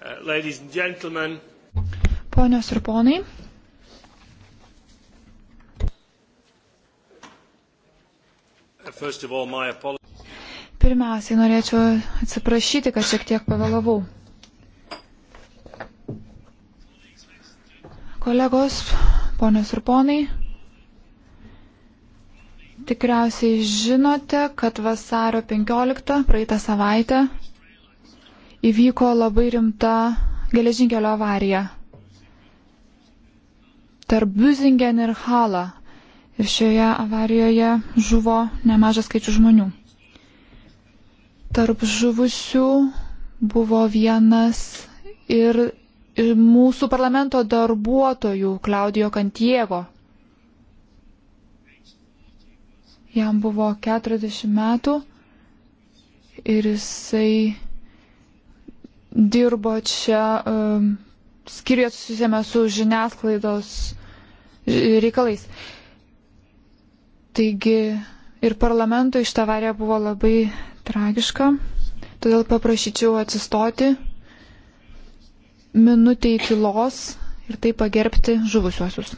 Uh, ponios ir ponai. Uh, Pirmiausiai norėčiau atsiprašyti, kad šiek tiek pavėlavau. Kolegos, ponios ir ponai, tikriausiai žinote, kad vasario 15 praeitą savaitę įvyko labai rimta geležinkelio avarija tarp Büzingen ir Halą. Ir šioje avarijoje žuvo nemažas skaičius žmonių. Tarp žuvusių buvo vienas ir, ir mūsų parlamento darbuotojų Klaudijo Kantiego. Jam buvo 40 metų ir jisai dirbo čia, um, skiriai susisėmė su žiniasklaidos e, reikalais. Taigi ir parlamentui šitą avariją buvo labai tragiška, todėl paprašyčiau atsistoti minutė tylos ir taip pagerbti žuvusiuosius.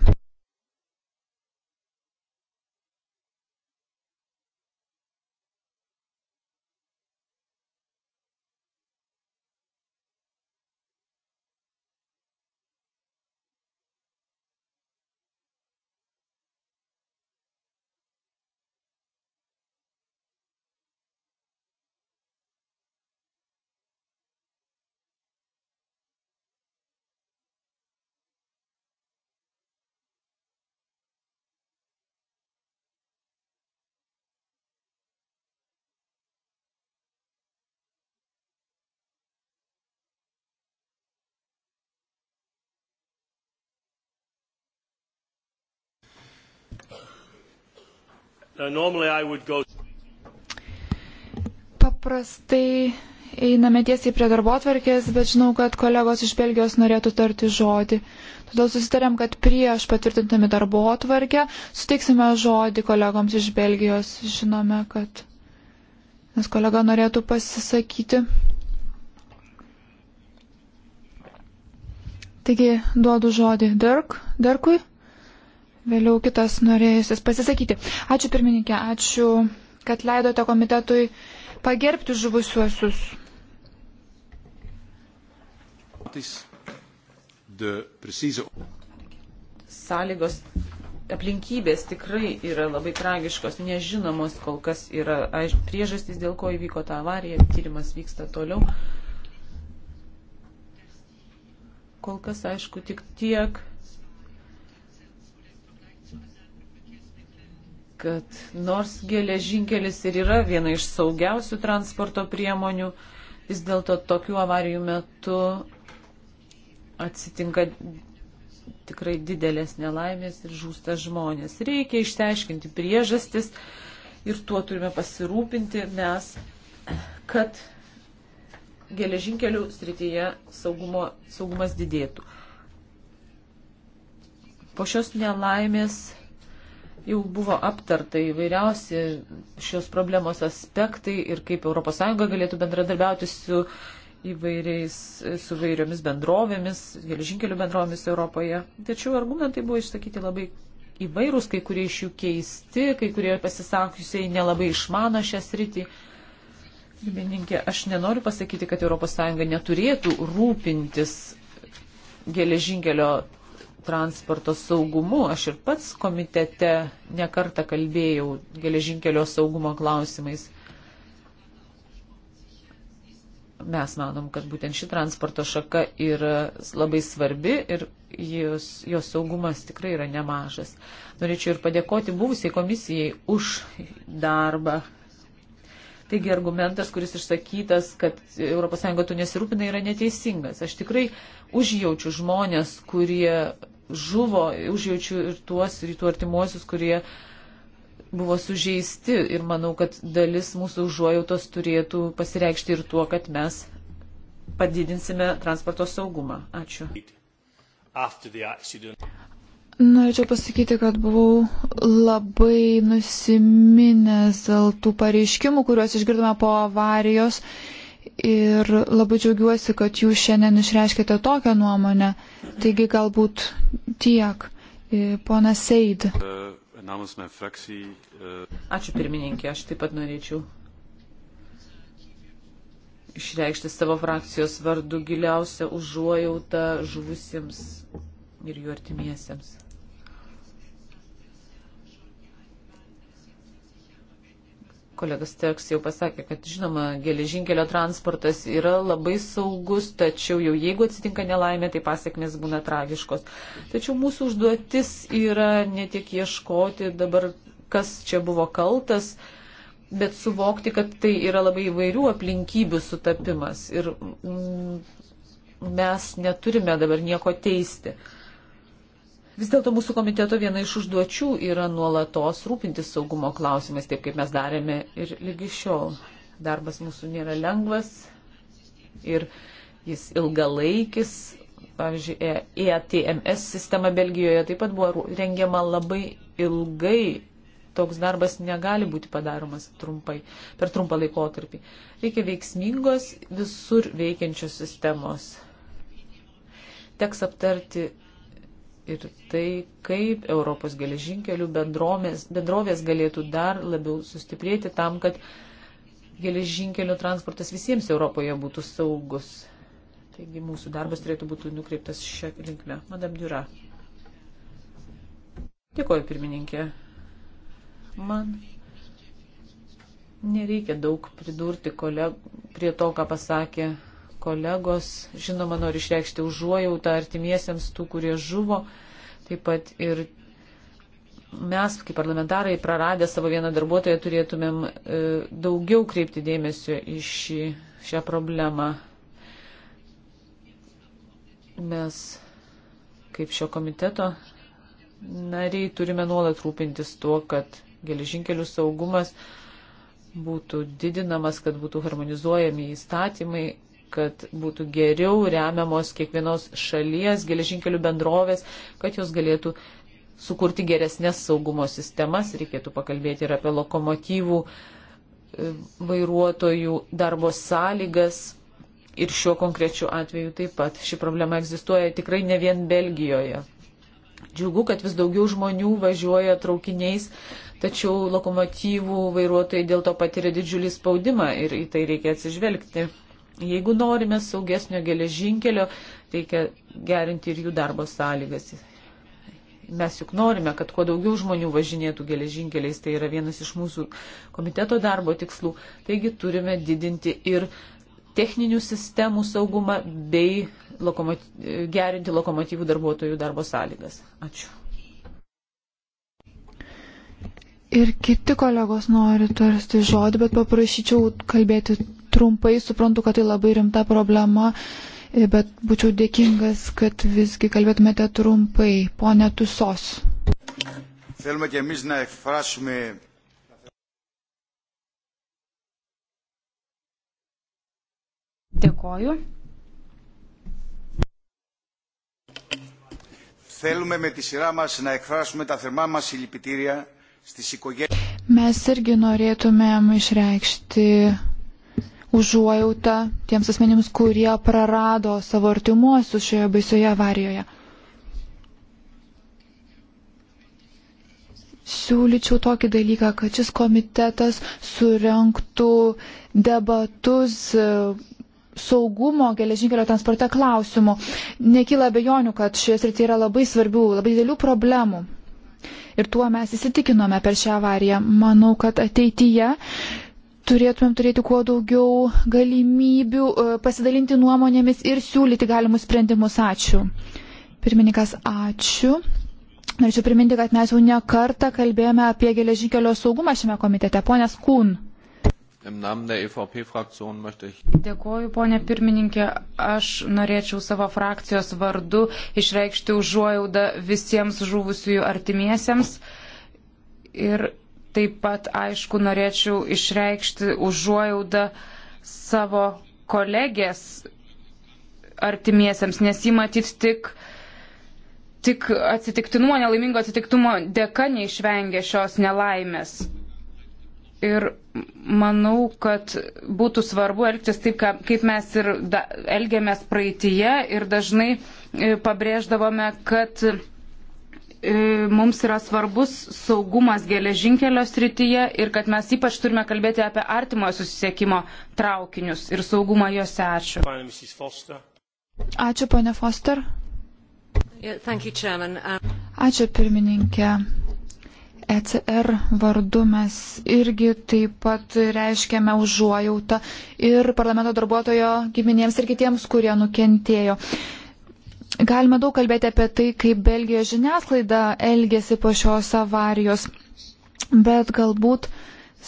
Uh, Paprastai einame tiesiai prie darbo atvarkės, bet žinau, kad kolegos iš Belgijos norėtų tarti žodį. Todėl susitarėm, kad prieš patvirtintami darbo atvarkę suteiksime žodį kolegoms iš Belgijos. Žinome, kad nes kolega norėtų pasisakyti. Taigi duodu žodį Dirk, Dirkui vėliau kitas norėjusis pasisakyti. Ačiū pirmininkė, ačiū, kad leidote komitetui pagerbti žuvusiuosius. Sąlygos aplinkybės tikrai yra labai tragiškos, nežinomos kol kas yra aiš, priežastys, dėl ko įvyko ta avarija, tyrimas vyksta toliau. Kol kas, aišku, tik tiek, kad nors geležinkelis ir yra viena iš saugiausių transporto priemonių, vis dėlto tokių avarijų metu atsitinka tikrai didelės nelaimės ir žūsta žmonės. Reikia išteiškinti priežastis ir tuo turime pasirūpinti mes, kad geležinkelių srityje saugumo, saugumas didėtų. Po šios nelaimės jau buvo aptarta įvairiausi šios problemos aspektai ir kaip ES galėtų bendradarbiauti su įvairiais, su vairiomis bendrovėmis, geležinkelių bendrovėmis Europoje. Tačiau argumentai buvo išsakyti labai įvairūs, kai kurie iš jų keisti, kai kurie pasisakusiai nelabai išmano šią sritį. Pirmininkė, aš nenoriu pasakyti, kad ES neturėtų rūpintis geležinkelio transporto saugumu. Aš ir pats komitete nekartą kalbėjau geležinkelio saugumo klausimais. Mes manom, kad būtent ši transporto šaka yra labai svarbi ir jos, jos saugumas tikrai yra nemažas. Norėčiau ir padėkoti buvusiai komisijai už darbą Taigi argumentas, kuris išsakytas, kad ES tu nesirūpina, yra neteisingas. Aš tikrai užjaučiu žmonės, kurie žuvo, užjaučiu ir tuos rytų artimuosius, kurie buvo sužeisti ir manau, kad dalis mūsų užuojautos turėtų pasireikšti ir tuo, kad mes padidinsime transporto saugumą. Ačiū. Norėčiau pasakyti, kad buvau labai nusiminęs dėl tų pareiškimų, kuriuos išgirdome po avarijos Ir labai džiaugiuosi, kad jūs šiandien išreiškite tokią nuomonę. Taigi galbūt tiek. E, Pona Seid. Ačiū pirmininkė, aš taip pat norėčiau išreikšti savo frakcijos vardu giliausią užuojautą žuvusiems ir jų artimiesiems. Kolegas Teks jau pasakė, kad žinoma, geležinkelio transportas yra labai saugus, tačiau jau jeigu atsitinka nelaimė, tai pasiekmes būna tragiškos. Tačiau mūsų užduotis yra ne tiek ieškoti dabar, kas čia buvo kaltas, bet suvokti, kad tai yra labai įvairių aplinkybių sutapimas ir mm, mes neturime dabar nieko teisti. Uh, Vis dėlto mūsų komiteto viena iš užduočių yra nuolatos rūpintis saugumo klausimais, taip kaip mes darėme ir lygi šiol. Darbas mūsų nėra lengvas ir jis ilgalaikis. Pavyzdžiui, EATMS e sistema Belgijoje taip pat buvo rengiama labai ilgai. Toks darbas negali būti padaromas trumpai, per trumpą laikotarpį. Reikia veiksmingos visur veikiančios sistemos. Teks aptarti ir tai, kaip Europos geležinkelių bendrovės, bendrovės galėtų dar labiau sustiprėti tam, kad geležinkelių transportas visiems Europoje būtų saugus. Taigi mūsų darbas turėtų būti nukreiptas šią linkmę. Madame Dura. Dėkoju, pirmininkė. Man nereikia daug pridurti koleg... prie to, ką pasakė kolegos. Žinoma, noriu išreikšti užuojautą artimiesiems tų, kurie žuvo. Taip pat ir mes, kaip parlamentarai, praradę savo vieną darbuotoją, turėtumėm e, daugiau kreipti dėmesio į šį, šią problemą. Mes, kaip šio komiteto nariai, turime nuolat rūpintis tuo, kad geležinkelių saugumas būtų didinamas, kad būtų harmonizuojami įstatymai kad būtų geriau remiamos kiekvienos šalies geležinkelių bendrovės, kad jos galėtų sukurti geresnės saugumo sistemas. Reikėtų pakalbėti ir apie lokomotyvų e, vairuotojų darbo sąlygas. Ir šiuo konkrečiu atveju taip pat ši problema egzistuoja tikrai ne vien Belgijoje. Džiugu, kad vis daugiau žmonių važiuoja traukiniais, tačiau lokomotyvų vairuotojai dėl to patiria didžiulį spaudimą ir į tai reikia atsižvelgti. Jeigu norime saugesnio geležinkelio, reikia gerinti ir jų darbo sąlygas. Mes juk norime, kad kuo daugiau žmonių važinėtų geležinkeliais, tai yra vienas iš mūsų komiteto darbo tikslų. Taigi turime didinti ir techninių sistemų saugumą bei lokomoty gerinti lokomotyvų darbuotojų darbo sąlygas. Ačiū. Ir kiti kolegos nori tarsti žodį, bet paprašyčiau kalbėti trumpai, suprantu, kad tai labai rimta problema, bet būčiau dėkingas, kad visgi kalbėtumėte trumpai, ponė Tusos. Θέλουμε και εμείς να εκφράσουμε Dėkoju. Θέλουμε με τη σειρά μας να εκφράσουμε τα θερμά μας συλληπιτήρια στις οικογένειες. Mes irgi norėtumėm išreikšti užuojautą tiems asmenims, kurie prarado savo artimuosius šioje baisioje avarijoje. Siūlyčiau tokį dalyką, kad šis komitetas surenktų debatus e, saugumo geležinkelio transporte klausimų. Nekyla bejonių, kad šioje srityje yra labai svarbių, labai didelių problemų. Ir tuo mes įsitikinome per šią avariją. Manau, kad ateityje turėtumėm turėti kuo daugiau galimybių e, pasidalinti nuomonėmis ir siūlyti galimus sprendimus. Ačiū. Pirmininkas, ačiū. Norėčiau priminti, kad mes jau ne kartą kalbėjome apie geležinkelio saugumą šiame komitete. Ponės Kūn. Dėkuoju, ponė pirmininkė. Aš norėčiau savo frakcijos vardu išreikšti užuojaudą visiems žuvusiųjų artimiesiems. Ir Taip pat, aišku, norėčiau išreikšti užuojaudą savo kolegės artimiesiems, nes jį matyt tik tik atsitiktinumo, nelaimingo atsitiktumo dėka neišvengė šios nelaimės. Ir manau, kad būtų svarbu elgtis taip, kaip mes ir da, elgėmės praeitie ir dažnai e, pabrėždavome, kad E, mums yra svarbus saugumas geležinkelio srityje ir kad mes ypač turime kalbėti apie artimojo susisiekimo traukinius ir saugumą juose. Ačiū. Ačiū, ponė Foster. Ačiū, um, pirmininkė. ECR vardu mes irgi taip pat reiškiame užuojautą ir parlamento darbuotojo giminėms ir kitiems, kurie nukentėjo. Uh, Galime daug kalbėti apie tai, kaip Belgijos žiniasklaida elgėsi po šios avarijos, bet galbūt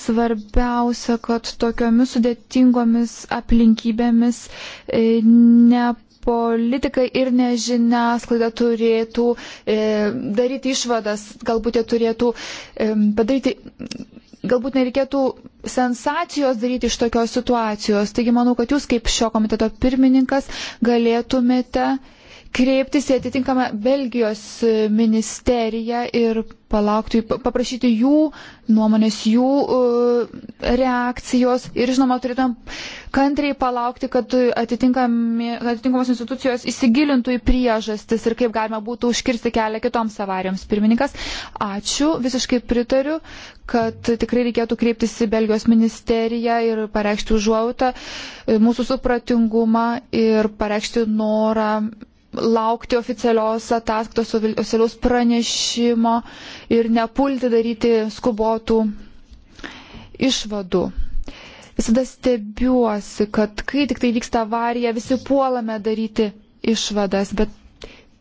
svarbiausia, kad tokiomis sudėtingomis aplinkybėmis e, ne politikai ir ne žiniasklaida turėtų e, daryti išvadas, galbūt jie turėtų e, padaryti galbūt nereikėtų sensacijos daryti iš tokios situacijos. Taigi manau, kad jūs kaip šio komiteto pirmininkas galėtumėte kreiptis į atitinkamą Belgijos ministeriją ir palaukti, paprašyti jų nuomonės, jų uh, reakcijos ir, žinoma, turėtum kantriai palaukti, kad atitinkamos institucijos įsigilintų į priežastis ir kaip galima būtų užkirsti kelią kitoms avarijoms. Pirmininkas, ačiū, visiškai pritariu, kad tikrai reikėtų kreiptis į Belgijos ministeriją ir pareikšti užuojautą, e, mūsų supratingumą ir pareikšti norą laukti oficialios ataskaitos, oficialiaus pranešimo ir nepulti daryti skubotų išvadų. Visada stebiuosi, kad kai tik tai vyksta avarija, visi puolame daryti išvadas, bet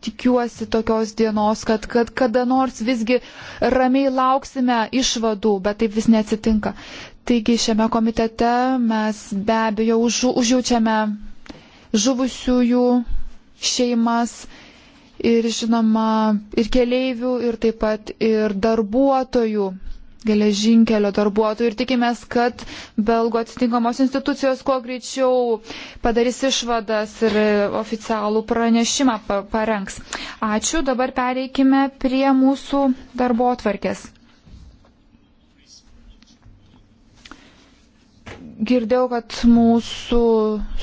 tikiuosi tokios dienos, kad, kad kada nors visgi ramiai lauksime išvadų, bet taip vis neatsitinka. Taigi šiame komitete mes be abejo už, užjaučiame žuvusiųjų šeimas ir žinoma ir keleivių, ir taip pat ir darbuotojų, geležinkelio darbuotojų. Ir tikimės, kad belgo atitinkamos institucijos kuo greičiau padarys išvadas ir oficialų pranešimą parengs. Ačiū, dabar pereikime prie mūsų darbo atvarkės. girdėjau, kad mūsų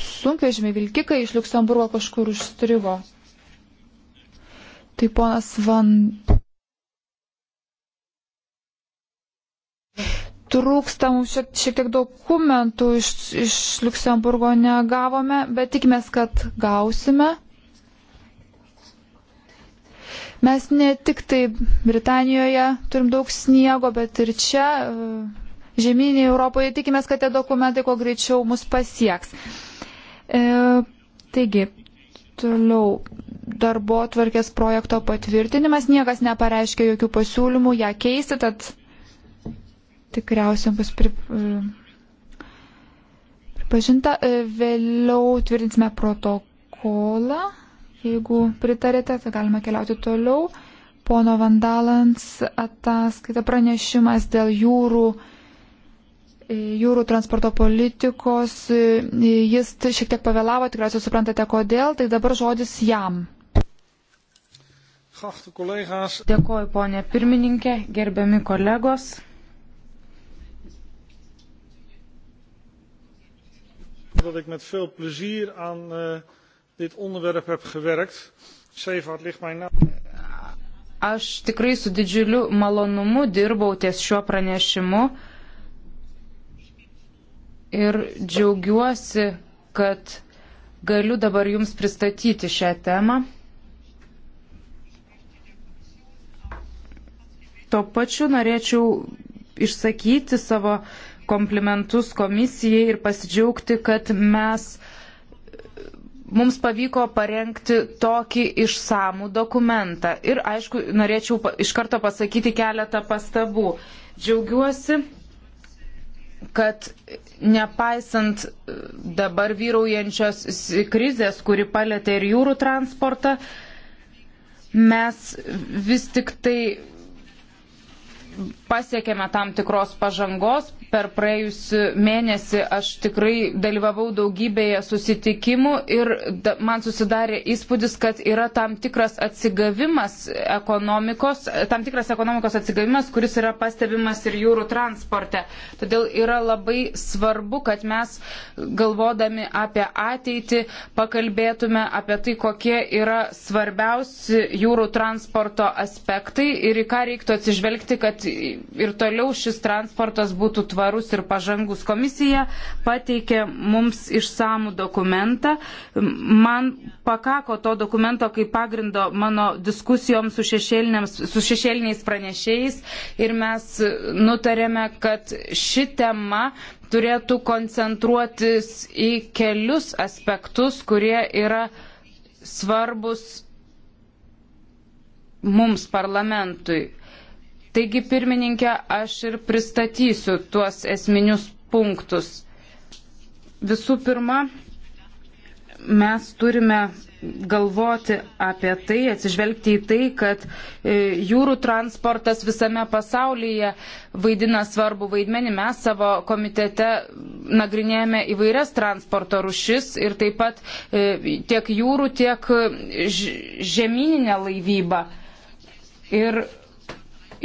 sunkvežimiai vilkikai iš Luksemburgo kažkur užstrigo. Tai ponas Van. Trūksta mums šiek, šiek tiek dokumentų iš, iš Luksemburgo negavome, bet tikimės, kad gausime. Mes ne tik tai Britanijoje turim daug sniego, bet ir čia žemynį Europoje. Tikimės, kad tie dokumentai kuo greičiau mus pasieks. E, taigi, toliau darbo tvarkės projekto patvirtinimas. Niekas nepareiškia jokių pasiūlymų ją keisti, tad tikriausiai bus pri, e, pripažinta. E, vėliau tvirtinsime protokolą. Jeigu pritarėte, tai galime keliauti toliau. Pono Vandalans ataskaita pranešimas dėl jūrų E, jūrų transporto politikos. E, jis šiek tiek pavėlavo, tikriausiai suprantate kodėl, tai dabar žodis jam. Dėkoju, ponė pirmininkė, gerbiami kolegos. dat ik met veel plezier aan uh, dit onderwerp heb gewerkt. Zeevaart ligt mij na. Aš tikrai su didžiuliu malonumu dirbau ties šiuo pranešimu ir džiaugiuosi, kad galiu dabar Jums pristatyti šią temą. Tuo pačiu norėčiau išsakyti savo komplimentus komisijai ir pasidžiaugti, kad mes mums pavyko parengti tokį išsamų dokumentą. Ir aišku, norėčiau iš karto pasakyti keletą pastabų. Džiaugiuosi, kad nepaisant dabar vyraujančios krizės, kuri palėtė ir jūrų transportą, mes vis tik tai pasiekėme tam tikros pažangos, Per praėjusiu mėnesį aš tikrai dalyvavau daugybėje susitikimų ir man susidarė įspūdis, kad yra tam tikras atsigavimas ekonomikos, tam tikras ekonomikos atsigavimas, kuris yra pastebimas ir jūrų transporte. Todėl yra labai svarbu, kad mes galvodami apie ateitį pakalbėtume apie tai, kokie yra svarbiausi jūrų transporto aspektai ir į ką reiktų atsižvelgti, kad ir toliau šis transportas būtų tvarus tvarus ir pažangus. Komisija pateikė mums išsamų dokumentą. Man pakako to dokumento kaip pagrindo mano diskusijoms su, su šešėliniais pranešėjais ir mes nutarėme, kad ši tema turėtų koncentruotis į kelius aspektus, kurie yra svarbus mums parlamentui. Taigi, pirmininkė, aš ir pristatysiu tuos esminius punktus. Visų pirma, mes turime galvoti apie tai, atsižvelgti į tai, kad e, jūrų transportas visame pasaulyje vaidina svarbu vaidmenį. Mes savo komitete nagrinėjame įvairias transporto rušis ir taip pat e, tiek jūrų, tiek e, žemyninę laivybą. Ir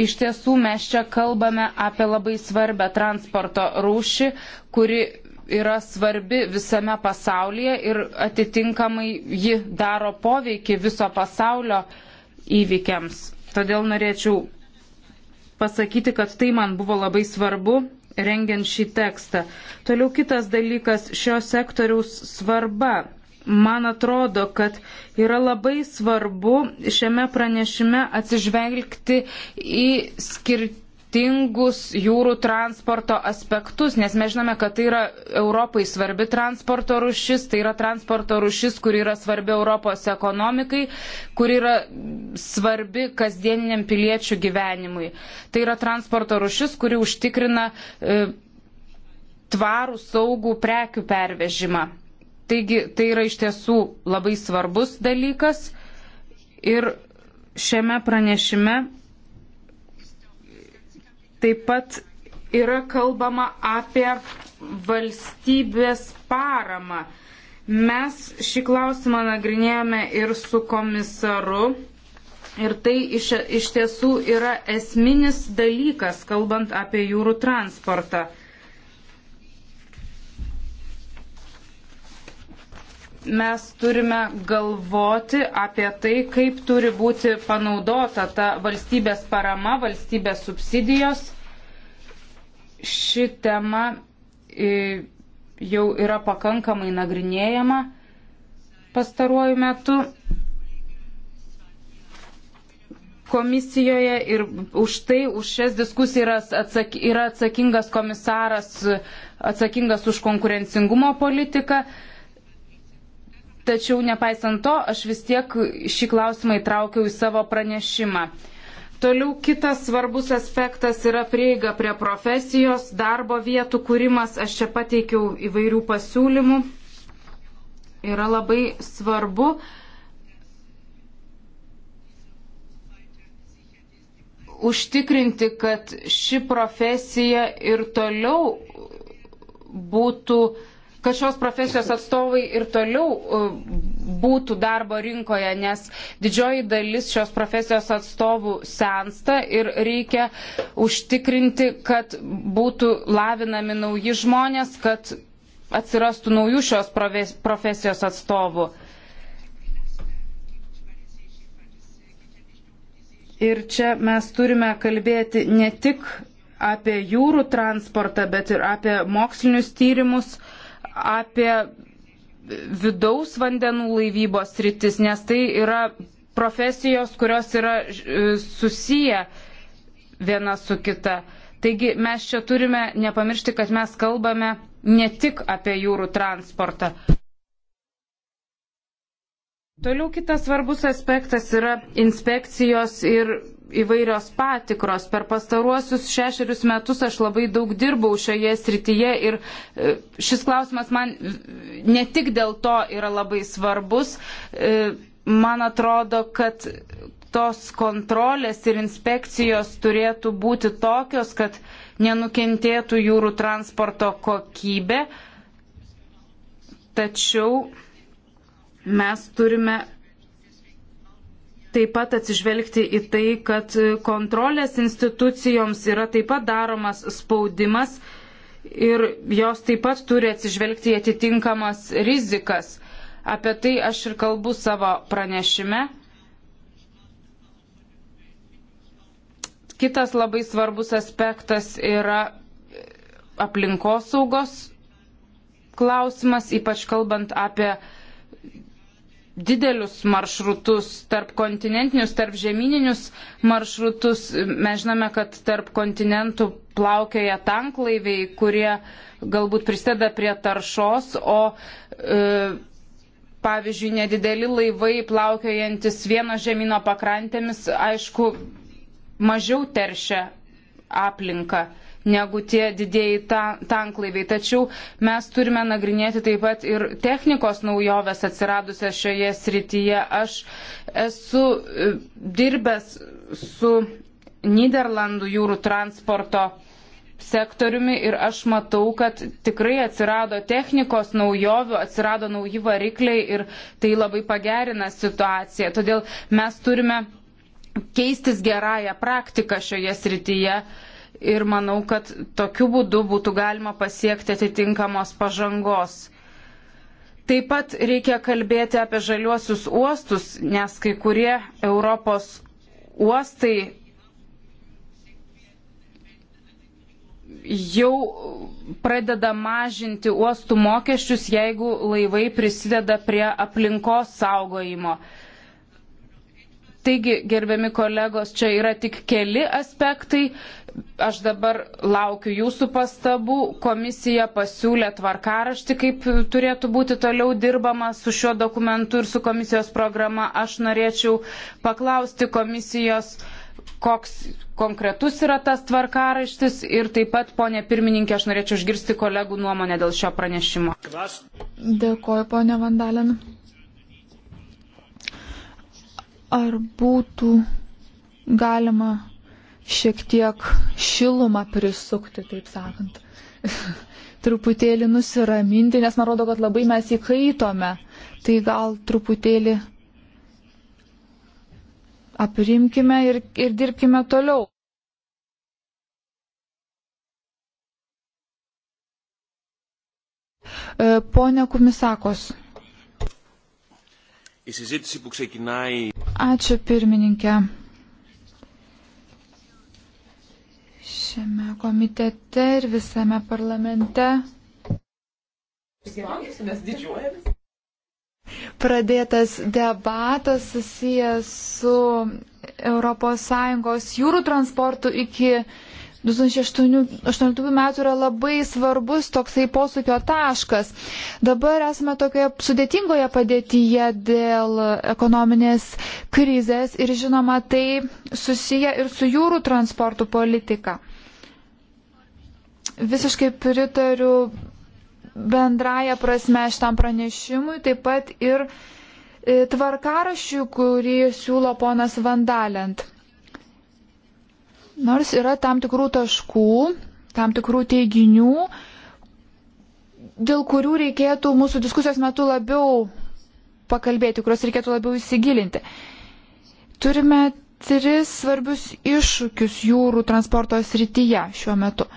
Iš tiesų mes čia kalbame apie labai svarbę transporto rūšį, kuri yra svarbi visame pasaulyje ir atitinkamai ji daro poveikį viso pasaulio įvykiams. Todėl norėčiau pasakyti, kad tai man buvo labai svarbu rengiant šį tekstą. Toliau kitas dalykas - šio sektoriaus svarba man atrodo, kad yra labai svarbu šiame pranešime atsižvelgti į skirtingą skirtingus jūrų transporto aspektus, nes mes žinome, kad tai yra Europai svarbi transporto rušis, tai yra transporto rušis, kuri yra svarbi Europos ekonomikai, kuri yra svarbi kasdieniniam piliečių gyvenimui. Tai yra transporto rušis, kuri užtikrina e, tvarų saugų prekių pervežimą. Taigi tai yra iš tiesų labai svarbus dalykas ir šiame pranešime taip pat yra kalbama apie valstybės paramą. Mes šį klausimą nagrinėjome ir su komisaru. Ir tai iš, iš tiesų yra esminis dalykas, kalbant apie jūrų transportą. mes turime galvoti apie tai, kaip turi būti panaudota ta valstybės parama, valstybės subsidijos. Ši tema e, jau yra pakankamai nagrinėjama pastaruoju metu komisijoje ir už tai, už šias diskusijas atsak, yra atsakingas komisaras, atsakingas už konkurencingumo politiką. Tačiau nepaisant to, aš vis tiek šį klausimą įtraukiau į savo pranešimą. Toliau kitas svarbus aspektas yra prieiga prie profesijos, darbo vietų kūrimas. Aš čia pateikiau įvairių pasiūlymų. Yra labai svarbu. Užtikrinti, kad ši profesija ir toliau būtų uh, kad šios profesijos atstovai ir toliau e, būtų darbo rinkoje, nes didžioji dalis šios profesijos atstovų sensta ir reikia užtikrinti, kad būtų lavinami nauji žmonės, kad atsirastų naujų šios profesijos atstovų. Ir čia mes turime kalbėti ne tik apie jūrų transportą, bet ir apie mokslinius tyrimus apie vidaus vandenų laivybos rytis, nes tai yra profesijos, kurios yra e, susiję viena su kita. Taigi mes čia turime nepamiršti, kad mes kalbame ne tik apie jūrų transportą. Toliau kitas svarbus aspektas yra inspekcijos ir įvairios patikros. Per pastaruosius šešerius metus aš labai daug dirbau šioje srityje ir e, šis klausimas man ne tik dėl to yra labai svarbus. E, man atrodo, kad tos kontrolės ir inspekcijos turėtų būti tokios, kad nenukentėtų jūrų transporto kokybė. Tačiau mes turime taip pat atsižvelgti į tai, kad kontrolės institucijoms yra taip pat daromas spaudimas ir jos taip pat turi atsižvelgti į atitinkamas rizikas. Apie tai aš ir kalbu savo pranešime. Kitas labai svarbus aspektas yra aplinkosaugos klausimas, ypač kalbant apie didelius maršrutus, tarp kontinentinius, tarp žemyninius maršrutus. Mes žinome, kad tarp kontinentų plaukioja tanklaiviai, kurie galbūt prisideda prie taršos, o e, pavyzdžiui, nedideli laivai plaukiojantis vieno žemino pakrantėmis, aišku, mažiau teršia aplinką negu tie didėjai ta, tanklaiviai. Tačiau mes turime nagrinėti taip pat ir technikos naujoves atsiradusią šioje srityje. Aš esu e, dirbęs su Niderlandų jūrų transporto sektoriumi ir aš matau, kad tikrai atsirado technikos naujovių, atsirado nauji varikliai ir tai labai pagerina situaciją. Todėl mes turime keistis gerąją praktiką šioje srityje ir manau, kad tokiu būdu būtų galima pasiekti atitinkamos pažangos. Taip pat reikia kalbėti apie žaliuosius uostus, nes kai kurie Europos uostai jau pradeda mažinti uostų mokesčius, jeigu laivai prisideda prie aplinkos saugojimo. Taigi, gerbiami kolegos, čia yra tik keli aspektai, aš dabar laukiu jūsų pastabų. Komisija pasiūlė tvarkaraštį, kaip turėtų būti toliau dirbama su šiuo dokumentu ir su komisijos programa. Aš norėčiau paklausti komisijos, koks konkretus yra tas tvarkaraštis ir taip pat, ponė pirmininkė, aš norėčiau išgirsti kolegų nuomonę dėl šio pranešimo. Dėkoju, ponė Vandalin. Ar būtų galima šiek tiek šilumą prisukti, taip sakant. truputėlį nusiraminti, nes man rodo, kad labai mes įkaitome. Tai gal truputėlį aprimkime ir, ir dirbkime toliau. E, pone Kumisakos. Ačiū pirmininkė. šiame komitete ir visame parlamente. Pradėtas debatas susijęs su ES jūrų transportu iki 2008 metų yra labai svarbus toksai posūkio taškas. Dabar esame tokioje sudėtingoje padėtyje dėl ekonominės krizės ir žinoma tai susiję ir su jūrų transportų politika. Visiškai pritariu bendraja prasme šitam pranešimui, taip pat ir e, tvarkarašių, kurį siūlo ponas Vandalent. Nors yra tam tikrų taškų, tam tikrų teiginių, dėl kurių reikėtų mūsų diskusijos metu labiau pakalbėti, kuriuos reikėtų labiau įsigilinti. Turime tris svarbius iššūkius jūrų transporto srityje šiuo metu.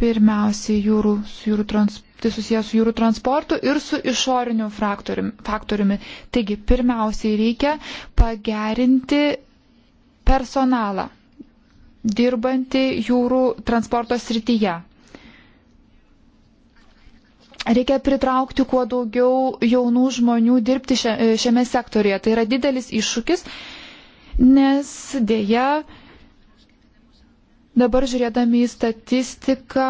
Pirmiausiai jūrų, jūrų transporto Tai susijęs su jūrų transportu ir su išoriniu faktoriumi. Taigi, pirmiausiai reikia pagerinti personalą dirbantį jūrų transporto srityje. Reikia pritraukti kuo daugiau jaunų žmonių dirbti šiame sektorėje. Tai yra didelis iššūkis, nes dėja Dabar žiūrėdami į statistiką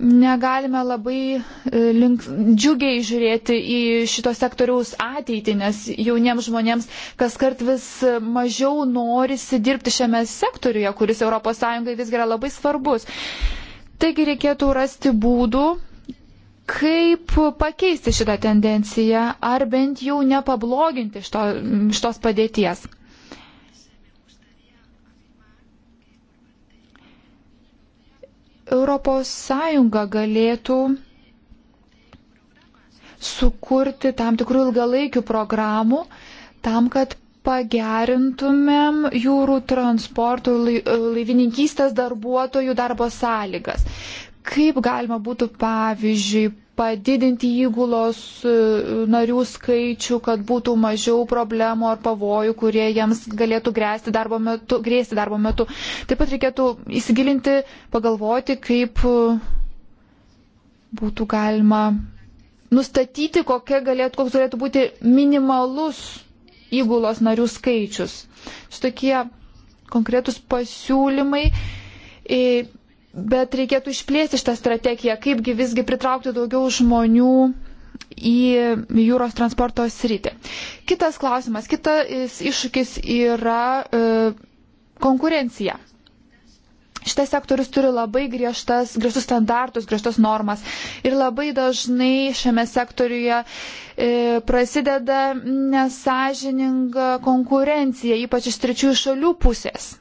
negalime labai e, link, džiugiai žiūrėti į šito sektoriaus ateitį, nes jauniems žmonėms kas kart vis mažiau norisi dirbti šiame sektoriuje, kuris ES visgi yra labai svarbus. Taigi reikėtų rasti būdų, kaip pakeisti šitą tendenciją ar bent jau nepabloginti šito, šitos padėties. Europos Sąjunga galėtų sukurti tam tikrų ilgalaikių programų tam, kad pagerintumėm jūrų transporto laivininkystės darbuotojų darbo sąlygas. Kaip galima būtų, pavyzdžiui, padidinti įgulos e, narių skaičių, kad būtų mažiau problemų ar pavojų, kurie jiems galėtų grėsti darbo metu. Grėsti darbo metu. Taip pat reikėtų įsigilinti, pagalvoti, kaip e, būtų galima nustatyti, galėtų, koks galėtų būti minimalus įgulos narių skaičius. Šitokie konkretus pasiūlymai e, Bet reikėtų išplėsti šitą strategiją, kaipgi visgi pritraukti daugiau žmonių į jūros transporto sritį. Kitas klausimas, kitas iššūkis yra e, konkurencija. Šitas sektorius turi labai griežtas, griežtus standartus, griežtas normas ir labai dažnai šiame sektoriuje e, prasideda nesažininga konkurencija, ypač iš trečiųjų šalių pusės.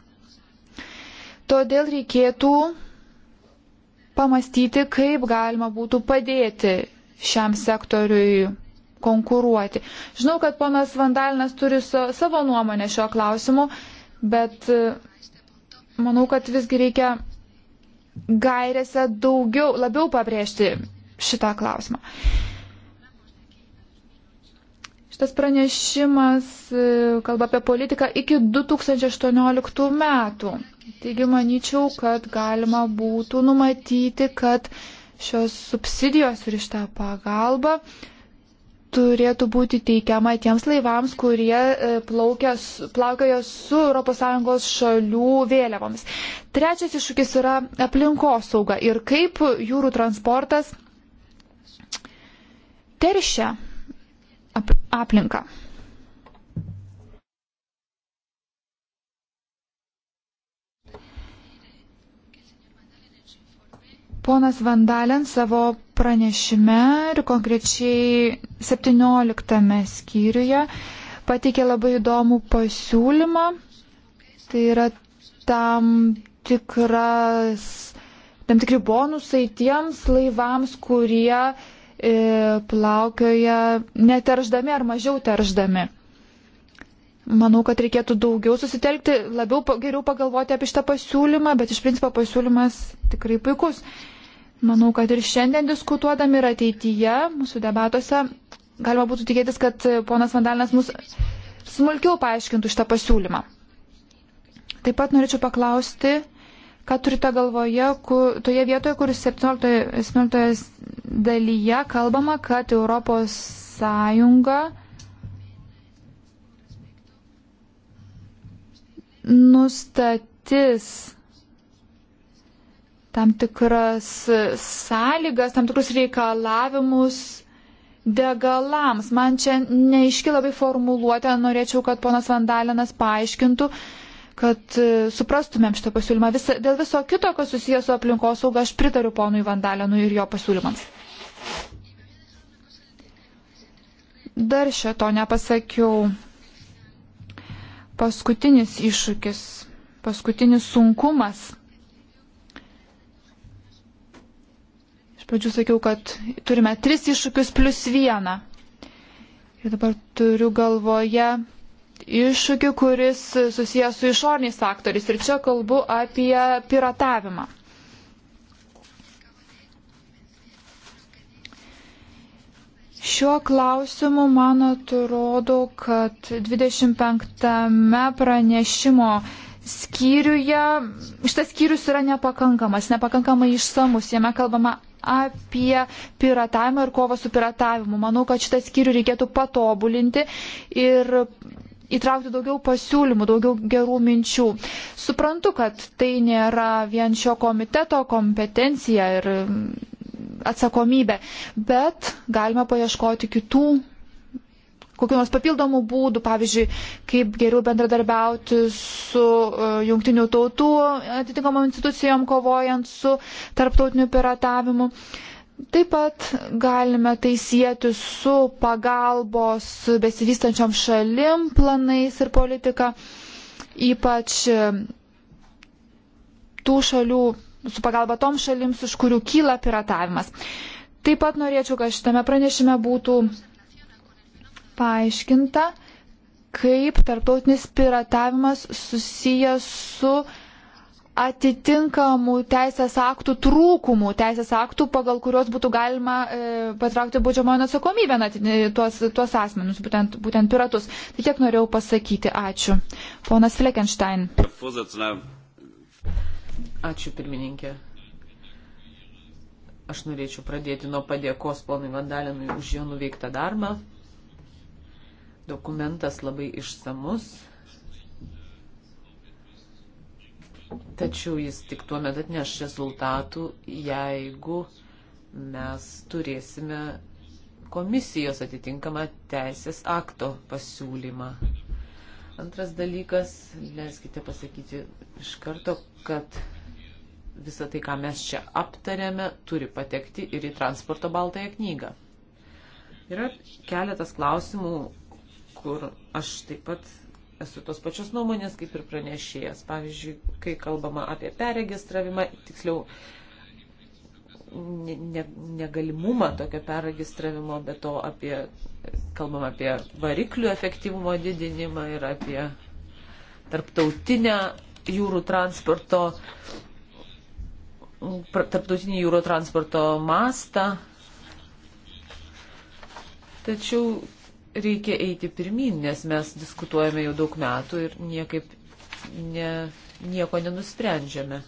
Todėl reikėtų pamastyti, kaip galima būtų padėti šiam sektoriui konkuruoti. Žinau, kad ponas Vandalinas turi savo nuomonę šio klausimu, bet e, manau, kad visgi reikia gairėse daugiau, labiau pabrėžti šitą klausimą. Šitas pranešimas e, kalba apie politiką iki 2018 metų. Taigi manyčiau, kad galima būtų numatyti, kad šios subsidijos ir šitą pagalbą turėtų būti teikiama tiems laivams, kurie e, plaukia, plaukioja su ES šalių vėliavomis. Trečias iššūkis yra aplinkosauga ir kaip jūrų transportas teršia ap aplinką. Ponas Vandalen savo pranešime ir konkrečiai 17 skyriuje pateikė labai įdomų pasiūlymą. Tai yra tam, tikras, tam tikri bonusai tiems laivams, kurie E, plaukioja neterždami ar mažiau terždami. Manau, kad reikėtų daugiau susitelkti, labiau geriau pagalvoti apie šitą pasiūlymą, bet iš principo pasiūlymas tikrai puikus. Manau, kad ir šiandien diskutuodami ir ateityje mūsų debatuose galima būtų tikėtis, kad ponas Vandalinas mus smulkiau paaiškintų šitą pasiūlymą. Taip pat norėčiau paklausti, Ką turite galvoje, kur, toje vietoje, kur 17, 17 dalyje kalbama, kad Europos Sąjunga nustatys tam tikras sąlygas, tam tikrus reikalavimus degalams. Man čia neiški labai formuluotė, norėčiau, kad ponas Vandalinas paaiškintų, kad e, suprastumėm šitą pasiūlymą. Visa, dėl viso kito, kas susijęs su aplinkosauga, aš pritariu ponui Vandalenui ir jo pasiūlymams. Dar šito nepasakiau. Paskutinis iššūkis, paskutinis sunkumas. Iš pradžių sakiau, kad turime tris iššūkius plus vieną. Ir dabar turiu galvoje iššūkiu, kuris susijęs su išorniais faktoriais. Ir čia kalbu apie piratavimą. Šiuo klausimu, man atrodo, kad 25 pranešimo skyriuje šitas skyrius yra nepakankamas, nepakankamai išsamus. Jame kalbama apie piratavimą ir kovą su piratavimu. Manau, kad šitą skyrių reikėtų patobulinti ir įtraukti daugiau pasiūlymų, daugiau gerų minčių. Suprantu, kad tai nėra vien šio komiteto kompetencija ir atsakomybė, bet galime paieškoti kitų kokiu nors papildomu būdu, pavyzdžiui, kaip geriau bendradarbiauti su e, jungtinių tautų atitinkamom institucijom kovojant su tarptautiniu piratavimu. Uh, Taip pat galime tai sieti su pagalbos besivystančiam šalim planais ir politika, ypač e, tų šalių, su pagalba tom šalims, iš kurių kyla piratavimas. Taip pat norėčiau, kad šitame pranešime būtų paaiškinta, kaip tarptautinis piratavimas susijęs su atitinkamų teisės aktų trūkumų, teisės aktų, pagal kuriuos būtų galima e, patraukti baudžiamojo atsakomybę e, tuos, tuos asmenus, būtent, būtent piratus. Tai tiek norėjau pasakyti. Ačiū. Ponas Fleckenstein. Ačiū, pirmininkė. Aš norėčiau pradėti nuo padėkos ponui Vandalinui už jo nuveiktą darbą. Dokumentas labai išsamus Tačiau jis tik tuo metu atneš rezultatų, jeigu mes turėsime komisijos atitinkamą teisės akto pasiūlymą. Antras dalykas, leiskite pasakyti iš karto, kad visą tai, ką mes čia aptarėme, turi patekti ir į transporto baltąją knygą. Yra keletas klausimų, kur aš taip pat esu tos pačios nuomonės kaip ir pranešėjas. Pavyzdžiui, kai kalbama apie perregistravimą, tiksliau ne, ne, negalimumą tokio perregistravimo, bet to apie, kalbam apie variklių efektyvumo didinimą ir apie tarptautinę jūrų transporto, tarptautinį jūrų transporto mastą. Tačiau reikia eiti pirmin, nes mes diskutuojame jau daug metų ir niekaip ne, nieko nenusprendžiame.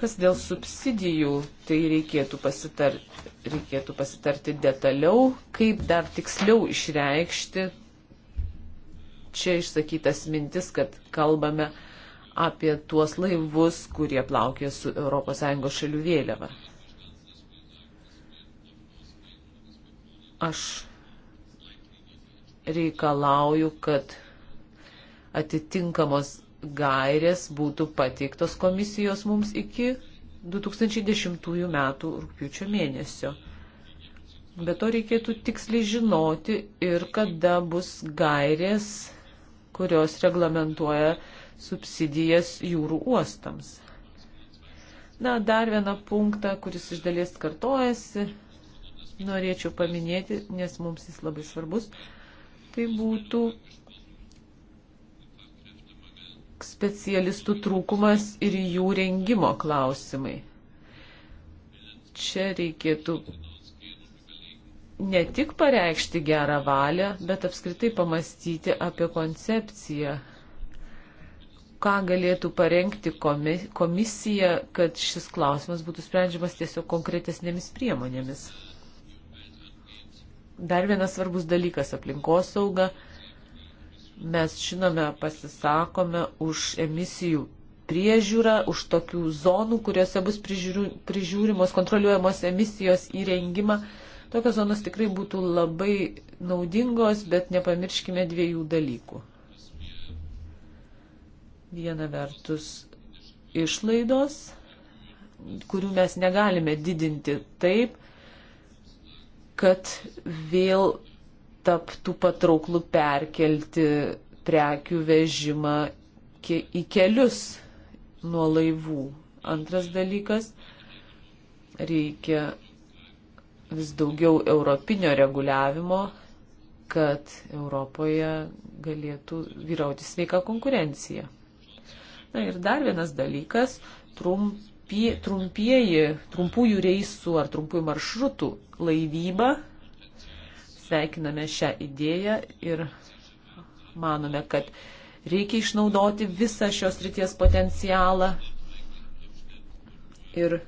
Kas dėl subsidijų, tai reikėtų, pasitar, reikėtų pasitarti detaliau, kaip dar tiksliau išreikšti čia išsakytas mintis, kad kalbame apie tuos laivus, kurie plaukė su ES šalių vėliava. Aš reikalauju, kad atitinkamos gairės būtų pateiktos komisijos mums iki 2010 metų rūpiučio mėnesio. Be to reikėtų tiksliai žinoti ir kada bus gairės, kurios reglamentuoja subsidijas jūrų uostams. Na, dar vieną punktą, kuris iš dalies kartojasi, norėčiau paminėti, nes mums jis labai svarbus tai būtų specialistų trūkumas ir jų rengimo klausimai. Čia reikėtų ne tik pareikšti gerą valią, bet apskritai pamastyti apie koncepciją, ką galėtų parengti komisija, kad šis klausimas būtų sprendžiamas tiesiog konkretesnėmis priemonėmis. Dar vienas svarbus dalykas - aplinkosauga. Mes žinome, pasisakome už emisijų priežiūrą, už tokių zonų, kuriuose bus prižiūrimos, kontroliuojamos emisijos įrengimą. Tokios zonos tikrai būtų labai naudingos, bet nepamirškime dviejų dalykų. Viena vertus išlaidos, kurių mes negalime didinti taip, kad vėl taptų patrauklų perkelti prekių vežimą į kelius nuo laivų. Antras dalykas - reikia vis daugiau europinio reguliavimo, kad Europoje galėtų vyrauti sveika konkurencija. Na ir dar vienas dalykas - trump trumpie, trumpieji, trumpųjų reisų ar trumpųjų maršrutų laivybą. Sveikiname šią idėją ir manome, kad reikia išnaudoti visą šios ryties potencialą. Ir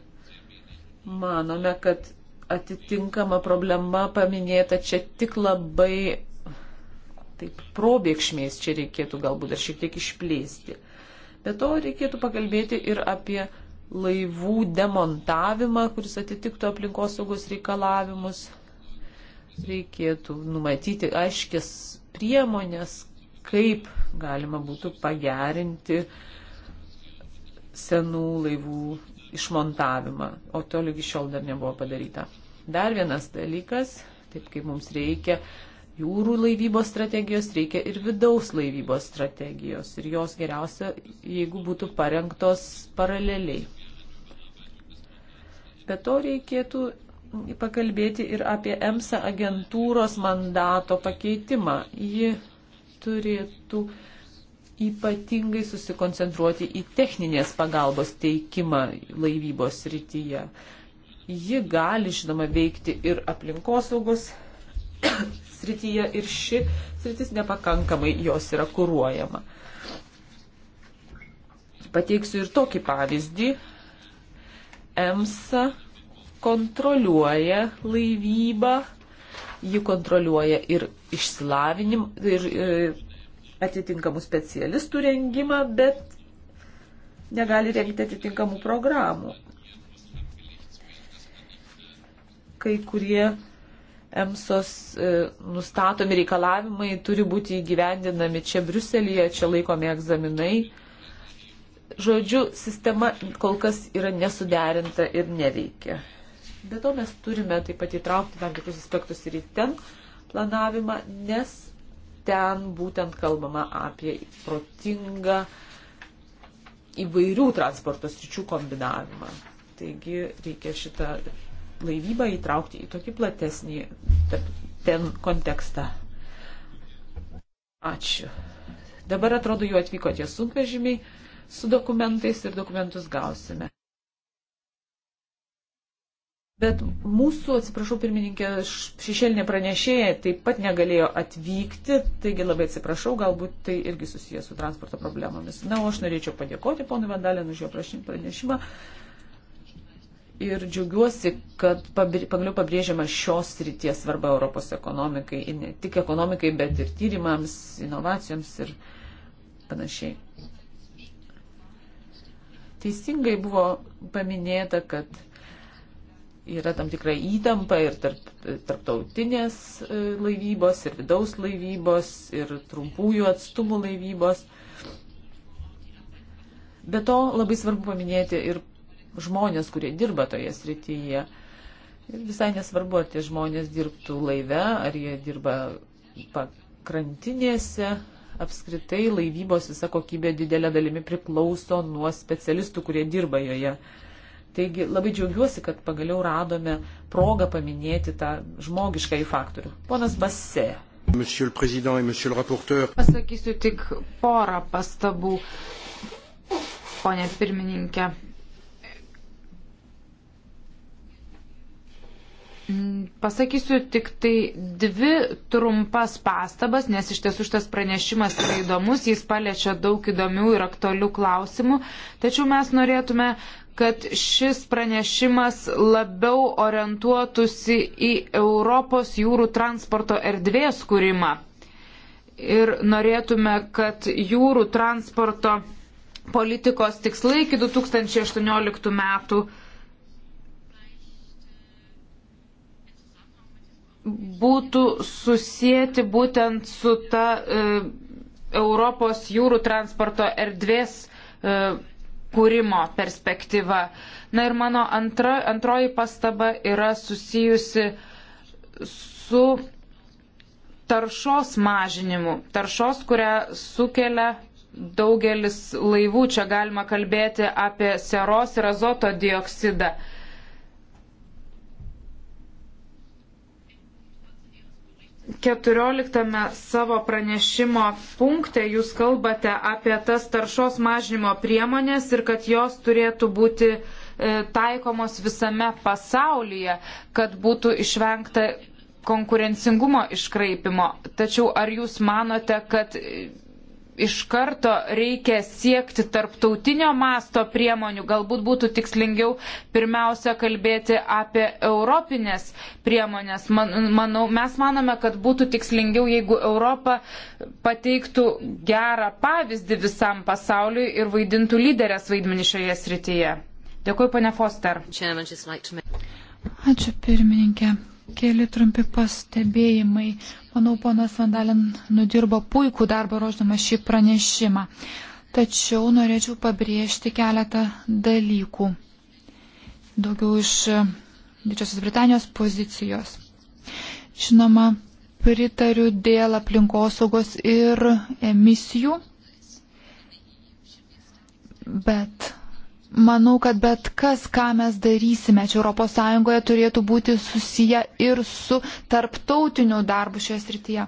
manome, kad atitinkama problema paminėta čia tik labai taip probėgšmės, čia reikėtų galbūt dar šiek tiek išplėsti. Be to reikėtų pakalbėti ir apie laivų demontavimą, kuris atitiktų aplinkosaugos reikalavimus. Reikėtų numatyti aiškis priemonės, kaip galima būtų pagerinti senų laivų išmontavimą, o to lygi šiol dar nebuvo padaryta. Dar vienas dalykas, taip kaip mums reikia, jūrų laivybos strategijos, reikia ir vidaus laivybos strategijos. Ir jos geriausia, jeigu būtų parengtos paraleliai. Be to reikėtų pakalbėti ir apie EMSA agentūros mandato pakeitimą. Ji turėtų ypatingai susikoncentruoti į techninės pagalbos teikimą laivybos rytyje. Ji gali, žinoma, veikti ir aplinkosaugos srityje ir ši sritis nepakankamai jos yra kūruojama. Pateiksiu ir tokį pavyzdį. EMSA kontroliuoja laivybą, ji kontroliuoja ir išsilavinimą, ir, ir e, atitinkamų specialistų rengimą, bet negali rengti atitinkamų programų. Kai kurie EMSOS e, nustatomi reikalavimai turi būti įgyvendinami čia Briuselėje, čia laikomi egzaminai. Žodžiu, sistema kol kas yra nesuderinta ir neveikia. Be to mes turime taip pat įtraukti tam tikrus aspektus ir į ten planavimą, nes ten būtent kalbama apie protingą įvairių transporto sričių kombinavimą. Taigi reikia šitą laivybą įtraukti į tokį platesnį ten kontekstą. Ačiū. Dabar atrodo, jau atvyko tie sunkvežimiai su dokumentais ir dokumentus gausime. Bet mūsų, atsiprašau, pirmininkė, šešėlinė pranešėja taip pat negalėjo atvykti, taigi labai atsiprašau, galbūt tai irgi susijęs su transporto problemomis. Na, o aš norėčiau padėkoti ponui Vandalėn už jo pranešimą ir džiaugiuosi, kad pagaliau pabrėžiama šios ryties svarba Europos ekonomikai, ir ne tik ekonomikai, bet ir tyrimams, inovacijoms ir panašiai. Teisingai buvo paminėta, kad yra tam tikra įtampa ir tarp, tarptautinės e, laivybos, ir vidaus laivybos, ir trumpųjų atstumų laivybos. Be to labai svarbu paminėti ir žmonės, kurie dirba toje srityje. Ir visai nesvarbu, ar tie žmonės dirbtų laive, ar jie dirba pakrantinėse. Apskritai laivybos visa kokybė didelė dalimi priklauso nuo specialistų, kurie dirba joje. Taigi labai džiaugiuosi, kad pagaliau radome progą paminėti tą žmogišką į faktorių. Ponas Basse. Pasakysiu tik porą pastabų, ponė pirmininkė. Mm, pasakysiu tik tai dvi trumpas pastabas, nes iš tiesų šitas pranešimas yra įdomus, jis paliečia daug įdomių ir aktualių klausimų, tačiau mes norėtume, kad šis pranešimas labiau orientuotųsi į Europos jūrų transporto erdvės kūrimą. Ir norėtume, kad jūrų transporto politikos tikslai iki 2018 metų būtų susijęti būtent su ta e, Europos jūrų transporto erdvės e, kūrimo perspektyva. Na ir mano antra, antroji pastaba yra susijusi su taršos mažinimu. Taršos, kurią sukelia daugelis laivų. Čia galima kalbėti apie seros ir azoto dioksidą. E, 14 savo pranešimo punkte jūs kalbate apie tas taršos mažinimo priemonės ir kad jos turėtų būti e, taikomos visame pasaulyje, kad būtų išvengta konkurencingumo iškraipimo. Tačiau ar jūs manote, kad iš karto reikia siekti tarptautinio masto priemonių, galbūt būtų tikslingiau pirmiausia kalbėti apie europinės priemonės. Man, manau, mes manome, kad būtų tikslingiau, jeigu Europa pateiktų gerą pavyzdį visam pasauliui ir vaidintų lyderės vaidmenį šioje srityje. Dėkuoju, ponė Foster. Ačiū pirmininkė. Keli trumpi pastebėjimai. Manau, ponas Vandalin nudirbo puikų darbą ruoždamas šį pranešimą. Tačiau norėčiau pabrėžti keletą dalykų. Daugiau iš e, Didžiosios Britanijos pozicijos. Žinoma, pritariu dėl aplinkosaugos ir emisijų, bet Manau, kad bet kas, ką mes darysime čia ES, turėtų būti susiję ir su tarptautiniu darbu šioje srityje.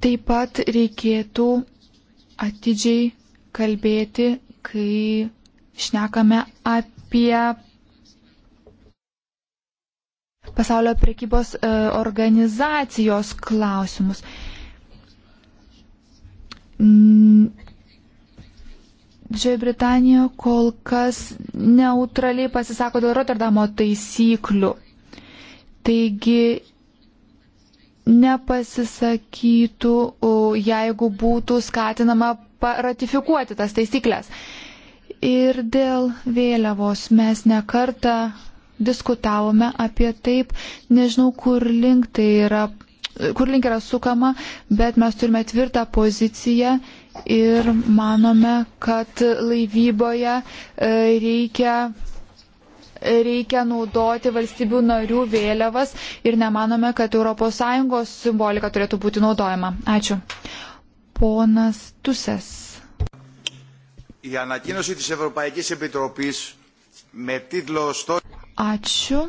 Taip pat reikėtų atidžiai kalbėti, kai šnekame apie pasaulio prekybos e, organizacijos klausimus Didžioji Britanija kol kas neutraliai pasisako dėl Rotterdamo taisyklių. Taigi nepasisakytų, jeigu būtų skatinama ratifikuoti tas taisyklės. Ir dėl vėliavos mes nekartą diskutavome apie taip, nežinau, kur link tai yra, kur link yra sukama, bet mes turime tvirtą poziciją ir manome, kad laivyboje e, reikia reikia naudoti valstybių narių vėliavas ir nemanome, kad ES simbolika turėtų būti naudojama. Ačiū. Ponas Tusės. Ačiū.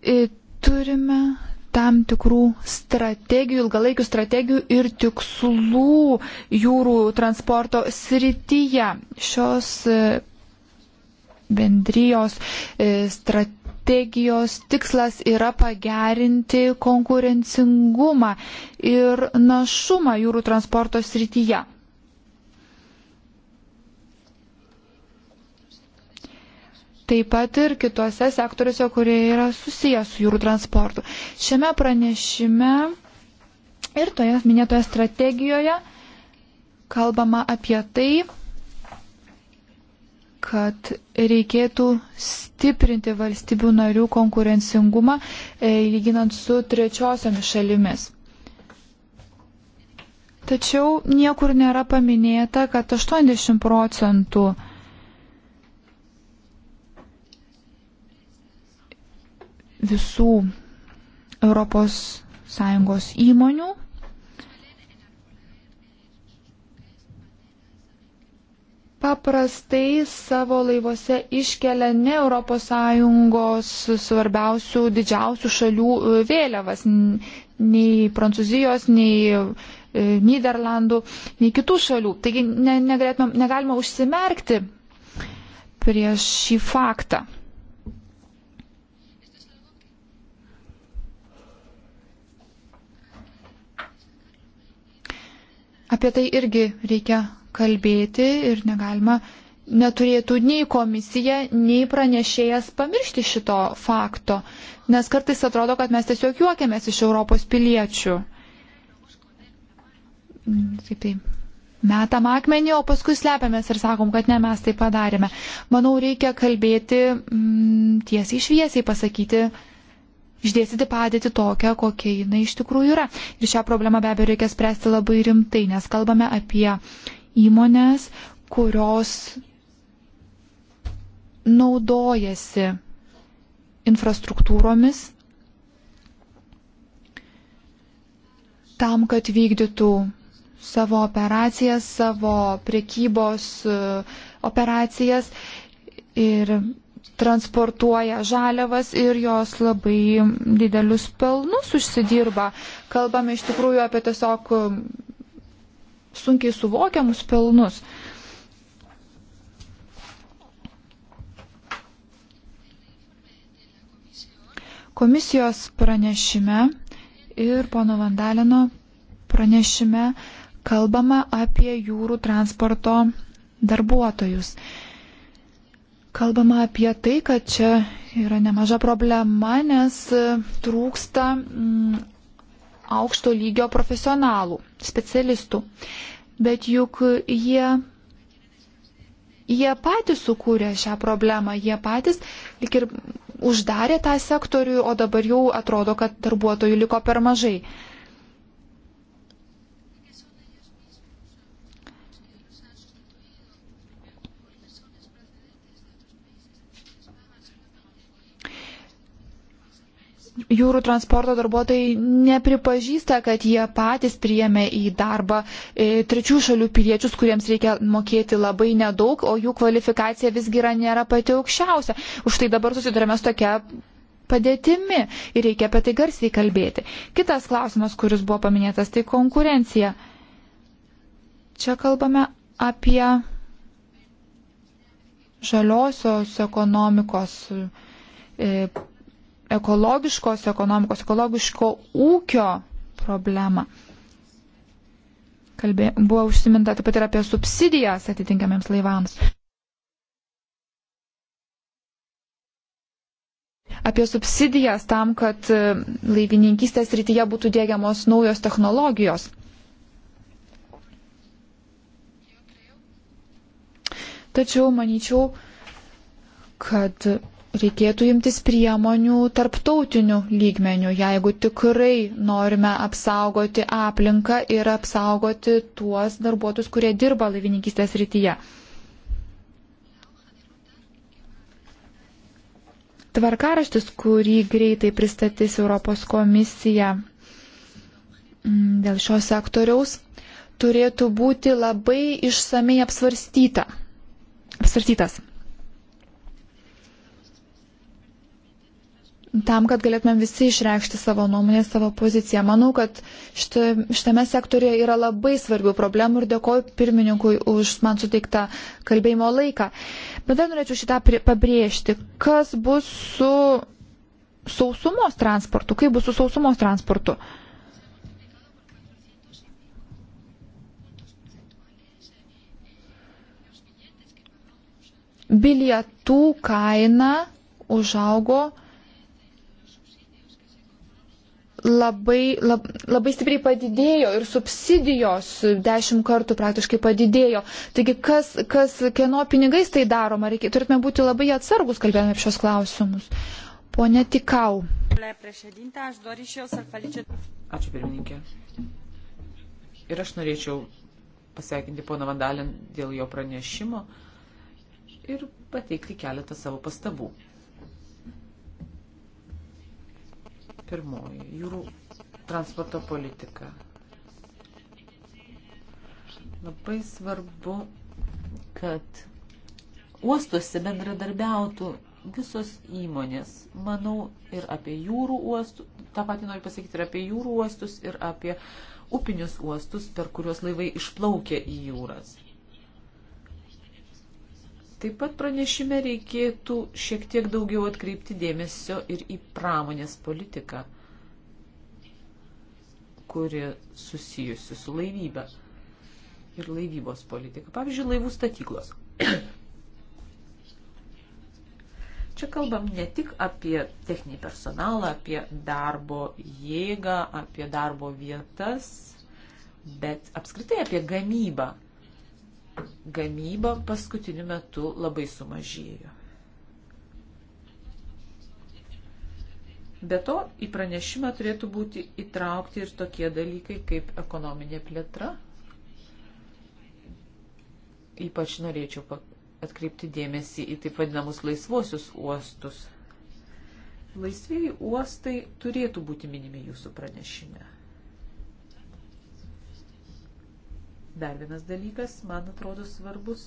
E, turime tam tikrų strategijų, ilgalaikių strategijų ir tikslų jūrų transporto srityje. Šios e, bendrijos e, strategijos tikslas yra pagerinti konkurencingumą ir našumą jūrų transporto srityje. taip pat ir kitose sektoriuose, kurie yra susijęs su jūrų transportu. Šiame pranešime ir toje minėtoje strategijoje kalbama apie tai, kad reikėtų stiprinti valstybių narių konkurencingumą e, lyginant su trečiosiomis šalimis. Tačiau niekur nėra paminėta, kad 80 procentų visų ES įmonių. Paprastai savo laivuose iškelia ne ES svarbiausių didžiausių šalių e, vėliavas, nei Prancūzijos, nei e, Niderlandų, nei kitų šalių. Taigi negalima užsimerkti prieš šį faktą. Apie tai irgi reikia kalbėti ir negalima, neturėtų nei komisija, nei pranešėjas pamiršti šito fakto, nes kartais atrodo, kad mes tiesiog juokiamės iš Europos piliečių. Kaip tai? Metam akmenį, o paskui slepiamės ir sakom, kad ne mes tai padarėme. Manau, reikia kalbėti mm, tiesiai šviesiai, pasakyti, išdėstyti padėti tokią, kokia jinai iš tikrųjų yra. Ir šią problemą be abejo reikia spręsti labai rimtai, nes kalbame apie įmonės, kurios naudojasi infrastruktūromis tam, kad vykdytų savo operacijas, savo prekybos e, operacijas. Ir transportuoja žaliavas ir jos labai didelius pelnus užsidirba. Kalbame iš tikrųjų apie tiesiog um, sunkiai suvokiamus pelnus. Komisijos pranešime ir pono Vandalino pranešime kalbama apie jūrų transporto darbuotojus. Kalbama apie tai, kad čia yra nemaža problema, nes e, trūksta mm, aukšto lygio profesionalų, specialistų. Bet juk jie, jie patys sukūrė šią problemą, jie patys lik ir uždarė tą sektorių, o dabar jau atrodo, kad darbuotojų liko per mažai. jūrų transporto darbuotojai nepripažįsta, kad jie patys priėmė į darbą e, trečių šalių piliečius, kuriems reikia mokėti labai nedaug, o jų kvalifikacija visgi yra nėra pati aukščiausia. Už tai dabar susidurėme su tokia padėtimi ir reikia apie tai garsiai kalbėti. Kitas klausimas, kuris buvo paminėtas, tai konkurencija. Čia kalbame apie žaliosios ekonomikos e, ekologiškos ekonomikos, ekologiško ūkio problemą. Kalbė, buvo užsiminta taip pat ir apie subsidijas atitinkamiems laivams. Apie subsidijas tam, kad e, laivininkystės rytyje būtų dėgiamos naujos technologijos. Tačiau manyčiau, kad reikėtų imtis priemonių tarptautinių lygmenių, jeigu tikrai norime apsaugoti aplinką ir apsaugoti tuos darbuotojus, kurie dirba laivininkystės rytyje. Tvarkaraštis, kurį greitai pristatys Europos komisija dėl šio sektoriaus, turėtų būti labai išsamei apsvarstyta. apsvarstytas. tam, kad galėtumėm visi išreikšti savo nuomonę, savo poziciją. Manau, kad šitame, šitame sektorėje yra labai svarbių problemų ir dėkoju pirmininkui už man suteiktą kalbėjimo laiką. Bet dar norėčiau šitą pabrėžti. Kas bus su sausumos transportu? Kaip bus su sausumos transportu? Bilietų kaina užaugo labai, lab, labai stipriai padidėjo ir subsidijos dešimt kartų praktiškai padidėjo. Taigi, kas, kas kieno pinigais tai daroma, reikia, turėtume būti labai atsargus kalbėdami apie šios klausimus. Pone Tikau. Ačiū pirmininkė. Ir aš norėčiau pasveikinti poną Vandalin dėl jo pranešimo ir pateikti keletą savo pastabų. Pirmoji - jūrų transporto politika. Labai svarbu, kad uostuose bendradarbiautų visos įmonės. Manau ir apie jūrų uostus, tą patį noriu pasakyti ir apie jūrų uostus, ir apie upinius uostus, per kuriuos laivai išplaukia į jūras. Taip pat pranešime reikėtų šiek tiek daugiau atkreipti dėmesio ir į pramonės politiką, kuri susijusi su laivyba ir laivybos politika. Pavyzdžiui, laivų statyklos. Čia kalbam ne tik apie techninį personalą, apie darbo jėgą, apie darbo vietas, bet apskritai apie gamybą gamyba paskutiniu metu labai sumažėjo. Be to, į pranešimą turėtų būti įtraukti ir tokie dalykai kaip ekonominė plėtra. Ypač norėčiau atkreipti dėmesį į taip vadinamus laisvuosius uostus. Laisvėjai uostai turėtų būti minimi jūsų pranešime. Dar vienas dalykas, man atrodo, svarbus.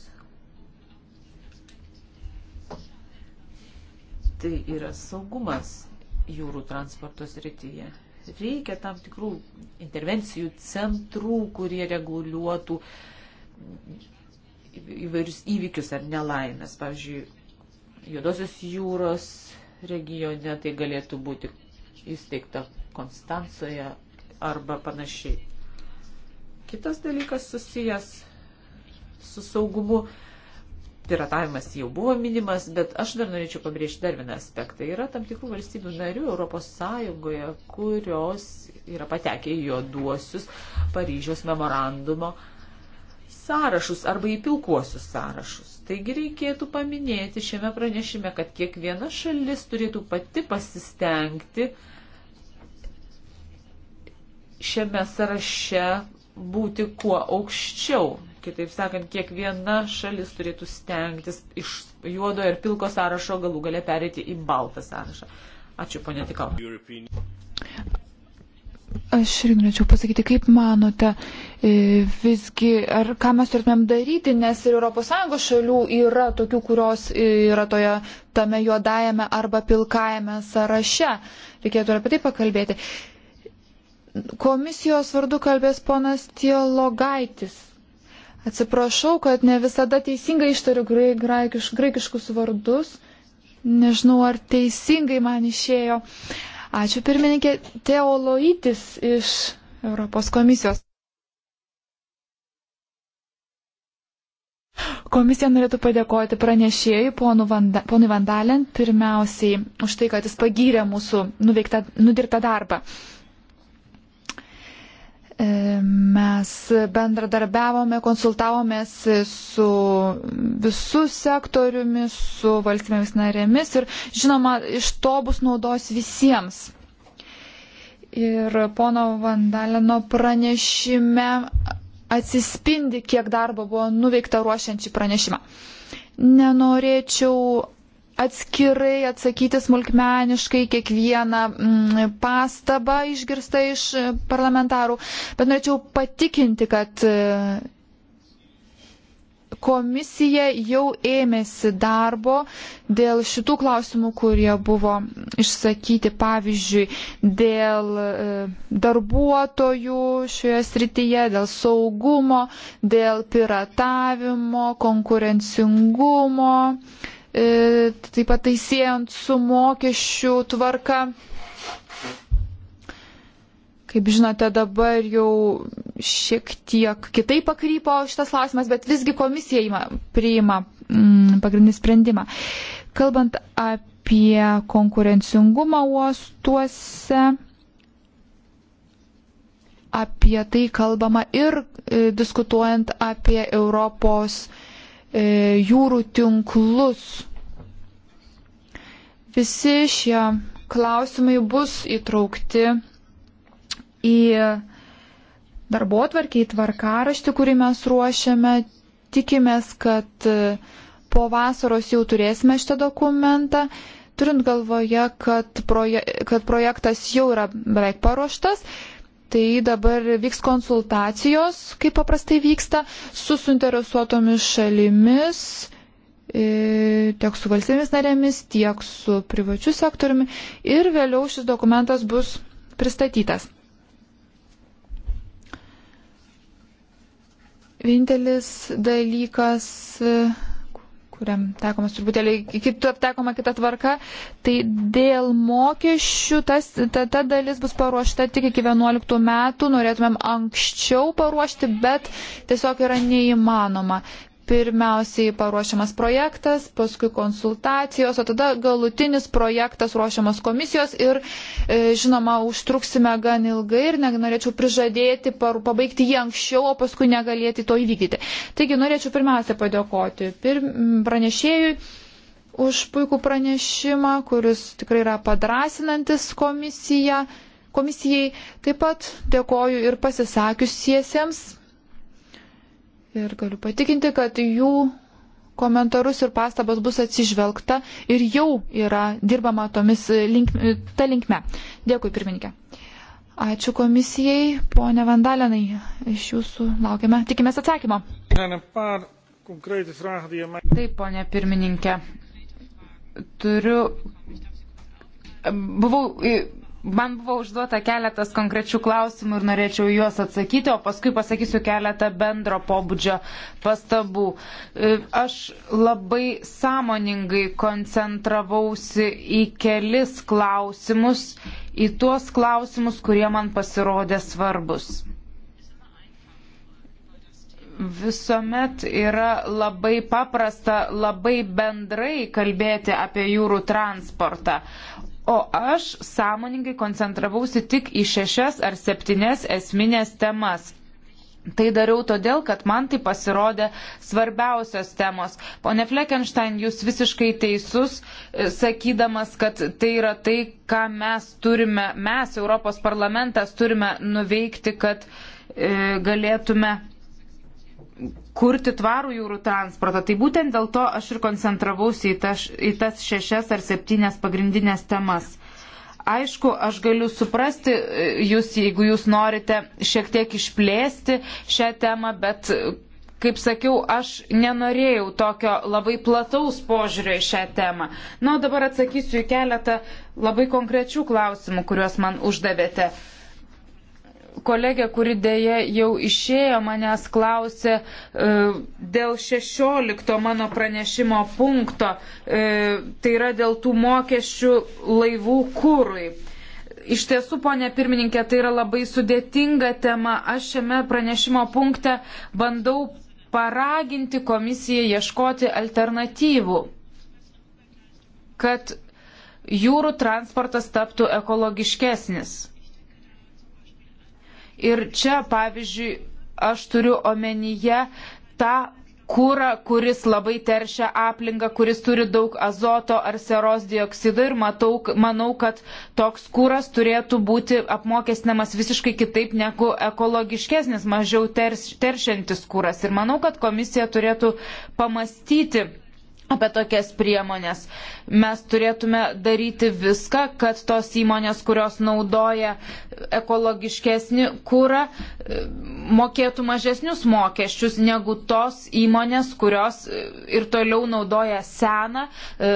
Tai yra saugumas jūrų transporto srityje. Reikia tam tikrų intervencijų centrų, kurie reguliuotų įvairius įvykius ar nelaimės. Pavyzdžiui, Juodosios jūros regione tai galėtų būti įsteigta Konstancoje arba panašiai. Kitas dalykas susijęs su saugumu. Piratavimas jau buvo minimas, bet aš dar norėčiau pabrėžti dar vieną aspektą. Yra tam tikrų valstybių narių Europos Sąjungoje, kurios yra patekę į juoduosius Paryžiaus memorandumo sąrašus arba į pilkuosius sąrašus. Taigi reikėtų paminėti šiame pranešime, kad kiekviena šalis turėtų pati pasistengti šiame sąraše būti kuo aukščiau. Kitaip sakant, kiekviena šalis turėtų stengtis iš juodo ir pilko sąrašo galų galę perėti į baltą sąrašą. Ačiū, ponė Tikau. Aš ir norėčiau pasakyti, kaip manote, e, visgi, ar ką mes turėtumėm daryti, nes ir ES šalių yra tokių, kurios yra toje tame juodajame arba pilkajame sąraše. Reikėtų ir apie tai pakalbėti. Komisijos vardu kalbės ponas Tielogaitis. Atsiprašau, kad ne visada teisingai ištariu graikiš, graikiškus vardus. Nežinau, ar teisingai man išėjo. Ačiū pirmininkė Teoloitis iš Europos komisijos. Komisija norėtų padėkoti pranešėjai ponui Vanda, Vandalen pirmiausiai už tai, kad jis pagyrė mūsų nuveiktą, nudirbtą darbą. E, mes bendradarbiavome, konsultavomės su visų sektoriumi, su valstybėmis narėmis ir žinoma, iš to bus naudos visiems. Ir pono Vandalino pranešime atsispindi, kiek darbo buvo nuveikta ruošiant šį pranešimą. Nenorėčiau atskirai atsakyti smulkmeniškai kiekvieną mm, pastabą išgirstą iš e, parlamentarų, bet norėčiau patikinti, kad e, komisija jau ėmėsi darbo dėl šitų klausimų, kurie buvo išsakyti, pavyzdžiui, dėl e, darbuotojų šioje srityje, dėl saugumo, dėl piratavimo, konkurencingumo E, taip pat tai siejant su mokesčių tvarka. Kaip žinote, dabar jau šiek tiek kitaip pakrypo šitas klausimas, bet visgi komisija įma, priima mm, pagrindinį sprendimą. Kalbant apie konkurencingumą uostuose, apie tai kalbama ir e, diskutuojant apie Europos e, E, jūrų tinklus. Visi šie klausimai bus įtraukti į darbo atvarkį, į tvarkaraštį, kurį mes ruošiame. Tikimės, kad e, po vasaros jau turėsime šitą dokumentą. Turint galvoje, kad, proje, kad projektas jau yra beveik paruoštas, tai dabar vyks konsultacijos, kaip paprastai vyksta, su suinteresuotomis šalimis, e, tiek su valstybėmis narėmis, tiek su privačiu sektoriumi ir vėliau šis dokumentas bus pristatytas. Vienintelis dalykas kuriam taikomas truputėlį kitų aptakoma kita tvarka, tai dėl mokesčių tas, ta, ta dalis bus paruošta tik iki 11 metų, norėtumėm anksčiau paruošti, bet tiesiog yra neįmanoma. Pirmiausiai paruošiamas projektas, paskui konsultacijos, o tada galutinis projektas ruošiamas komisijos ir, e, žinoma, užtruksime gan ilgai ir norėčiau prižadėti, par, pabaigti jį anksčiau, o paskui negalėti to įvykdyti. Taigi norėčiau pirmiausia padėkoti pir, pranešėjui už puikų pranešimą, kuris tikrai yra padrasinantis komisija, komisijai. Taip pat dėkoju ir pasisakiusiesiems Ir galiu patikinti, kad jų komentarus ir pastabas bus atsižvelgta ir jau yra dirbama tomis link, ta linkme. Dėkui, pirmininkė. Ačiū komisijai, ponė Vandalenai, iš jūsų laukiame, tikimės atsakymo. Taip, ponė pirmininkė, turiu. Buvau Man buvo užduota keletas konkrečių klausimų ir norėčiau juos atsakyti, o paskui pasakysiu keletą bendro pobūdžio pastabų. E, aš labai sąmoningai koncentravausi į kelis klausimus, į tuos klausimus, kurie man pasirodė svarbus. Visuomet yra labai paprasta, labai bendrai kalbėti apie jūrų transportą. O aš sąmoningai koncentravausi tik į šešias ar septynes esminės temas. Tai dariau todėl, kad man tai pasirodė svarbiausios temos. Pone Fleckenstein, jūs visiškai teisus, e, sakydamas, kad tai yra tai, ką mes turime, mes, Europos parlamentas, turime nuveikti, kad e, galėtume kurti tvarų jūrų transportą. Tai būtent dėl to aš ir koncentravausi į tas, į tas šešias ar septynias pagrindinės temas. Aišku, aš galiu suprasti e, jūs, jeigu jūs norite šiek tiek išplėsti šią temą, bet, kaip sakiau, aš nenorėjau tokio labai plataus požiūrio į šią temą. Na, nu, dabar atsakysiu į keletą labai konkrečių klausimų, kuriuos man uždavėte. Uh, kolegė, kuri dėje jau išėjo, manęs klausė e, dėl 16 mano pranešimo punkto, e, tai yra dėl tų mokesčių laivų kūrui. Iš tiesų, ponė pirmininkė, tai yra labai sudėtinga tema. Aš šiame pranešimo punkte bandau paraginti komisiją ieškoti alternatyvų, kad jūrų transportas taptų ekologiškesnis. Ir čia, pavyzdžiui, aš turiu omenyje tą kūrą, kuris labai teršia aplinką, kuris turi daug azoto ar seros dioksido ir matau, manau, kad toks kūras turėtų būti apmokestinamas visiškai kitaip negu ekologiškesnis, mažiau terš, teršiantis kūras. Ir manau, kad komisija turėtų pamastyti apie tokias priemonės. Mes turėtume daryti viską, kad tos įmonės, kurios naudoja ekologiškesnį kūrą, mokėtų mažesnius mokesčius negu tos įmonės, kurios ir toliau naudoja seną e,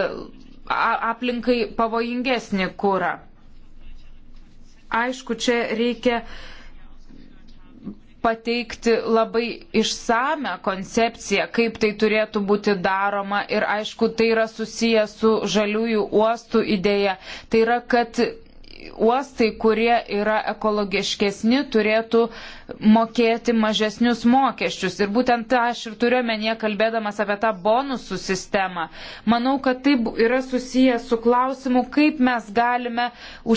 aplinkai pavojingesnį kūrą. Aišku, čia reikia pateikti labai išsame koncepciją, kaip tai turėtų būti daroma ir aišku, tai yra susiję su žaliųjų uostų idėja. Tai yra, kad uostai, kurie yra ekologiškesni, turėtų mokėti mažesnius mokesčius. Ir būtent tą aš ir turiu menyje kalbėdamas apie tą bonusų sistemą. Manau, kad tai yra susijęs su klausimu, kaip mes galime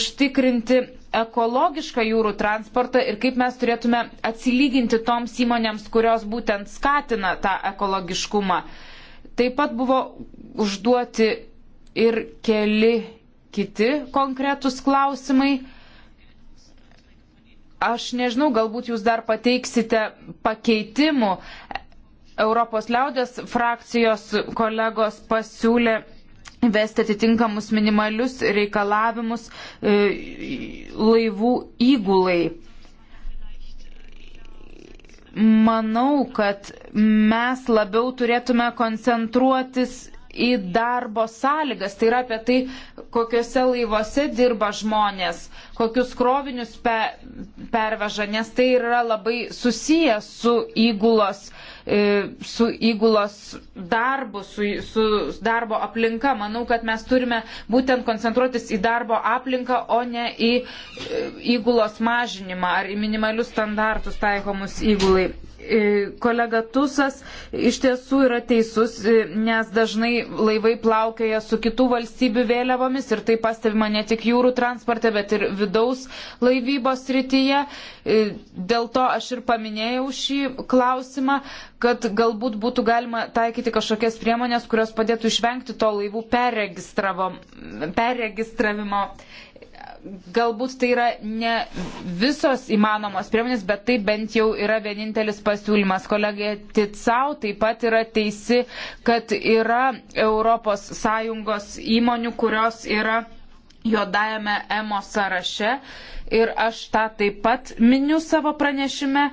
užtikrinti ekologišką jūrų transportą ir kaip mes turėtume atsilyginti toms įmonėms, kurios būtent skatina tą ekologiškumą. Taip pat buvo užduoti ir keli kiti konkretūs klausimai. Aš nežinau, galbūt jūs dar pateiksite pakeitimų. Europos liaudės frakcijos kolegos pasiūlė vesti atitinkamus minimalius reikalavimus e, laivų įgulai. Manau, kad mes labiau turėtume koncentruotis į darbo sąlygas, tai yra apie tai, kokiuose laivuose dirba žmonės, kokius krovinius pe, perveža, nes tai yra labai susijęs su įgulos uh, E, su įgulos darbu, su, su darbo aplinka. Manau, kad mes turime būtent koncentruotis į darbo aplinką, o ne į e, įgulos mažinimą ar į minimalius standartus taikomus įgulai. E, kolega Tusas iš tiesų yra teisus, e, nes dažnai laivai plaukioja su kitų valstybių vėliavomis ir tai pastebima ne tik jūrų transporte, bet ir vidaus laivybos rytyje. E, dėl to aš ir paminėjau šį klausimą, kad galbūt būtų galima taikyti kažkokias priemonės, kurios padėtų išvengti to laivų perregistravimo galbūt tai yra ne visos įmanomos priemonės, bet tai bent jau yra vienintelis pasiūlymas. Kolegė Ticau taip pat yra teisi, kad yra ES įmonių, kurios yra juodajame emo sąraše ir aš tą taip pat miniu savo pranešime.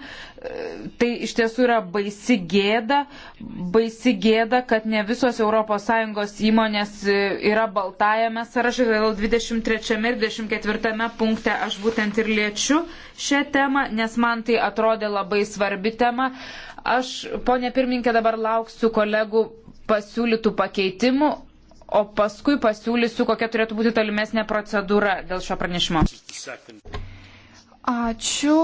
Tai iš tiesų yra baisi gėda, baisi gėda, kad ne visos ES įmonės yra baltajame sąraše, todėl 23 ir 24 punkte aš būtent ir liečiu šią temą, nes man tai atrodė labai svarbi tema. Aš, ponė pirminkė, dabar lauksiu kolegų pasiūlytų pakeitimų, o paskui pasiūlysiu, kokia turėtų būti tolimesnė procedūra dėl šio pranešimo. Ačiū.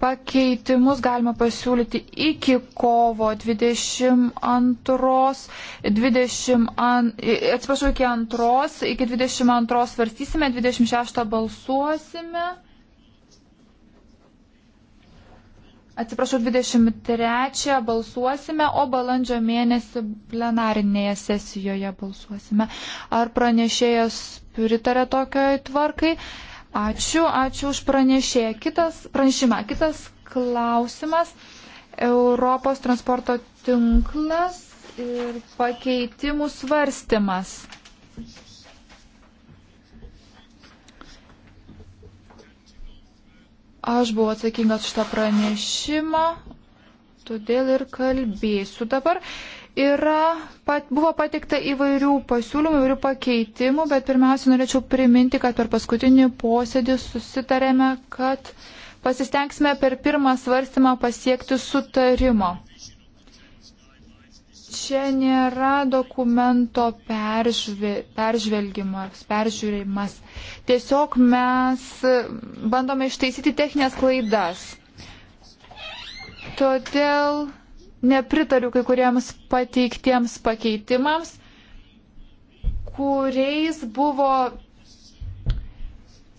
Pakeitimus galima pasiūlyti iki kovo 22, 20, atsiprašau, iki 2, iki 22 svarstysime, 26 balsuosime. atsiprašau, 23 balsuosime, o balandžio mėnesį plenarinėje sesijoje balsuosime. Ar pranešėjas pritarė tokioj tvarkai? Ačiū, ačiū už pranešėją. Kitas pranešimą, kitas klausimas. Europos transporto tinklas ir pakeitimų svarstymas. Aš buvau atsakingas šitą pranešimą, todėl ir kalbėsiu dabar. Yra, pat, buvo patikta įvairių pasiūlymų, įvairių pakeitimų, bet pirmiausia norėčiau priminti, kad per paskutinį posėdį susitarėme, kad pasistengsime per pirmą svarstymą pasiekti sutarimo. Čia nėra dokumento peržvi, peržvelgimas, peržiūrėjimas. Tiesiog mes bandome ištaisyti techninės klaidas. Todėl nepritariu kai kuriems pateiktiems pakeitimams, kuriais buvo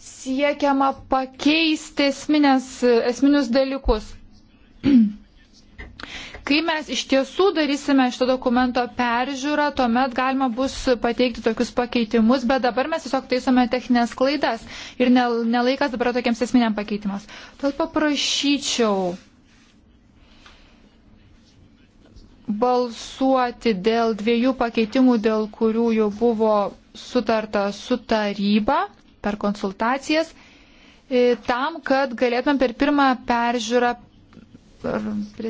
siekiama pakeisti esminės, esminius dalykus. Kai mes iš tiesų darysime šito dokumento peržiūrą, tuomet galima bus pateikti tokius pakeitimus, bet dabar mes tiesiog taisome techninės klaidas ir nelaikas dabar tokiems esminiam pakeitimas. Tad paprašyčiau balsuoti dėl dviejų pakeitimų, dėl kurių jau buvo sutarta su taryba per konsultacijas, e, tam, kad galėtume per pirmą peržiūrą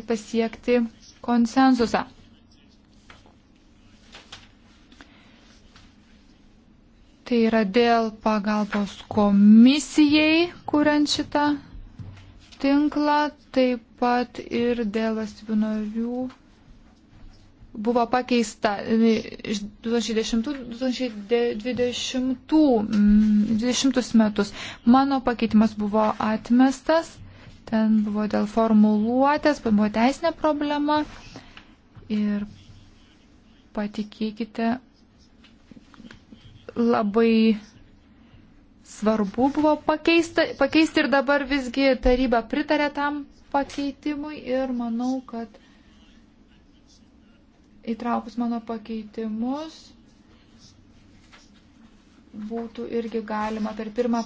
pasiekti konsensusą. Tai yra dėl pagalbos komisijai, kuriant šitą tinklą, taip pat ir dėl valstybių narių buvo pakeista e, iš 2010-2020 metus. Mano pakeitimas buvo atmestas Ten buvo dėl formuluotės, buvo teisinė problema. Ir patikėkite, labai svarbu buvo pakeista, pakeisti ir dabar visgi taryba pritarė tam pakeitimui ir manau, kad įtraukus mano pakeitimus būtų irgi galima per pirmą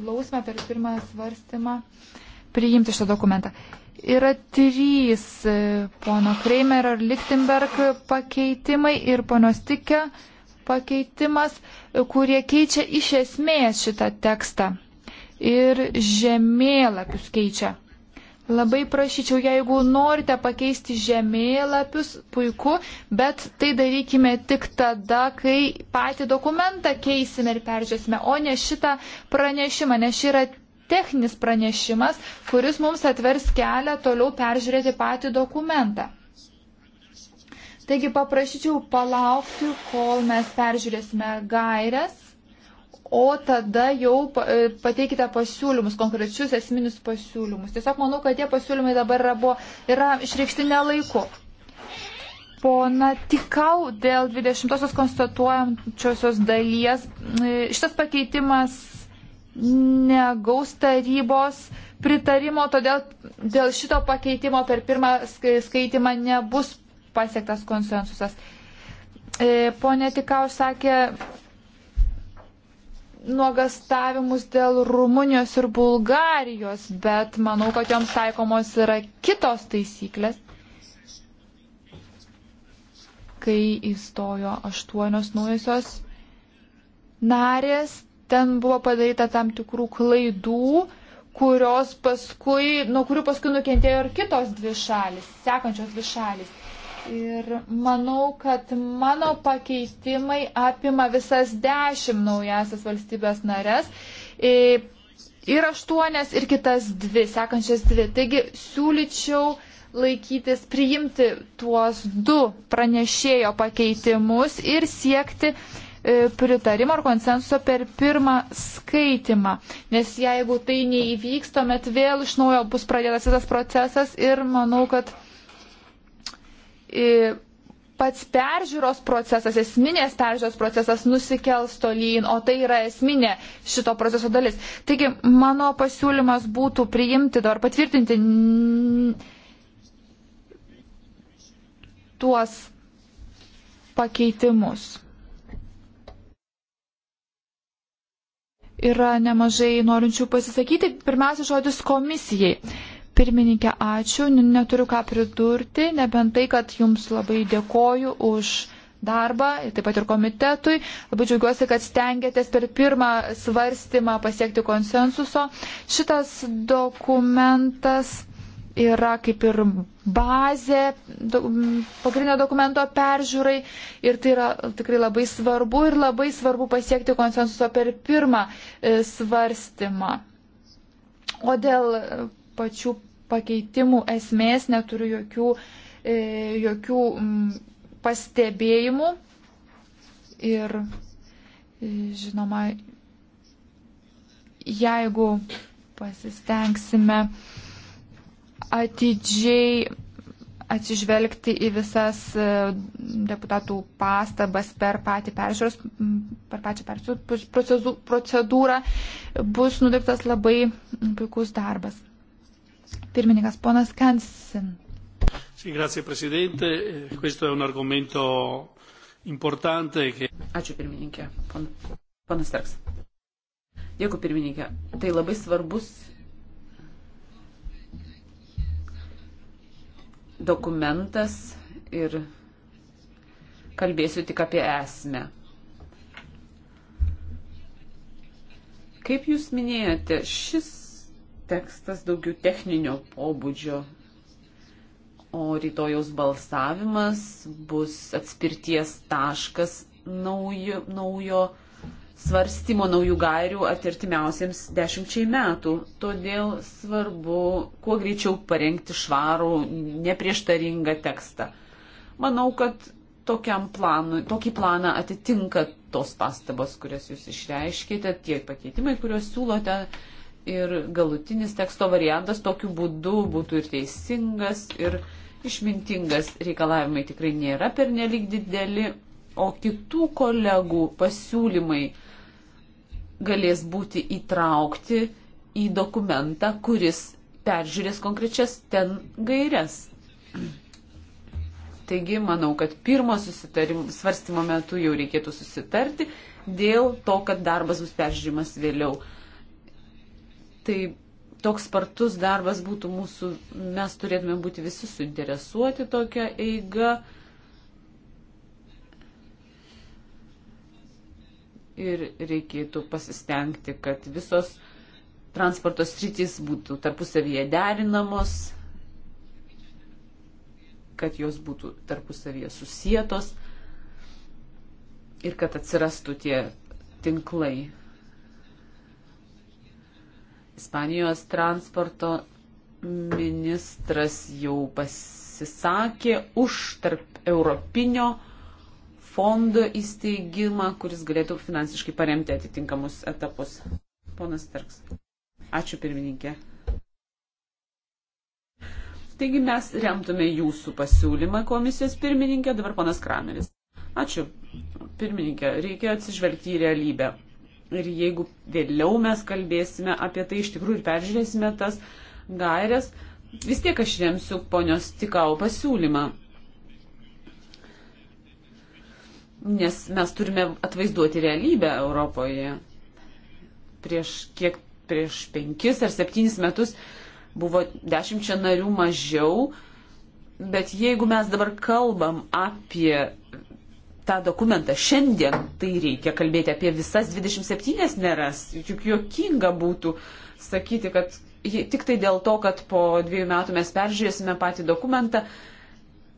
klausimą, per pirmą svarstymą uh, priimti šitą dokumentą. Yra trys e, pono Kreimer ar Lichtenberg pakeitimai ir ponios Tikė pakeitimas, kurie keičia iš esmės šitą tekstą ir žemėlapius keičia. Labai prašyčiau, jeigu norite pakeisti žemėlapius, puiku, bet tai darykime tik tada, kai patį dokumentą keisime ir peržiūrėsime, o ne šitą pranešimą, nes čia yra techninis pranešimas, kuris mums atvers kelią toliau peržiūrėti patį dokumentą. Taigi paprašyčiau palaukti, kol mes peržiūrėsime gairias, o tada jau e, pateikite pasiūlymus, konkrečius esminius pasiūlymus. Tiesiog manau, kad tie pasiūlymai dabar yra, buvo, yra išreikšti nelaiku. Pona Tikau dėl 20-osios konstatuojančiosios dalies. E, šitas pakeitimas negaus tarybos pritarimo, todėl dėl šito pakeitimo per pirmą skaitimą nebus pasiektas konsensusas. E, Pone Tikau sakė nuogastavimus dėl Rumunijos ir Bulgarijos, bet manau, kad joms taikomos yra kitos taisyklės, kai įstojo aštuonios naujosios narės, ten buvo padaryta tam tikrų klaidų, kurios paskui, nuo kurių paskui nukentėjo ir kitos dvi šalis, sekančios dvi šalis. Ir manau, kad mano pakeitimai apima visas dešimt naujasias valstybės narės. Ir aštuonias, ir kitas dvi, sekančias dvi. Taigi siūlyčiau laikytis, priimti tuos du pranešėjo pakeitimus ir siekti uh, E, pritarimo ar konsensuso per pirmą skaitimą. Nes jeigu tai neįvyks, tuomet vėl iš naujo bus pradėtas visas procesas ir manau, kad e, pats peržiūros procesas, esminės peržiūros procesas nusikels tolyn, o tai yra esminė šito proceso dalis. Taigi mano pasiūlymas būtų priimti ar patvirtinti tuos pakeitimus. yra nemažai norinčių pasisakyti. Pirmiausia, žodis komisijai. Pirmininkė, ačiū, neturiu ką pridurti, nebent tai, kad jums labai dėkoju už darbą, taip pat ir komitetui. Labai džiaugiuosi, kad stengiatės per pirmą svarstymą pasiekti konsensuso. Šitas dokumentas yra kaip ir bazė pagrindinio dokumento peržiūrai ir tai yra tikrai labai svarbu ir labai svarbu pasiekti konsensuso per pirmą e, svarstymą. O dėl e, pačių pakeitimų esmės neturiu jokių, e, jokių pastebėjimų ir žinoma, jeigu pasistengsime atidžiai atsižvelgti į visas e, deputatų pastabas per, peržiūros, per pačią peržiūros procedūrą bus nudirbtas labai puikus darbas. Pirmininkas ponas Kansin. Sì, grazie Presidente. Eh, questo è un argomento importante. Che... Ačiū pirmininkė. Ponas Tarks. Dėkui pirmininkė. Tai labai svarbus dokumentas ir kalbėsiu tik apie esmę. Kaip jūs minėjote, šis tekstas daugiau techninio pobūdžio, o rytojaus balsavimas bus atspirties taškas naujo, naujo svarstymo naujų gairių atirtimiausiems dešimčiai metų. Todėl svarbu kuo greičiau parengti švarų, neprieštaringą tekstą. Manau, kad tokiam planui, tokį planą atitinka tos pastabos, kurias jūs išreiškite, tie pakeitimai, kuriuos siūlote. Ir galutinis teksto variantas tokiu būdu būtų ir teisingas, ir išmintingas. Reikalavimai tikrai nėra pernelyg dideli, o kitų kolegų pasiūlymai galės būti įtraukti į dokumentą, kuris peržiūrės konkrečias ten gairias. Taigi, manau, kad pirmo svarstymo metu jau reikėtų susitarti dėl to, kad darbas bus peržiūrimas vėliau. Tai toks spartus darbas būtų mūsų, mes turėtume būti visi suinteresuoti tokia eiga. ir reikėtų pasistengti, kad visos transporto sritys būtų tarpusavyje derinamos, kad jos būtų tarpusavyje susijėtos ir kad atsirastų tie tinklai. Ispanijos transporto ministras jau pasisakė už tarp europinio transporto fondo įsteigimą, kuris galėtų finansiškai paremti atitinkamus etapus. Ponas Tarks. Ačiū pirmininkė. Taigi mes remtume jūsų pasiūlymą komisijos pirmininkė, dabar ponas Krameris. Ačiū. Pirmininkė, reikia atsižvelgti į realybę. Ir jeigu vėliau mes kalbėsime apie tai, iš tikrųjų ir peržiūrėsime tas gairias, vis tiek aš remsiu ponios Tikau pasiūlymą. nes mes turime atvaizduoti realybę Europoje. Prieš kiek, prieš penkis ar septynis metus buvo dešimčia narių mažiau, bet jeigu mes dabar kalbam apie tą dokumentą šiandien, tai reikia kalbėti apie visas 27 neras. Juk juokinga būtų sakyti, kad tik tai dėl to, kad po dviejų metų mes peržiūrėsime patį dokumentą,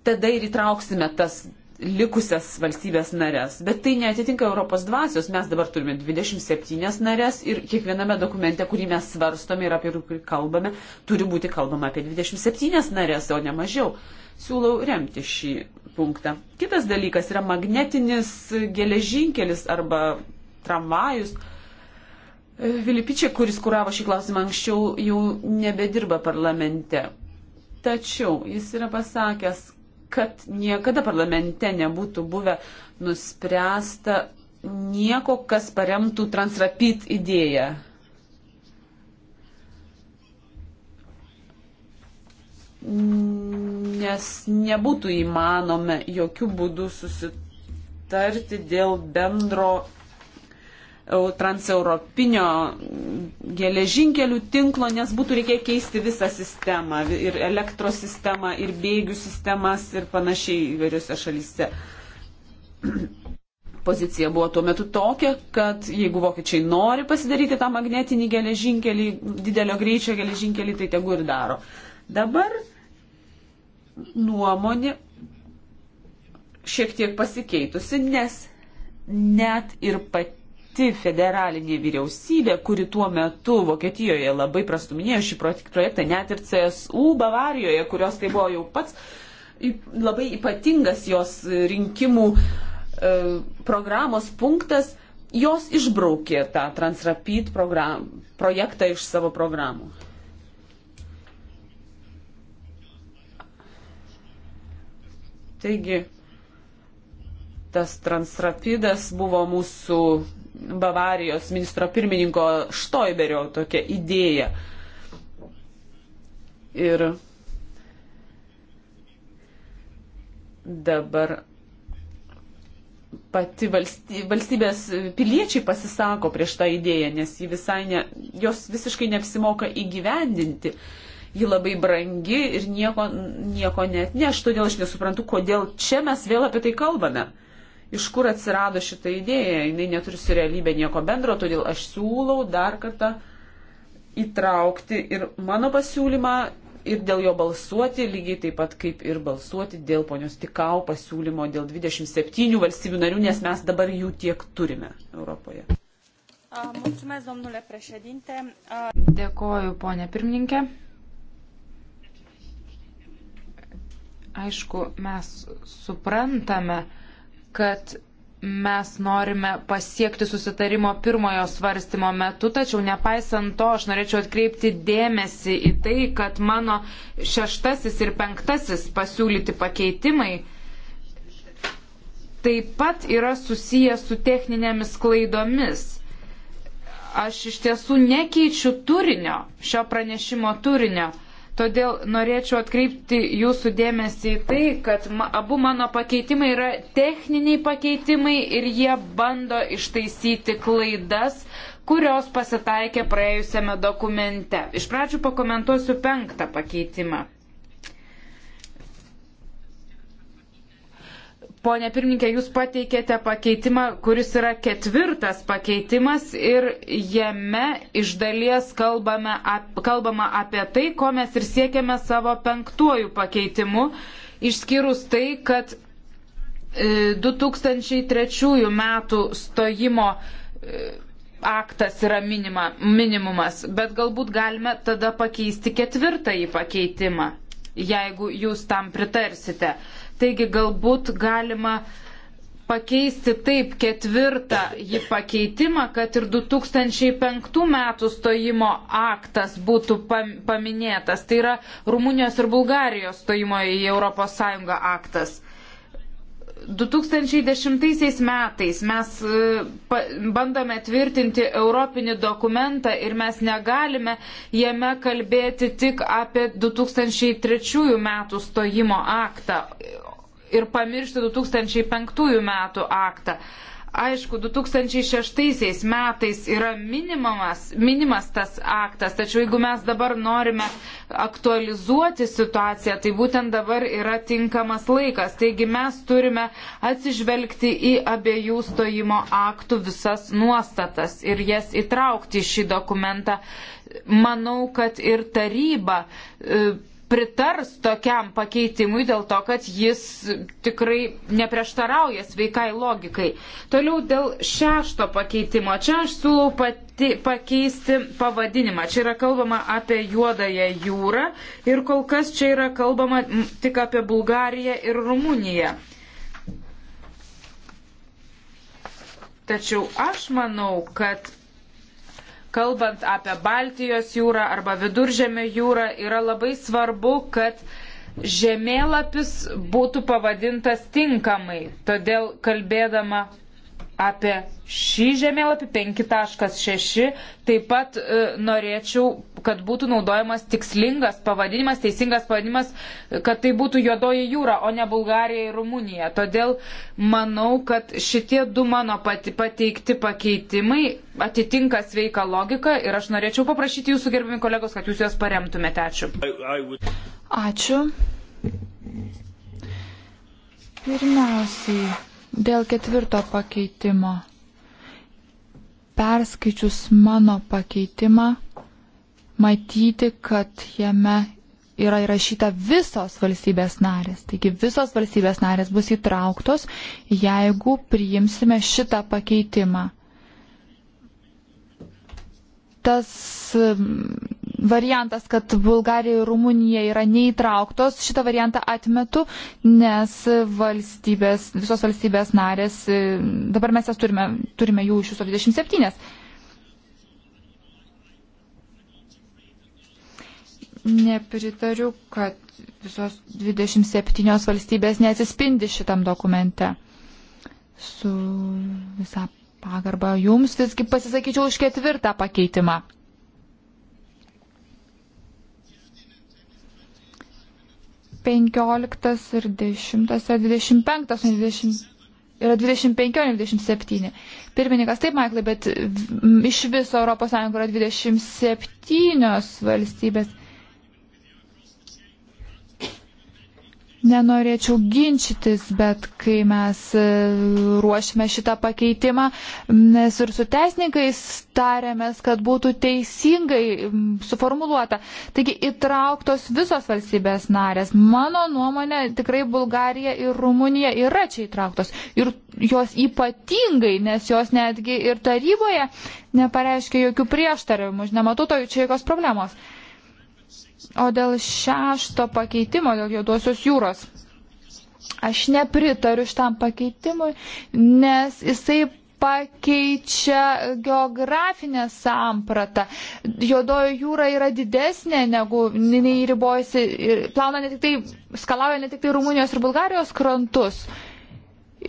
tada ir įtrauksime tas likusias valstybės narės. Bet tai netitinka Europos dvasios. Mes dabar turime 27 narės ir kiekviename dokumente, kurį mes svarstome ir apie kurį kalbame, turi būti kalbama apie 27 narės, o ne mažiau. Siūlau remti šį punktą. Kitas dalykas yra magnetinis geležinkelis arba tramvajus. E, Vilipičiai, kuris kuravo šį klausimą anksčiau, jau nebedirba parlamente. Tačiau jis yra pasakęs, kad niekada parlamente nebūtų buvę nuspręsta nieko, kas paremtų transrapid idėją. Nes nebūtų įmanome jokių būdų susitikti sutarti dėl bendro transeuropinio geležinkelių tinklo, nes būtų reikėję keisti visą sistemą ir elektros sistemą, ir bėgių sistemas ir panašiai įvairiose šalyse. Pozicija buvo tuo metu tokia, kad jeigu vokiečiai nori pasidaryti tą magnetinį geležinkelį, didelio greičio geležinkelį, tai tegu ir daro. Dabar nuomonė šiek tiek pasikeitusi, nes net ir pati pati federalinė vyriausybė, kuri tuo metu Vokietijoje labai prastuminėjo šį projektą, net ir CSU Bavarijoje, kurios tai buvo jau pats labai ypatingas jos rinkimų e, programos punktas, jos išbraukė tą Transrapid program, projektą iš savo programų. Taigi, tas transrapidas buvo mūsų Bavarijos ministro pirmininko Štoiberio tokia idėja. Ir dabar pati valstybės piliečiai pasisako prieš tą idėją, nes visai ne, jos visiškai neapsimoka įgyvendinti. Ji labai brangi ir nieko, nieko net neš, todėl aš nesuprantu, kodėl čia mes vėl apie tai kalbame iš kur atsirado šitą idėją. Jis neturi su realybė nieko bendro, todėl aš siūlau dar kartą įtraukti ir mano pasiūlymą ir dėl jo balsuoti, lygiai taip pat kaip ir balsuoti dėl ponios Tikau pasiūlymo dėl 27 valstybių narių, nes mes dabar jų tiek turime Europoje. Mulțumesc, domnule președinte. Dėkoju, ponė pirmininkė. Aišku, mes suprantame, kad mes norime pasiekti susitarimo pirmojo svarstymo metu, tačiau nepaisant to aš norėčiau atkreipti dėmesį į tai, kad mano šeštasis ir penktasis pasiūlyti pakeitimai taip pat yra susiję su techninėmis klaidomis. Aš iš tiesų nekeičiu turinio, šio pranešimo turinio Todėl norėčiau atkreipti jūsų dėmesį į tai, kad ma, abu mano pakeitimai yra techniniai pakeitimai ir jie bando ištaisyti klaidas, kurios pasitaikė praėjusiame dokumente. Iš pradžių pakomentuosiu penktą pakeitimą. Pone pirmininkė, jūs pateikėte pakeitimą, kuris yra ketvirtas pakeitimas ir jame iš dalies kalbame, ap, kalbama apie tai, ko mes ir siekiame savo penktuoju pakeitimu, išskyrus tai, kad 2003 e, metų stojimo e, aktas yra minima, minimumas, bet galbūt galime tada pakeisti ketvirtąjį pakeitimą, jeigu jūs tam pritarsite. Taigi galbūt galima pakeisti taip ketvirtą jį pakeitimą, kad ir 2005 metų stojimo aktas būtų paminėtas. Tai yra Rumunijos ir Bulgarijos stojimo į ES aktas. 2010 metais mes e, bandome tvirtinti Europinį dokumentą ir mes negalime jame kalbėti tik apie 2003 metų stojimo aktą ir pamiršti 2005 metų aktą. Aišku, 2006 metais yra minimas, minimas tas aktas, tačiau jeigu mes dabar norime aktualizuoti situaciją, tai būtent dabar yra tinkamas laikas. Taigi mes turime atsižvelgti į abiejų stojimo aktų visas nuostatas ir jas įtraukti į šį dokumentą. Manau, kad ir taryba. E, pritars tokiam pakeitimui dėl to, kad jis tikrai neprieštarauja sveikai logikai. Toliau dėl šešto pakeitimo. Čia aš siūlau pati, pakeisti pavadinimą. Čia yra kalbama apie juodąją jūrą ir kol kas čia yra kalbama tik apie Bulgariją ir Rumuniją. Tačiau aš manau, kad kalbant apie Baltijos jūrą arba Viduržėmio jūrą, yra labai svarbu, kad žemėlapis būtų pavadintas tinkamai. Todėl kalbėdama apie šį žemėlapį 5.6. Taip pat e, norėčiau, kad būtų naudojamas tikslingas pavadinimas, teisingas pavadinimas, e, kad tai būtų Juodoji jūra, o ne Bulgarija ir Rumunija. Todėl manau, kad šitie du mano pati, pateikti pakeitimai atitinka sveiką logiką ir aš norėčiau paprašyti jūsų gerbimi kolegos, kad jūs juos paremtumėte. Ačiū. Ačiū. Pirmiausiai Dėl ketvirto pakeitimo. Perskaičius mano pakeitimą, matyti, kad jame yra įrašyta visos valstybės narės. Taigi visos valstybės narės bus įtrauktos, jeigu priimsime šitą pakeitimą tas variantas, kad Bulgarija ir Rumunija yra neįtrauktos, šitą variantą atmetu, nes valstybės, visos valstybės narės, e, dabar mes jas turime, turime jų iš viso 27. Nepritariu, kad visos 27 valstybės neatsispindi šitam dokumente su visą pagarbą jums visgi pasisakyčiau už ketvirtą pakeitimą. Penkioliktas ir dešimtas yra dvidešimt penktas, ne dvidešimt. Yra 25, ne 27. Pirmininkas, taip, Maiklai, bet iš viso ES yra 27 valstybės. Nenorėčiau ginčytis, bet kai mes e, ruošime šitą pakeitimą, mes ir su teisininkais tarėmės, kad būtų teisingai suformuluota. Taigi įtrauktos visos valstybės narės. Mano nuomonė, tikrai Bulgarija ir Rumunija yra čia įtrauktos. Ir jos ypatingai, nes jos netgi ir taryboje nepareiškia jokių prieštaravimų. Nematau to čia jokios problemos. O dėl šešto pakeitimo, dėl juodosios jūros, aš nepritariu šitam pakeitimui, nes jisai pakeičia geografinę sampratą. Jodojo jūra yra didesnė negu nei ribojasi, plauna ne tik tai, skalauja ne tik tai Rumunijos ir Bulgarijos krantus.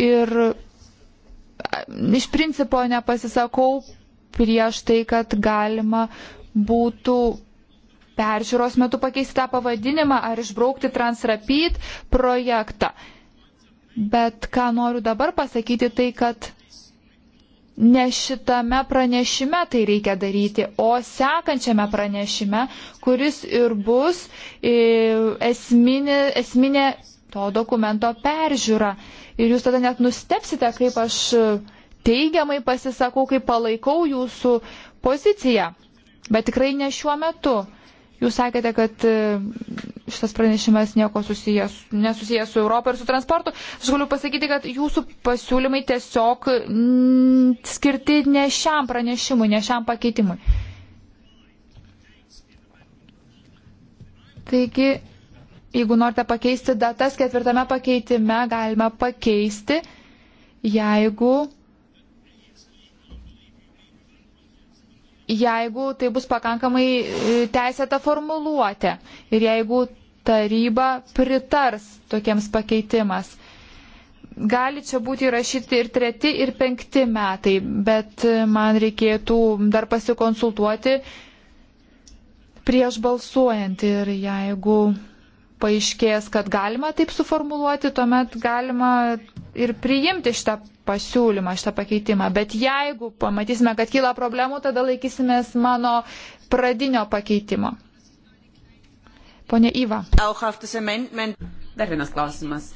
Ir iš principo nepasisakau prieš tai, kad galima būtų peržiūros metu pakeisti tą pavadinimą ar išbraukti Transrapid projektą. Bet ką noriu dabar pasakyti, tai kad ne šitame pranešime tai reikia daryti, o sekančiame pranešime, kuris ir bus e, esminė, esminė to dokumento peržiūra. Ir jūs tada net nustepsite, kaip aš teigiamai pasisakau, kaip palaikau jūsų poziciją. Bet tikrai ne šiuo metu. Jūs sakėte, kad e, šitas pranešimas nieko susijęs, nesusijęs su Europą ir su transportu. Aš galiu pasakyti, kad jūsų pasiūlymai tiesiog mm, skirti ne šiam pranešimui, ne šiam pakeitimui. Taigi, jeigu norite pakeisti datas, ketvirtame pakeitime galima pakeisti, jeigu jeigu tai bus pakankamai e, teisėta formuluotė ir jeigu taryba pritars tokiems pakeitimas. Gali čia būti įrašyti ir treti, ir penkti metai, bet e, man reikėtų dar pasikonsultuoti prieš balsuojant ir jeigu paaiškės, kad galima taip suformuluoti, tuomet galima ir priimti šitą pasiūlymą, šitą pakeitimą. Bet jeigu pamatysime, kad kyla problemų, tada laikysimės mano pradinio pakeitimo. Pone Iva. Dar vienas klausimas.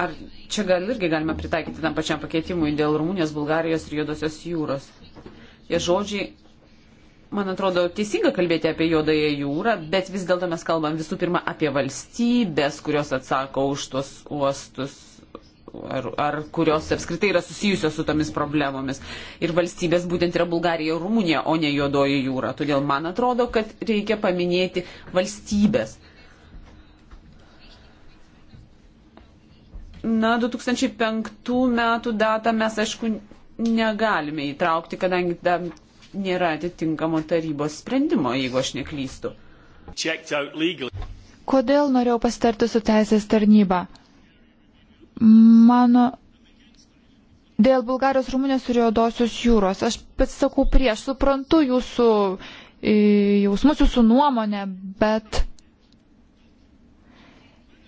Ar čia gal irgi galima pritaikyti tam pačiam pakeitimui dėl Rumunijos, Bulgarijos ir Juodosios jūros? Tie žodžiai man atrodo, teisinga kalbėti apie juodąją jūrą, bet vis dėlto mes kalbam visų pirma apie valstybės, kurios atsako už tuos uostus. Ar, ar kurios apskritai yra susijusios su tomis problemomis. Ir valstybės būtent yra Bulgarija ir Rumunija, o ne Juodoji jūra. Todėl man atrodo, kad reikia paminėti valstybės. Na, 2005 metų datą mes, aišku, negalime įtraukti, kadangi tam nėra atitinkamo tarybos sprendimo, jeigu aš neklystu. Kodėl norėjau pasitarti su teisės tarnyba? Mano. Dėl Bulgarijos Rumunijos ir Jodosios jūros. Aš pasisakau prieš, suprantu jūsų jausmus, jūsų nuomonę, bet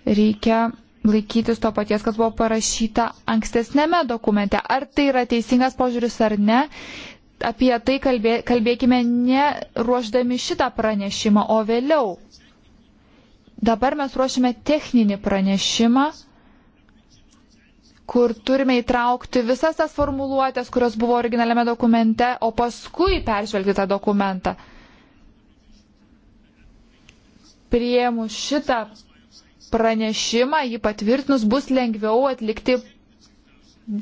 reikia laikytis to paties, kas buvo parašyta ankstesnėme dokumente. Ar tai yra teisingas požiūris ar ne, apie tai kalbė, kalbėkime ne ruoždami šitą pranešimą, o vėliau. Dabar mes ruošiame techninį pranešimą, kur turime įtraukti visas tas formuluotės, kurios buvo originaliame dokumente, o paskui peržvelgti tą dokumentą. Prieimu šitą pranešimą, jį patvirtinus, bus lengviau atlikti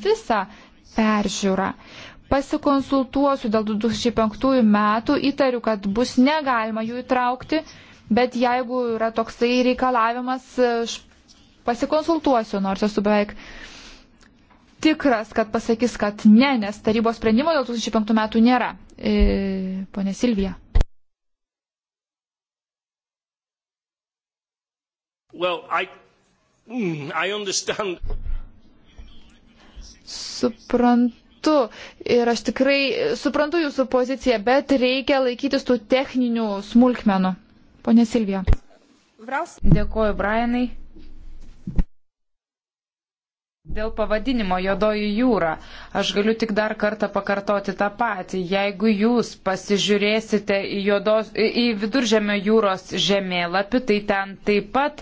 visą peržiūrą pasikonsultuosiu dėl 2005 metų, įtariu, kad bus negalima jų įtraukti, bet jeigu yra toksai reikalavimas, aš pasikonsultuosiu, nors esu beveik tikras, kad pasakys, kad ne, nes tarybos sprendimo dėl 2005 metų nėra. E, pone Silvija. Well, I, mm, I understand. Suprantu metu. Ir aš tikrai suprantu jūsų poziciją, bet reikia laikytis tų techninių smulkmenų. Pone Silvija. Dėkuoju, Brianai. Dėl pavadinimo Jodoji jūra, aš galiu tik dar kartą pakartoti tą patį. Jeigu jūs pasižiūrėsite į, jodos, į viduržėmio jūros žemėlapį, tai ten taip pat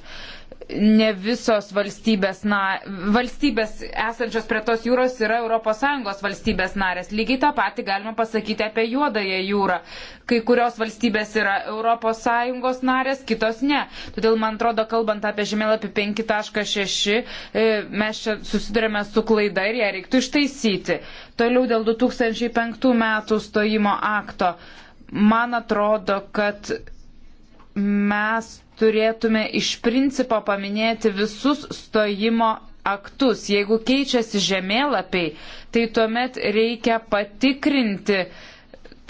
ne visos valstybės, na, valstybės esančios prie tos jūros yra ES valstybės narės. Lygiai tą patį galima pasakyti apie juodąją jūrą. Kai kurios valstybės yra ES narės, kitos ne. Todėl, man atrodo, kalbant apie žemėlapį 5.6, e, mes čia susidurėme su klaida ir ją reiktų ištaisyti. Toliau dėl 2005 metų stojimo akto. Man atrodo, kad mes turėtume iš principo paminėti visus stojimo aktus. Jeigu keičiasi žemėlapiai, tai tuomet reikia patikrinti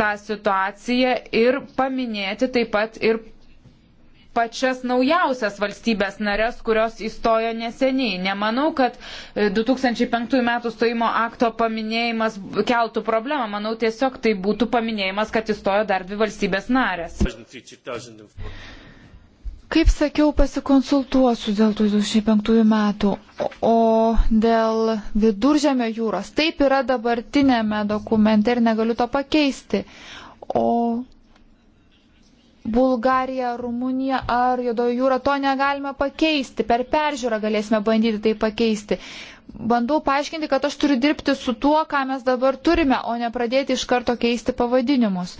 tą situaciją ir paminėti taip pat ir pačias naujausias valstybės narės, kurios įstojo neseniai. Nemanau, kad 2005 e, metų stojimo akto paminėjimas keltų problemą. Manau, tiesiog tai būtų paminėjimas, kad įstojo dar dvi valstybės narės. Kaip sakiau, pasikonsultuosiu dėl 2005 metų, o dėl viduržėmio jūros. Taip yra dabartinėme dokumente ir negaliu to pakeisti. O Bulgarija, Rumunija ar Jodojo jūra, to negalime pakeisti. Per peržiūrą galėsime bandyti tai pakeisti. Bandau paaiškinti, kad aš turiu dirbti su tuo, ką mes dabar turime, o ne pradėti iš karto keisti pavadinimus.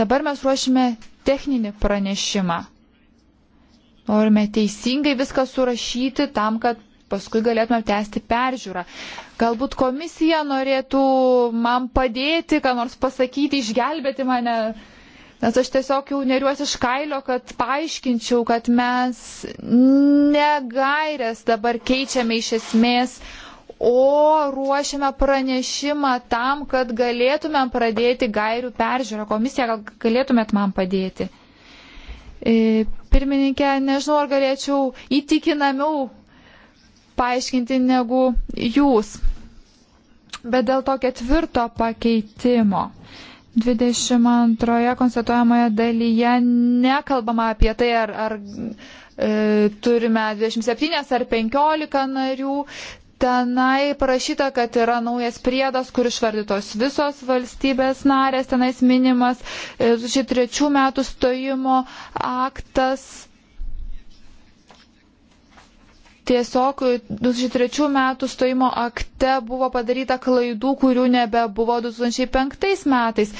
Dabar mes ruošime techninį pranešimą. Norime teisingai viską surašyti tam, kad paskui galėtume tęsti peržiūrą. Galbūt komisija norėtų man padėti, ką nors pasakyti, išgelbėti mane Nes aš tiesiog jau neriuosi iš kailio, kad paaiškinčiau, kad mes negairės dabar keičiame iš esmės, o ruošiame pranešimą tam, kad galėtumėm pradėti gairių peržiūrą. Komisija, gal galėtumėt man padėti? E, pirmininkė, nežinau, ar galėčiau įtikinamiau paaiškinti negu jūs. Bet dėl to ketvirto pakeitimo. 22 konstatuojamoje dalyje nekalbama apie tai, ar, ar e, turime 27 ar 15 narių. Tenai parašyta, kad yra naujas priedas, kur išvardytos visos valstybės narės, tenais minimas 2003 e, metų stojimo aktas tiesiog 2003 metų stojimo akte buvo padaryta klaidų, kurių nebebuvo 2005 metais.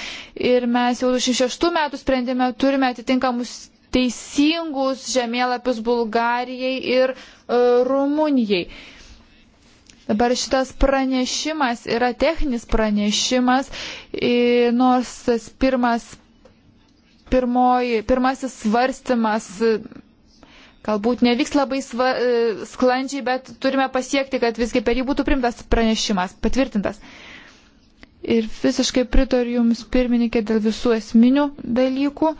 Ir mes jau 2006 metų sprendime turime atitinkamus teisingus žemėlapius Bulgarijai ir e, Rumunijai. Dabar šitas pranešimas yra techninis pranešimas, e, nors tas pirmas, pirmoji, pirmasis svarstymas galbūt nevyks labai sva, e, sklandžiai, bet turime pasiekti, kad visgi per jį būtų primtas pranešimas, patvirtintas. Ir visiškai pritariu Jums, pirmininkė, dėl visų esminių dalykų.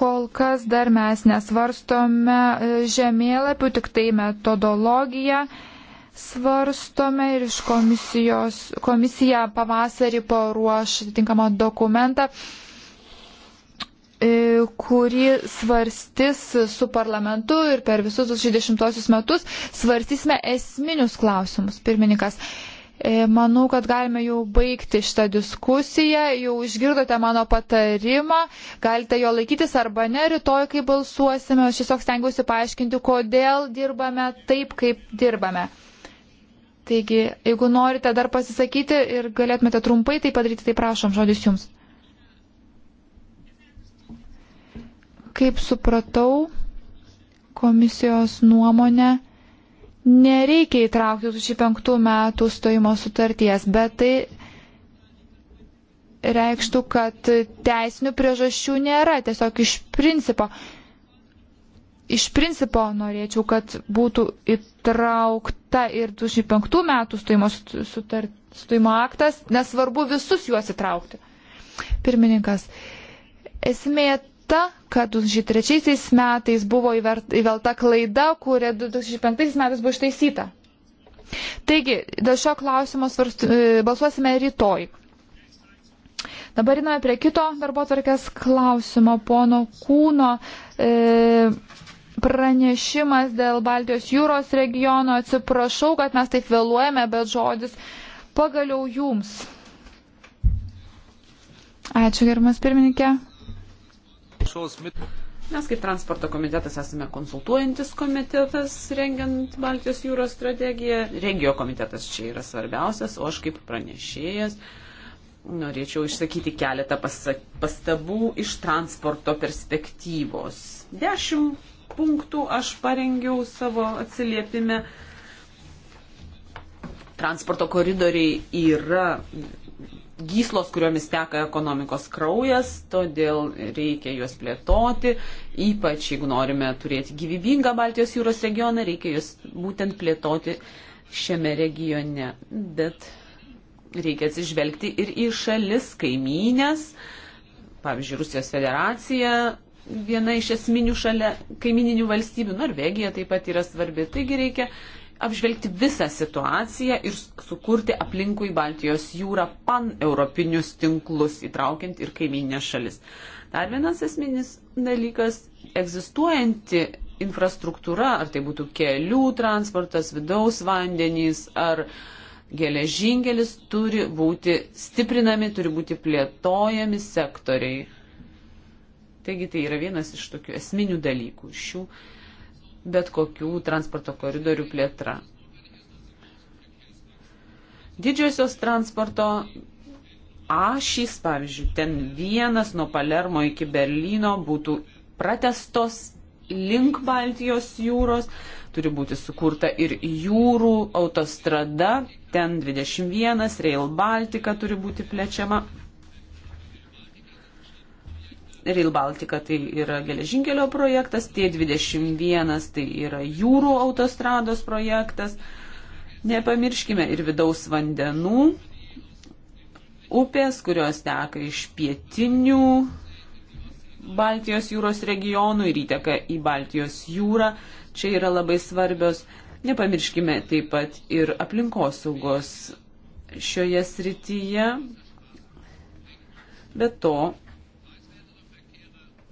Kol kas dar mes nesvarstome e, žemėlapių, tik tai metodologiją svarstome ir iš komisijos, komisija pavasarį paruoš atitinkamą dokumentą E, kuri svarstis su parlamentu ir per visus 60 metus svarstysime esminius klausimus. Pirmininkas, e, manau, kad galime jau baigti šitą diskusiją, jau išgirdote mano patarimą, galite jo laikytis arba ne, rytoj, kai balsuosime, aš tiesiog stengiuosi paaiškinti, kodėl dirbame taip, kaip dirbame. Taigi, jeigu norite dar pasisakyti ir galėtumėte trumpai tai padaryti, tai prašom, žodis jums. Kaip supratau, komisijos nuomonė nereikia įtraukti 2005 metų stojimo sutarties, bet tai reikštų, kad teisinių priežasčių nėra, tiesiog iš principo. Iš principo norėčiau, kad būtų įtraukta ir 2005 metų stojimo, sutart, stojimo aktas, nesvarbu visus juos įtraukti. Pirmininkas, esmė ta, kad 2003 metais buvo įvelta klaida, kuri 2005 metais buvo ištaisyta. Taigi, dėl šio klausimo svarst, e, balsuosime rytoj. Dabar einame prie kito darbo tvarkės klausimo, pono Kūno. E, pranešimas dėl Baltijos jūros regiono. Atsiprašau, kad mes taip vėluojame, bet žodis pagaliau jums. Ačiū, gerbimas pirmininkė. Mes kaip transporto komitetas esame konsultuojantis komitetas, rengiant Baltijos jūros strategiją. Regio komitetas čia yra svarbiausias, o aš kaip pranešėjas norėčiau išsakyti keletą pastabų iš transporto perspektyvos. Dešimt punktų aš parengiau savo atsiliepime transporto koridoriai yra gyslos, kuriomis teka ekonomikos kraujas, todėl reikia juos plėtoti, ypač jeigu norime turėti gyvybingą Baltijos jūros regioną, reikia juos būtent plėtoti šiame regione. Bet reikia atsižvelgti ir į šalis kaimynės, pavyzdžiui, Rusijos federacija, viena iš esminių šalia kaimininių valstybių, Norvegija taip pat yra svarbi, taigi reikia apžvelgti visą situaciją ir sukurti aplinkui Baltijos jūrą pan-europinius tinklus, įtraukiant ir kaiminės šalis. Dar vienas esminis dalykas - egzistuojanti infrastruktūra, ar tai būtų kelių transportas, vidaus vandenys ar geležinkelis, turi būti stiprinami, turi būti plėtojami sektoriai. Taigi tai yra vienas iš tokių esminių dalykų šių bet kokių transporto koridorių plėtra. Didžiosios transporto ašys, pavyzdžiui, ten vienas nuo Palermo iki Berlyno būtų pratestos link Baltijos jūros, turi būti sukurta ir jūrų autostrada, ten 21, Rail Baltica turi būti plečiama Rail Baltica tai yra geležinkelio projektas, T21 tai yra jūrų autostrados projektas. Nepamirškime ir vidaus vandenų upės, kurios teka iš pietinių Baltijos jūros regionų ir įteka į Baltijos jūrą. Čia yra labai svarbios. Nepamirškime taip pat ir aplinkosaugos šioje srityje. Be to,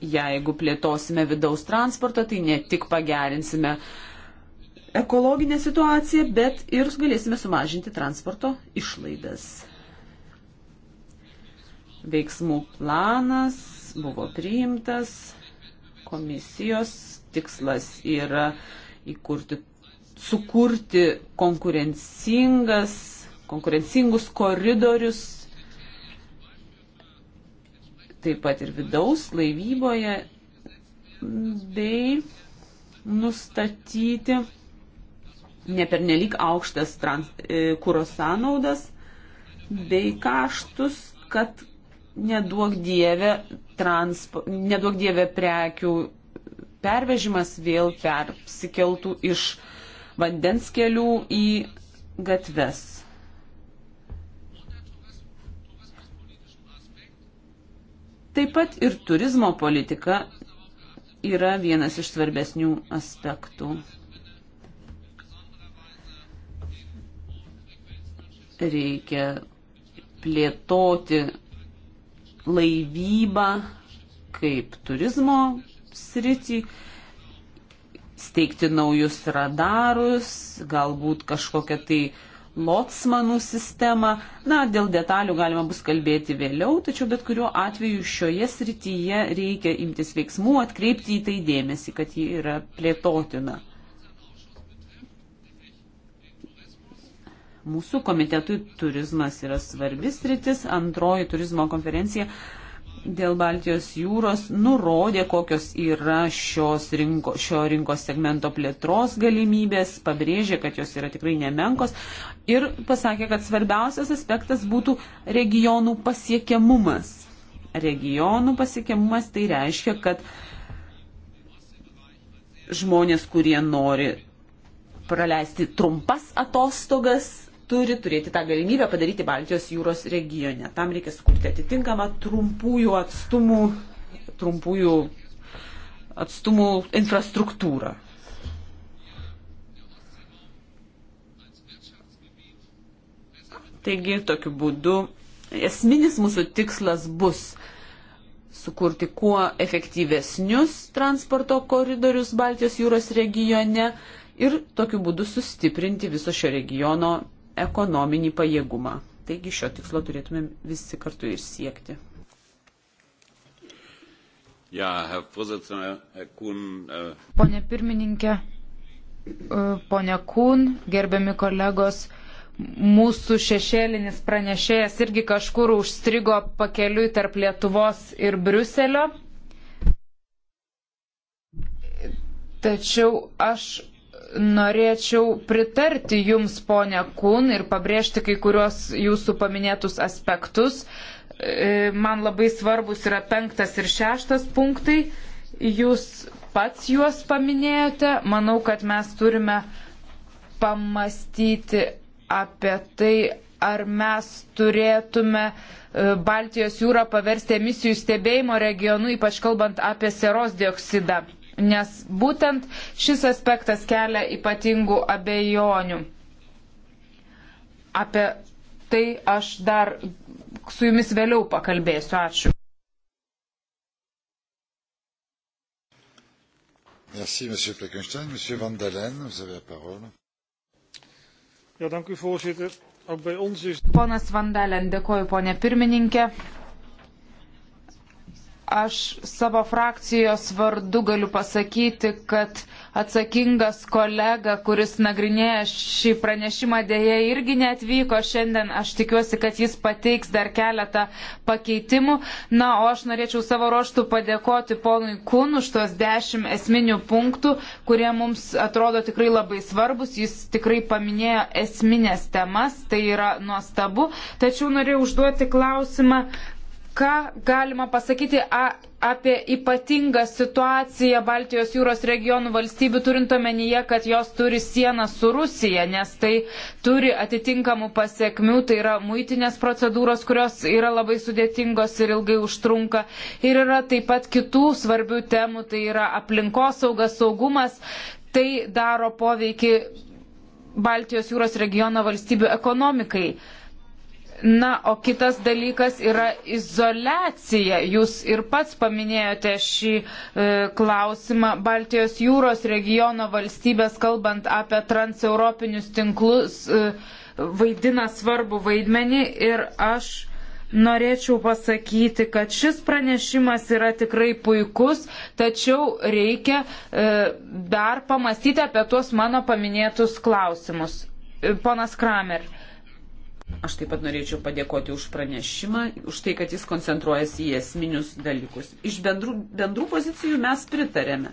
Jeigu plėtosime vidaus transportą, tai ne tik pagerinsime ekologinę situaciją, bet ir galėsime sumažinti transporto išlaidas. Veiksmų planas buvo priimtas, komisijos tikslas yra įkurti, sukurti konkurencingas, konkurencingus koridorius taip pat ir vidaus laivyboje, bei nustatyti nepernelyg aukštas trans, e, kūro sąnaudas bei kaštus, kad neduok dievę, transpo, neduok dievę prekių pervežimas vėl persikeltų iš vandens kelių į gatves. Taip pat ir turizmo politika yra vienas iš svarbesnių aspektų. Reikia plėtoti laivybą kaip turizmo sritį, steigti naujus radarus, galbūt kažkokią tai uh, lotsmanų sistemą. Na, dėl detalių galima bus kalbėti vėliau, tačiau bet kuriuo atveju šioje srityje reikia imtis veiksmų, atkreipti į tai dėmesį, kad ji yra plėtotina. Mūsų komitetui turizmas yra svarbis rytis. Antroji turizmo konferencija dėl Baltijos jūros nurodė, kokios yra šios rinko, šio rinkos segmento plėtros galimybės, pabrėžė, kad jos yra tikrai nemenkos ir pasakė, kad svarbiausias aspektas būtų regionų pasiekiamumas. Regionų pasiekiamumas tai reiškia, kad žmonės, kurie nori praleisti trumpas atostogas, turi turėti tą galimybę padaryti Baltijos jūros regione. Tam reikia sukurti atitinkamą trumpųjų atstumų, trumpųjų atstumų infrastruktūrą. Taigi tokiu būdu esminis mūsų tikslas bus sukurti kuo efektyvesnius transporto koridorius Baltijos jūros regione ir tokiu būdu sustiprinti viso šio regiono ekonominį pajėgumą. Taigi šio tikslo turėtumėm visi kartu ir siekti. Ja, Kuhn, uh... Pone pirmininkė, äh, pone Kūn, gerbiami kolegos, mūsų šešėlinis pranešėjas irgi kažkur užstrigo pakeliui tarp Lietuvos ir Briuselio. Tačiau aš norėčiau pritarti Jums, ponia Kun, ir pabrėžti kai kurios Jūsų paminėtus aspektus. E, man labai svarbus yra penktas ir šeštas punktai. Jūs pats juos paminėjote. Manau, kad mes turime pamastyti apie tai, ar mes turėtume e, Baltijos jūrą paversti emisijų stebėjimo regionu, ypač kalbant apie seros dioksidą nes būtent šis aspektas kelia ypatingų abejonių. Apie tai aš dar su jumis vėliau pakalbėsiu. Ačiū. Merci, monsieur Fleckenstein. Monsieur Van Dalen, vous avez la parole. Ja, dank u, voorzitter. Ook bij ons is... Ponas Van Dalen, dėkoju, ponė pirmininkė. Aš savo frakcijos vardu galiu pasakyti, kad atsakingas kolega, kuris nagrinėja šį pranešimą, dėje irgi neatvyko šiandien. Aš tikiuosi, kad jis pateiks dar keletą pakeitimų. Na, o aš norėčiau savo ruoštų padėkoti ponui Kun už tos dešimt esminių punktų, kurie mums atrodo tikrai labai svarbus. Jis tikrai paminėjo esminės temas, tai yra nuostabu. Tačiau norėjau užduoti klausimą, ką galima pasakyti a, apie ypatingą situaciją Baltijos jūros regionų valstybių, turint omenyje, kad jos turi sieną su Rusija, nes tai turi atitinkamų pasiekmių, tai yra muitinės procedūros, kurios yra labai sudėtingos ir ilgai užtrunka. Ir yra taip pat kitų svarbių temų, tai yra aplinkosaugas, saugumas, tai daro poveikį Baltijos jūros regiono valstybių ekonomikai. Na, o kitas dalykas yra izolacija. Jūs ir pats paminėjote šį e, klausimą Baltijos jūros regiono valstybės, kalbant apie transeuropinius tinklus, e, vaidina svarbu vaidmenį ir aš norėčiau pasakyti, kad šis pranešimas yra tikrai puikus, tačiau reikia e, dar pamastyti apie tuos mano paminėtus klausimus. E, ponas Kramer. E, Aš taip pat norėčiau padėkoti už pranešimą, už tai, kad jis koncentruojasi į esminius dalykus. Iš bendrų, bendrų pozicijų mes pritarėme.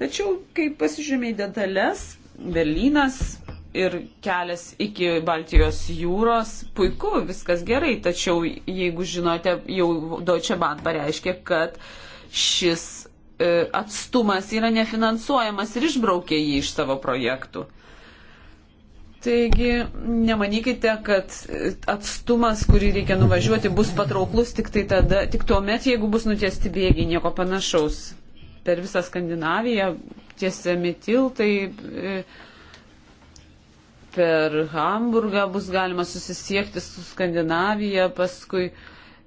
Tačiau, kai pasižymė į detalės, Berlynas ir kelias iki Baltijos jūros, puiku, viskas gerai, tačiau jeigu žinote, jau Deutsche Bank pareiškė, kad šis e, atstumas yra nefinansuojamas ir išbraukė jį iš savo projektų. Taigi nemanykite, kad atstumas, kurį reikia nuvažiuoti, bus patrauklus tik, tai tada, tik tuo met, jeigu bus nutiesti bėgiai, nieko panašaus. Per visą Skandinaviją tiesiami tiltai, e, per Hamburgą bus galima susisiekti su Skandinavija, paskui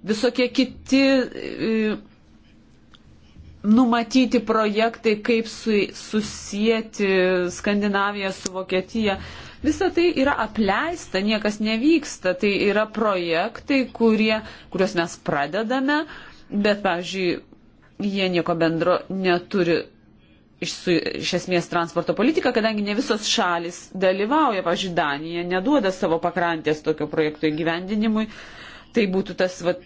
visokie kiti e, numatyti projektai, kaip su, susijęti Skandinaviją su Vokietija. Visa tai yra apleista, niekas nevyksta. Tai yra projektai, kurie, kuriuos mes pradedame, bet, pavyzdžiui, jie nieko bendro neturi iš, su, iš esmės transporto politika, kadangi ne visos šalis dalyvauja, pavyzdžiui, Danija neduoda savo pakrantės tokio projekto įgyvendinimui, tai būtų tas vat,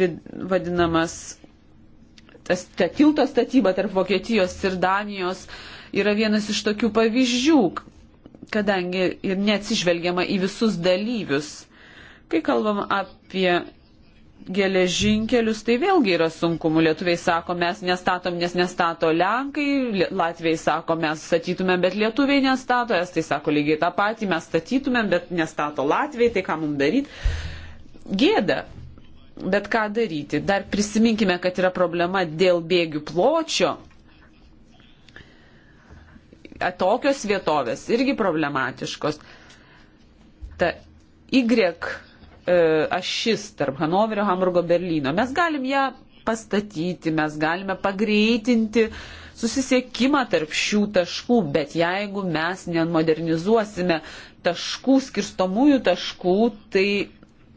vid, vadinamas, tas ta tilto statyba tarp Vokietijos ir Danijos yra vienas iš tokių pavyzdžių, kadangi ir neatsižvelgiama į visus dalyvius. Kai kalbam apie geležinkelius, tai vėlgi yra sunkumų. Lietuviai sako, mes nestatom, nes nestato Lenkai, Latvijai sako, mes statytume, bet lietuviai nestato, estai sako lygiai tą patį, mes statytume, bet nestato Latvijai, tai ką mums daryti? Gėda. Bet ką daryti? Dar prisiminkime, kad yra problema dėl bėgių pločio atokios vietovės irgi problematiškos. Ta Y e, ašis tarp Hanoverio, Hamburgo, Berlyno. Mes galim ją pastatyti, mes galime pagreitinti susisiekimą tarp šių taškų, bet jeigu mes nemodernizuosime taškų, skirstomųjų taškų, tai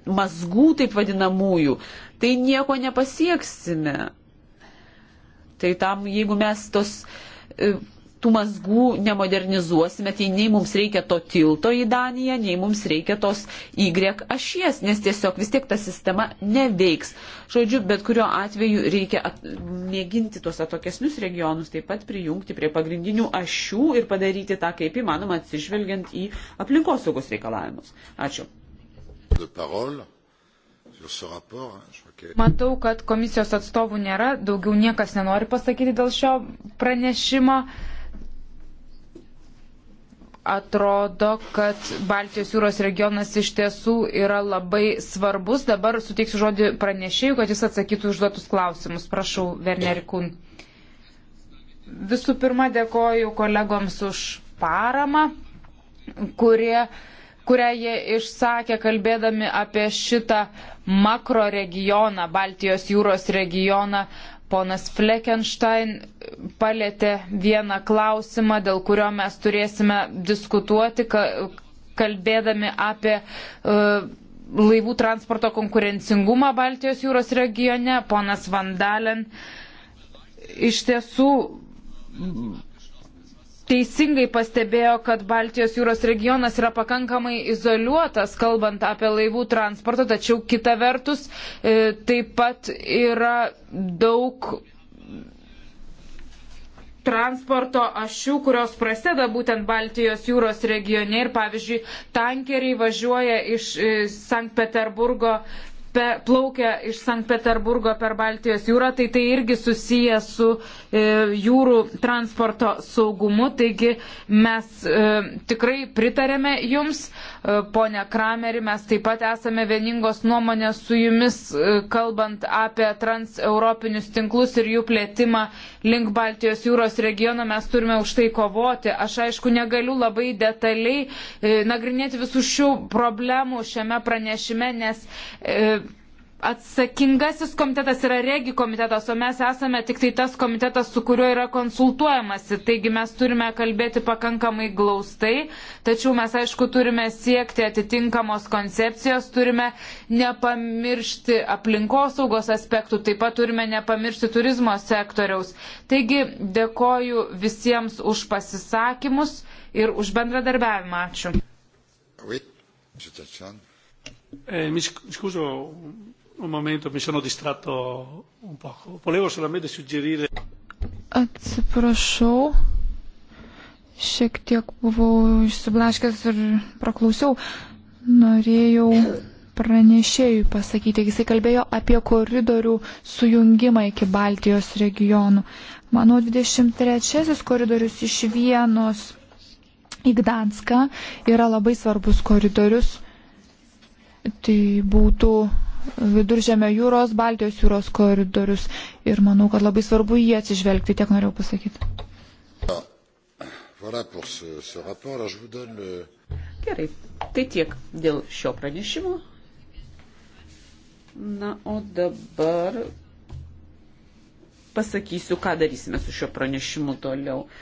mazgų taip vadinamųjų, tai nieko nepasieksime. Tai tam, jeigu mes tos e, tų mazgų nemodernizuosime, tai nei mums reikia to tilto į Daniją, nei mums reikia tos Y ašies, nes tiesiog vis tiek ta sistema neveiks. Žodžiu, bet kuriuo atveju reikia at, mėginti tuos atokesnius regionus taip pat prijungti prie pagrindinių ašių ir padaryti tą kaip įmanoma atsižvelgiant į aplinkosaugos reikalavimus. Ačiū. Matau, kad komisijos atstovų nėra, daugiau niekas nenori pasakyti dėl šio pranešimo atrodo, kad Baltijos jūros regionas iš tiesų yra labai svarbus. Dabar suteiksiu žodį pranešėjų, kad jis atsakytų užduotus klausimus. Prašau, Verneri Kun. Visų pirma, dėkoju kolegoms už paramą, kurie, kurią jie išsakė kalbėdami apie šitą makro regioną, Baltijos jūros regioną. Uh, Ponas Fleckenstein palėtė vieną klausimą, dėl kurio mes turėsime diskutuoti, kalbėdami apie e, laivų transporto konkurencingumą Baltijos jūros regione. Ponas Vandalen iš tiesų teisingai pastebėjo, kad Baltijos jūros regionas yra pakankamai izoliuotas, kalbant apie laivų transportą, tačiau kita vertus e, taip pat yra daug transporto ašių, kurios prasideda būtent Baltijos jūros regione ir pavyzdžiui tankeriai važiuoja iš e, Sankt Peterburgo pe, plaukia iš Sankt Peterburgo per Baltijos jūrą, tai tai irgi susiję su e, jūrų transporto saugumu. Taigi mes e, tikrai pritarėme jums, e, ponė Krameri, mes taip pat esame vieningos nuomonės su jumis, e, kalbant apie transeuropinius tinklus ir jų plėtimą link Baltijos jūros regiono, mes turime už tai kovoti. Aš aišku negaliu labai detaliai e, nagrinėti visų šių problemų šiame pranešime, nes e, atsakingasis komitetas yra regi komitetas, o mes esame tik tai tas komitetas, su kuriuo yra konsultuojamasi. Taigi mes turime kalbėti pakankamai glaustai, tačiau mes aišku turime siekti atitinkamos koncepcijos, turime nepamiršti aplinkosaugos aspektų, taip pat turime nepamiršti turizmo sektoriaus. Taigi dėkoju visiems už pasisakymus ir už bendradarbiavimą. Ačiū. Oui, je te tiens. Eh, mi scuso, Un momento, mi sono distratto un poco. Volevo solamente suggerire. Atsiprašau, šiek tiek buvau išsiblaškęs ir praklausiau. Norėjau pranešėjui pasakyti, jisai kalbėjo apie koridorių sujungimą iki Baltijos regionų. Manau, 23 koridorius iš Vienos į Gdanską yra labai svarbus koridorius. Tai būtų Viduržėmio jūros, Baltijos jūros koridorius ir manau, kad labai svarbu jį atsižvelgti, tiek norėjau pasakyti. Gerai, tai tiek dėl šio pranešimo. Na, o dabar pasakysiu, ką darysime su šiuo pranešimu toliau. Uh,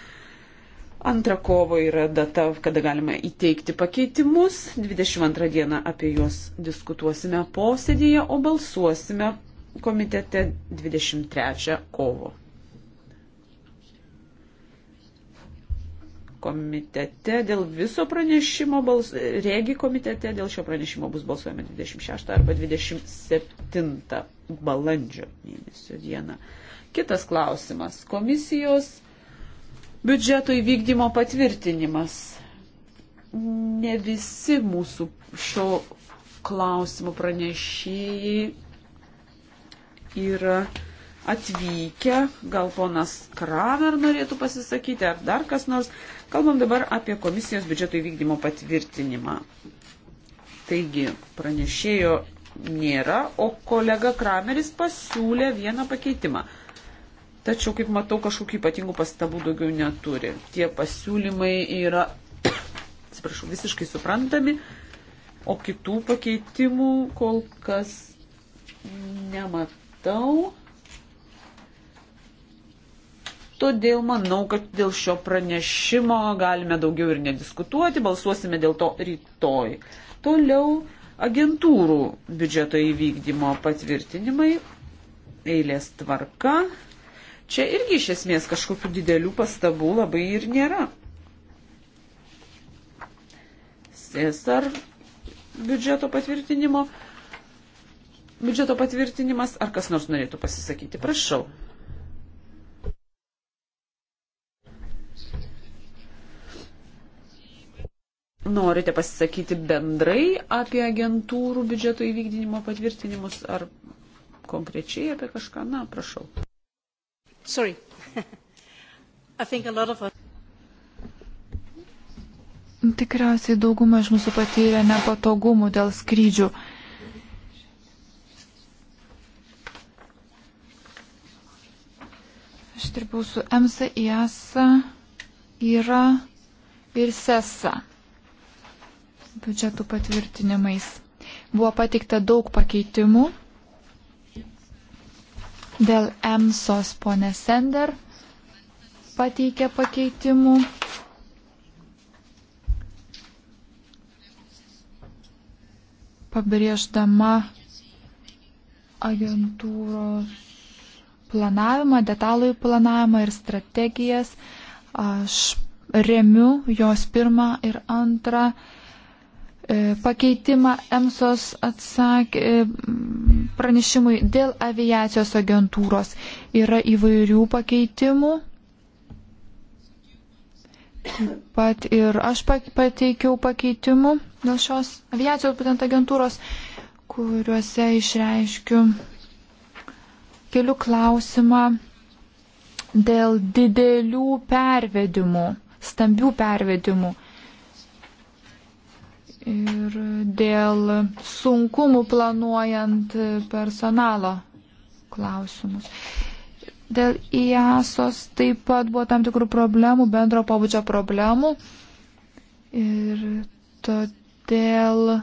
Antra kovo yra data, kada galima įteikti pakeitimus. 22 dieną apie juos diskutuosime posėdėje, o balsuosime komitete 23 kovo. Komitete dėl viso pranešimo, bals... regi komitete dėl šio pranešimo bus balsuojama 26 arba 27 balandžio mėnesio dieną. Kitas klausimas. Komisijos Biudžeto įvykdymo patvirtinimas. Ne visi mūsų šio klausimų pranešėjai yra atvykę. Gal ponas Kramer norėtų pasisakyti, ar dar kas nors. Kalbam dabar apie komisijos biudžeto įvykdymo patvirtinimą. Taigi, pranešėjo nėra, o kolega Krameris pasiūlė vieną pakeitimą. Tačiau, kaip matau, kažkokių ypatingų pastabų daugiau neturi. Tie pasiūlymai yra, atsiprašau, visiškai suprantami, o kitų pakeitimų kol kas nematau. Todėl manau, kad dėl šio pranešimo galime daugiau ir nediskutuoti, balsuosime dėl to rytoj. Toliau agentūrų biudžeto įvykdymo patvirtinimai, eilės tvarka. Čia irgi iš esmės kažkokių didelių pastabų labai ir nėra. Cesar biudžeto patvirtinimo. Biudžeto patvirtinimas, ar kas nors norėtų pasisakyti, prašau. Norite pasisakyti bendrai apie agentūrų biudžeto įvykdinimo patvirtinimus ar konkrečiai apie kažką? Na, prašau. Sorry. I think a lot of us. Tikriausiai dauguma iš mūsų patyrė nepatogumų dėl skrydžių. Aš dirbau su MCIS, yra ir SESA biudžetų patvirtinimais. Buvo pateikta daug pakeitimų. Dėl EMSOS ponė Sender pateikė pakeitimų. Pabrėždama agentūros planavimą, detalųjų planavimą ir strategijas, aš remiu jos pirmą ir antrą E, pakeitimą EMSOS atsakė e, pranešimui dėl aviacijos agentūros. Yra įvairių pakeitimų. Taip pat ir aš pateikiau pakeitimų dėl šios aviacijos būtent agentūros, kuriuose išreiškiu keliu klausimą dėl didelių pervedimų, stambių pervedimų ir dėl sunkumų planuojant personalo klausimus. Dėl IASOS taip pat buvo tam tikrų problemų, bendro pabudžio problemų. Ir todėl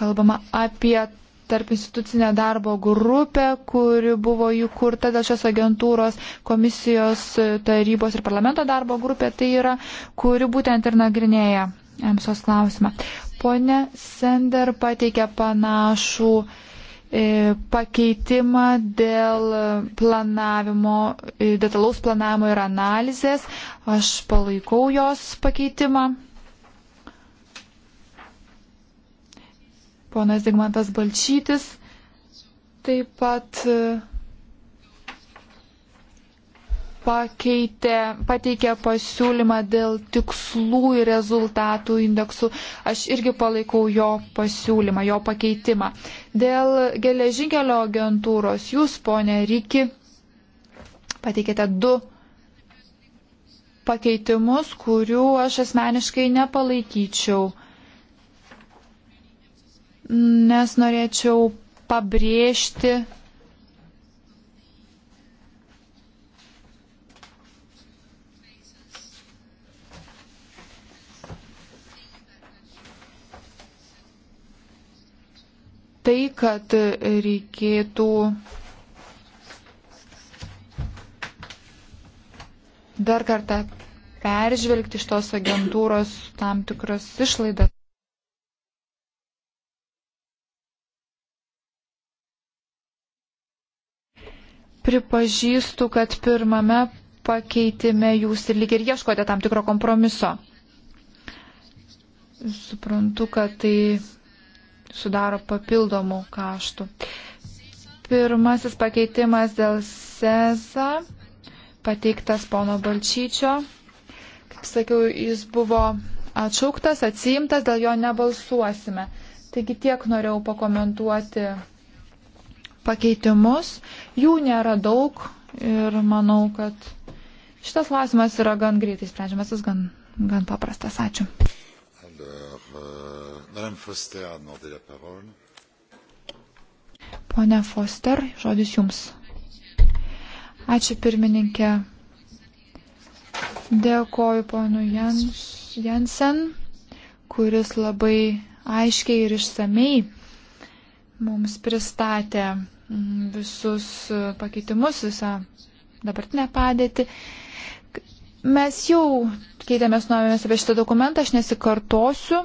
kalbama apie tarp institucinę darbo grupę, kuri buvo įkurta dėl šios agentūros komisijos tarybos ir parlamento darbo grupė, tai yra, kuri būtent ir nagrinėja EMSOS klausimą. Pone Sender pateikė panašų e, pakeitimą dėl planavimo, e, detalaus planavimo ir analizės. Aš palaikau jos pakeitimą. Ponas Digmantas Balčytis taip pat e, pakeitė, pateikė pasiūlymą dėl tikslų ir rezultatų indeksų. Aš irgi palaikau jo pasiūlymą, jo pakeitimą. Dėl geležinkelio agentūros jūs, ponė Ryki, pateikėte du pakeitimus, kurių aš asmeniškai nepalaikyčiau, nes norėčiau pabrėžti tai, kad reikėtų dar kartą peržvelgti šitos agentūros tam tikras išlaidas. Pripažįstu, kad pirmame pakeitime jūs ir lyg ir ieškote tam tikro kompromiso. Suprantu, kad tai sudaro papildomų kaštų. Pirmasis pakeitimas dėl SESA pateiktas pono Balčyčio. Kaip sakiau, jis buvo atšauktas, atsiimtas, dėl jo nebalsuosime. Taigi tiek norėjau pakomentuoti pakeitimus. Jų nėra daug ir manau, kad šitas klausimas yra gan greitai sprendžiamas, jis gan, gan paprastas. Ačiū. Alors, euh... Uh, Madame Foster a demandé la parole. Pone Foster, žodis jums. Ačiū pirmininkė. Dėkoju ponu Jens, Jensen, kuris labai aiškiai ir išsamei mums pristatė mm, visus e, pakeitimus, visą dabartinę padėtį. Mes jau keitėmės nuomonės apie šitą dokumentą, aš nesikartosiu.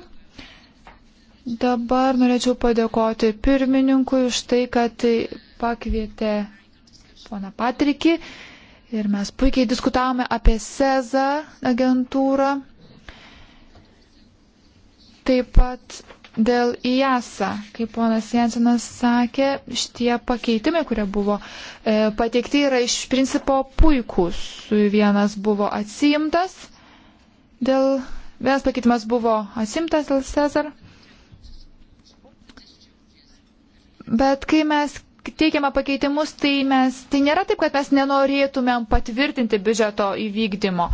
Dabar norėčiau padėkoti pirmininkui už tai, kad pakvietė poną Patrikį ir mes puikiai diskutavome apie SEZA agentūrą. Taip pat dėl IASA, kaip ponas Jensenas sakė, šitie pakeitimai, kurie buvo e, pateikti, yra iš principo puikūs. Vienas buvo atsimtas dėl, vienas pakeitimas buvo atsimtas dėl Cezar. Bet kai mes teikiame pakeitimus, tai, mes, tai nėra taip, kad mes nenorėtumėm patvirtinti biudžeto įvykdymo.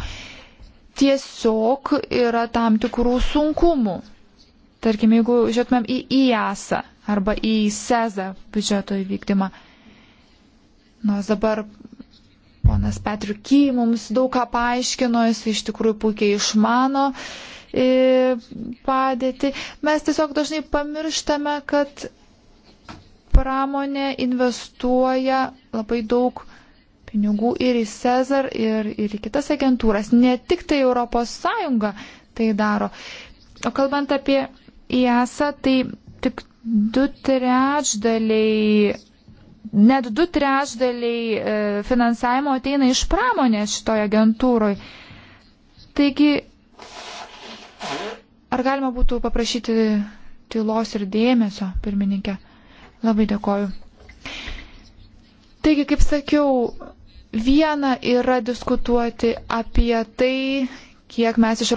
Tiesiog yra tam tikrų sunkumų. Tarkime, jeigu žiūrėtumėm į IASą arba į SEZą biudžeto įvykdymą. Nors dabar ponas Petriuky mums daug ką paaiškino, jis iš tikrųjų puikiai išmano e, padėti. Mes tiesiog dažnai pamirštame, kad pramonė investuoja labai daug pinigų ir į Cezar, ir, ir į kitas agentūras. Ne tik tai ES tai daro. O kalbant apie IASA, tai tik du trečdaliai. Net du trečdaliai e, finansavimo ateina iš pramonės šitoje agentūroje. Taigi, ar galima būtų paprašyti tylos ir dėmesio, pirmininkė? Labai dėkoju. Taigi, kaip sakiau, viena yra diskutuoti apie tai, kiek mes iš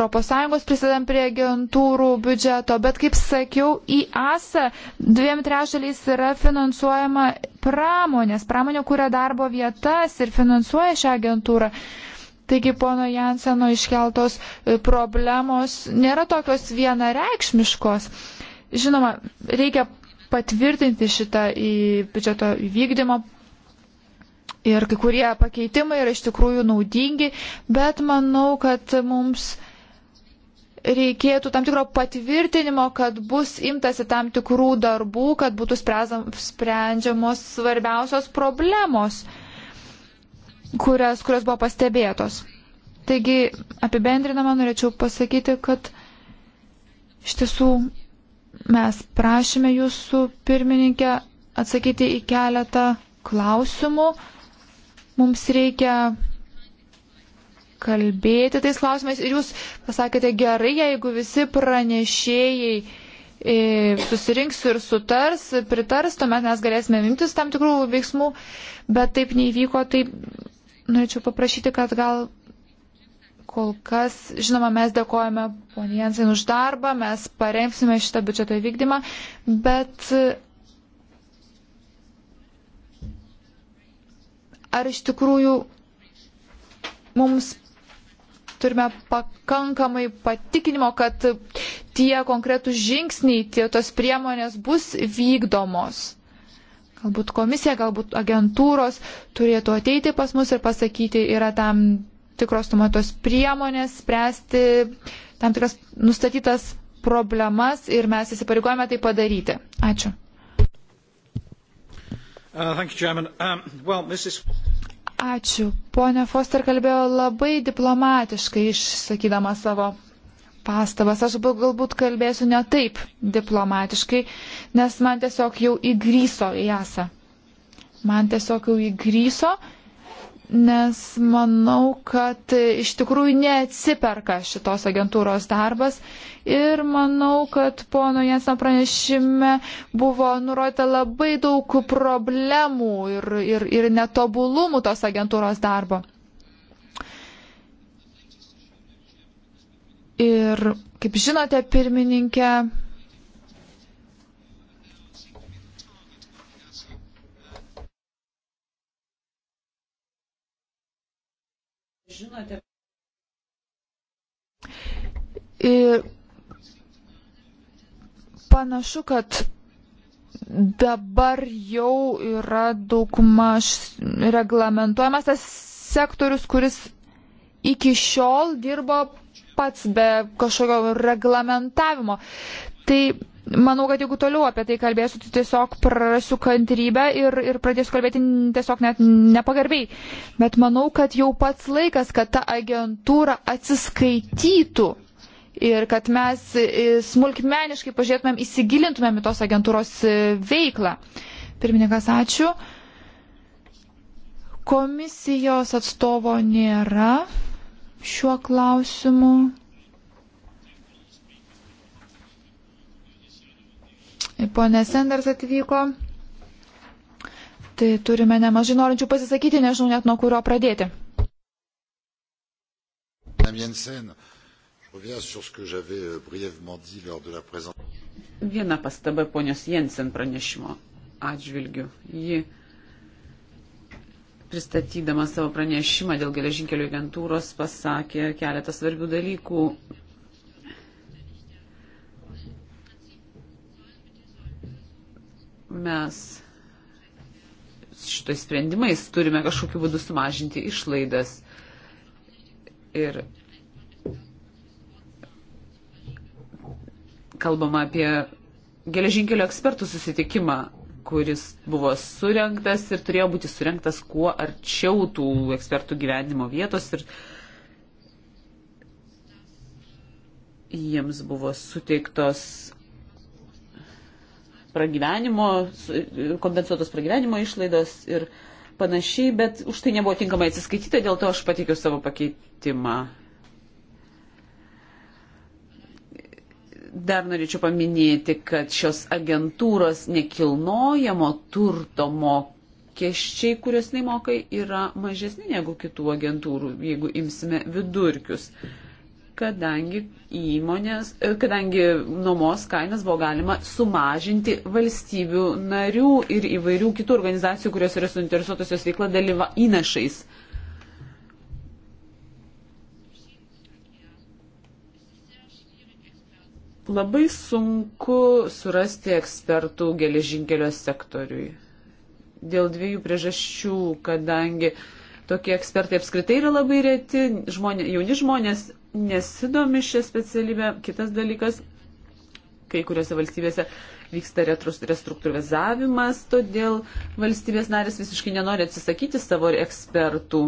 ES prisidam prie agentūrų biudžeto, bet kaip sakiau, į ASA dviem trešaliais yra finansuojama pramonės, pramonė kuria darbo vietas ir finansuoja šią agentūrą. Taigi pono Janseno iškeltos e, problemos nėra tokios vienareikšmiškos. Žinoma, reikia patvirtinti šitą į biudžeto vykdymą. Ir kai kurie pakeitimai yra iš tikrųjų naudingi, bet manau, kad mums reikėtų tam tikro patvirtinimo, kad bus imtasi tam tikrų darbų, kad būtų sprendžiamos svarbiausios problemos, kurias, kurios buvo pastebėtos. Taigi, apibendrinama norėčiau pasakyti, kad iš tiesų Mes prašėme jūsų pirmininkę atsakyti į keletą klausimų. Mums reikia kalbėti tais klausimais ir jūs pasakėte gerai, jeigu visi pranešėjai e, susirinks ir sutars, pritars, tuomet mes galėsime imtis tam tikrų veiksmų, bet taip neįvyko, tai norėčiau paprašyti, kad gal Kol kas, žinoma, mes dėkojame poniai Jensen už darbą, mes paremsime šitą biudžeto įvykdymą, bet ar iš tikrųjų mums turime pakankamai patikinimo, kad tie konkretūs žingsniai, tie tos priemonės bus vykdomos. Galbūt komisija, galbūt agentūros turėtų ateiti pas mus ir pasakyti, yra tam tikros numatos priemonės spręsti tam tikras nustatytas problemas ir mes įsipareigojame tai padaryti. Ačiū. Uh, you, um, well, Mrs... Ačiū. Pone Foster kalbėjo labai diplomatiškai išsakydama savo pastabas. Aš galbūt kalbėsiu ne taip diplomatiškai, nes man tiesiog jau įgryso į esą. Man tiesiog jau įgryso nes manau, kad iš tikrųjų neatsiperka šitos agentūros darbas ir manau, kad pono Jensno pranešime buvo nurodyta labai daug problemų ir, ir, ir netobulumų tos agentūros darbo. Ir kaip žinote, pirmininkė, žinote. Ir e, panašu, kad dabar jau yra daugmaž reglamentuojamas tas sektorius, kuris iki šiol dirbo pats be kažkokio reglamentavimo. Tai Manau, kad jeigu toliau apie tai kalbėsiu, tai tiesiog prarasiu kantrybę ir, ir pradėsiu kalbėti tiesiog net nepagarbiai. Bet manau, kad jau pats laikas, kad ta agentūra atsiskaitytų ir kad mes e, smulkmeniškai pažiūrėtumėm, įsigilintumėm į tos agentūros e, veiklą. Pirmininkas, ačiū. Komisijos atstovo nėra šiuo klausimu. Pone Sanders atvyko. Tai turime nemažai norinčių pasisakyti, nežinau net nuo kurio pradėti. Euh, Viena pastaba ponios Jensen pranešimo atžvilgiu. Ji pristatydama savo pranešimą dėl geležinkelių agentūros pasakė keletą svarbių dalykų, mes šitais sprendimais turime kažkokiu būdu sumažinti išlaidas. Ir kalbama apie geležinkelio ekspertų susitikimą, kuris buvo surinktas ir turėjo būti surinktas kuo arčiau tų ekspertų gyvenimo vietos ir jiems buvo suteiktos pragyvenimo, kompensuotos pragyvenimo išlaidos ir panašiai, bet už tai nebuvo tinkamai atsiskaityta, dėl to aš pateikiu savo pakeitimą. Dar norėčiau paminėti, kad šios agentūros nekilnojamo turto mokesčiai, kuriuos nemokai, yra mažesni negu kitų agentūrų, jeigu imsime vidurkius. Mhm kadangi įmonės, e, kadangi nuomos kainas buvo galima sumažinti valstybių narių ir įvairių kitų organizacijų, kurios yra suinteresuotos jos veikla dalyva įnašais. Labai sunku surasti ekspertų geležinkelio sektoriui. Dėl dviejų priežasčių, kadangi uh, Tokie ekspertai apskritai yra labai reti, žmonė, jauni žmonės nesidomi šią specialybę. Kitas dalykas, kai kuriuose valstybėse vyksta restruktūrizavimas, todėl valstybės narės visiškai nenori atsisakyti savo ekspertų.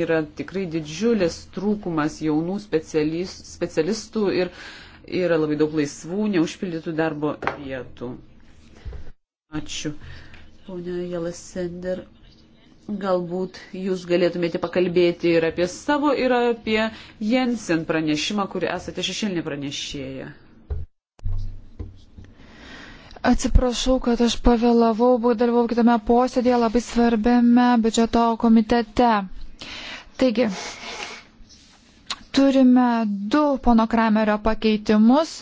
Yra tikrai didžiulis trūkumas jaunų specialistų ir yra labai daug laisvų, neužpildytų darbo vietų. Ačiū. Pone Jelasender, Galbūt jūs galėtumėte pakalbėti ir apie savo, ir apie Jensen pranešimą, kurį esate šešėlinė pranešėja. Atsiprašau, kad aš pavėlavau, buvau dalyvau kitame posėdėje labai svarbiame biudžeto komitete. Taigi, turime du pono Kramerio pakeitimus,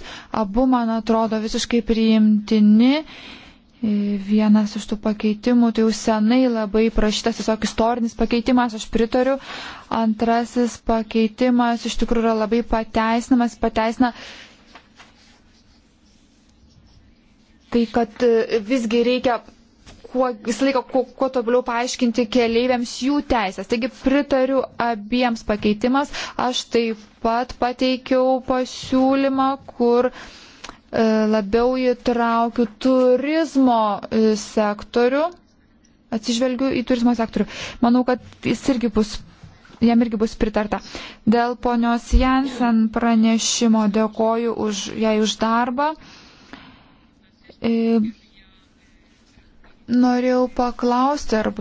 abu man atrodo visiškai priimtini Vienas iš tų pakeitimų, tai jau senai labai prašytas tiesiog istorinis pakeitimas, aš pritariu. Antrasis pakeitimas iš tikrųjų yra labai pateisinamas, pateisina tai, kad e, visgi reikia kuo, visą laiką kuo, kuo tobuliau paaiškinti keleiviams jų teisės. Taigi pritariu abiems pakeitimas. Aš taip pat pateikiau pasiūlymą, kur. Uh, E, labiau įtraukiu turizmo e, sektorių, atsižvelgiu į turizmo sektorių. Manau, kad jis irgi bus, jam irgi bus pritarta. Dėl ponios Jansen pranešimo dėkoju už, jai už darbą. E, norėjau paklausti ar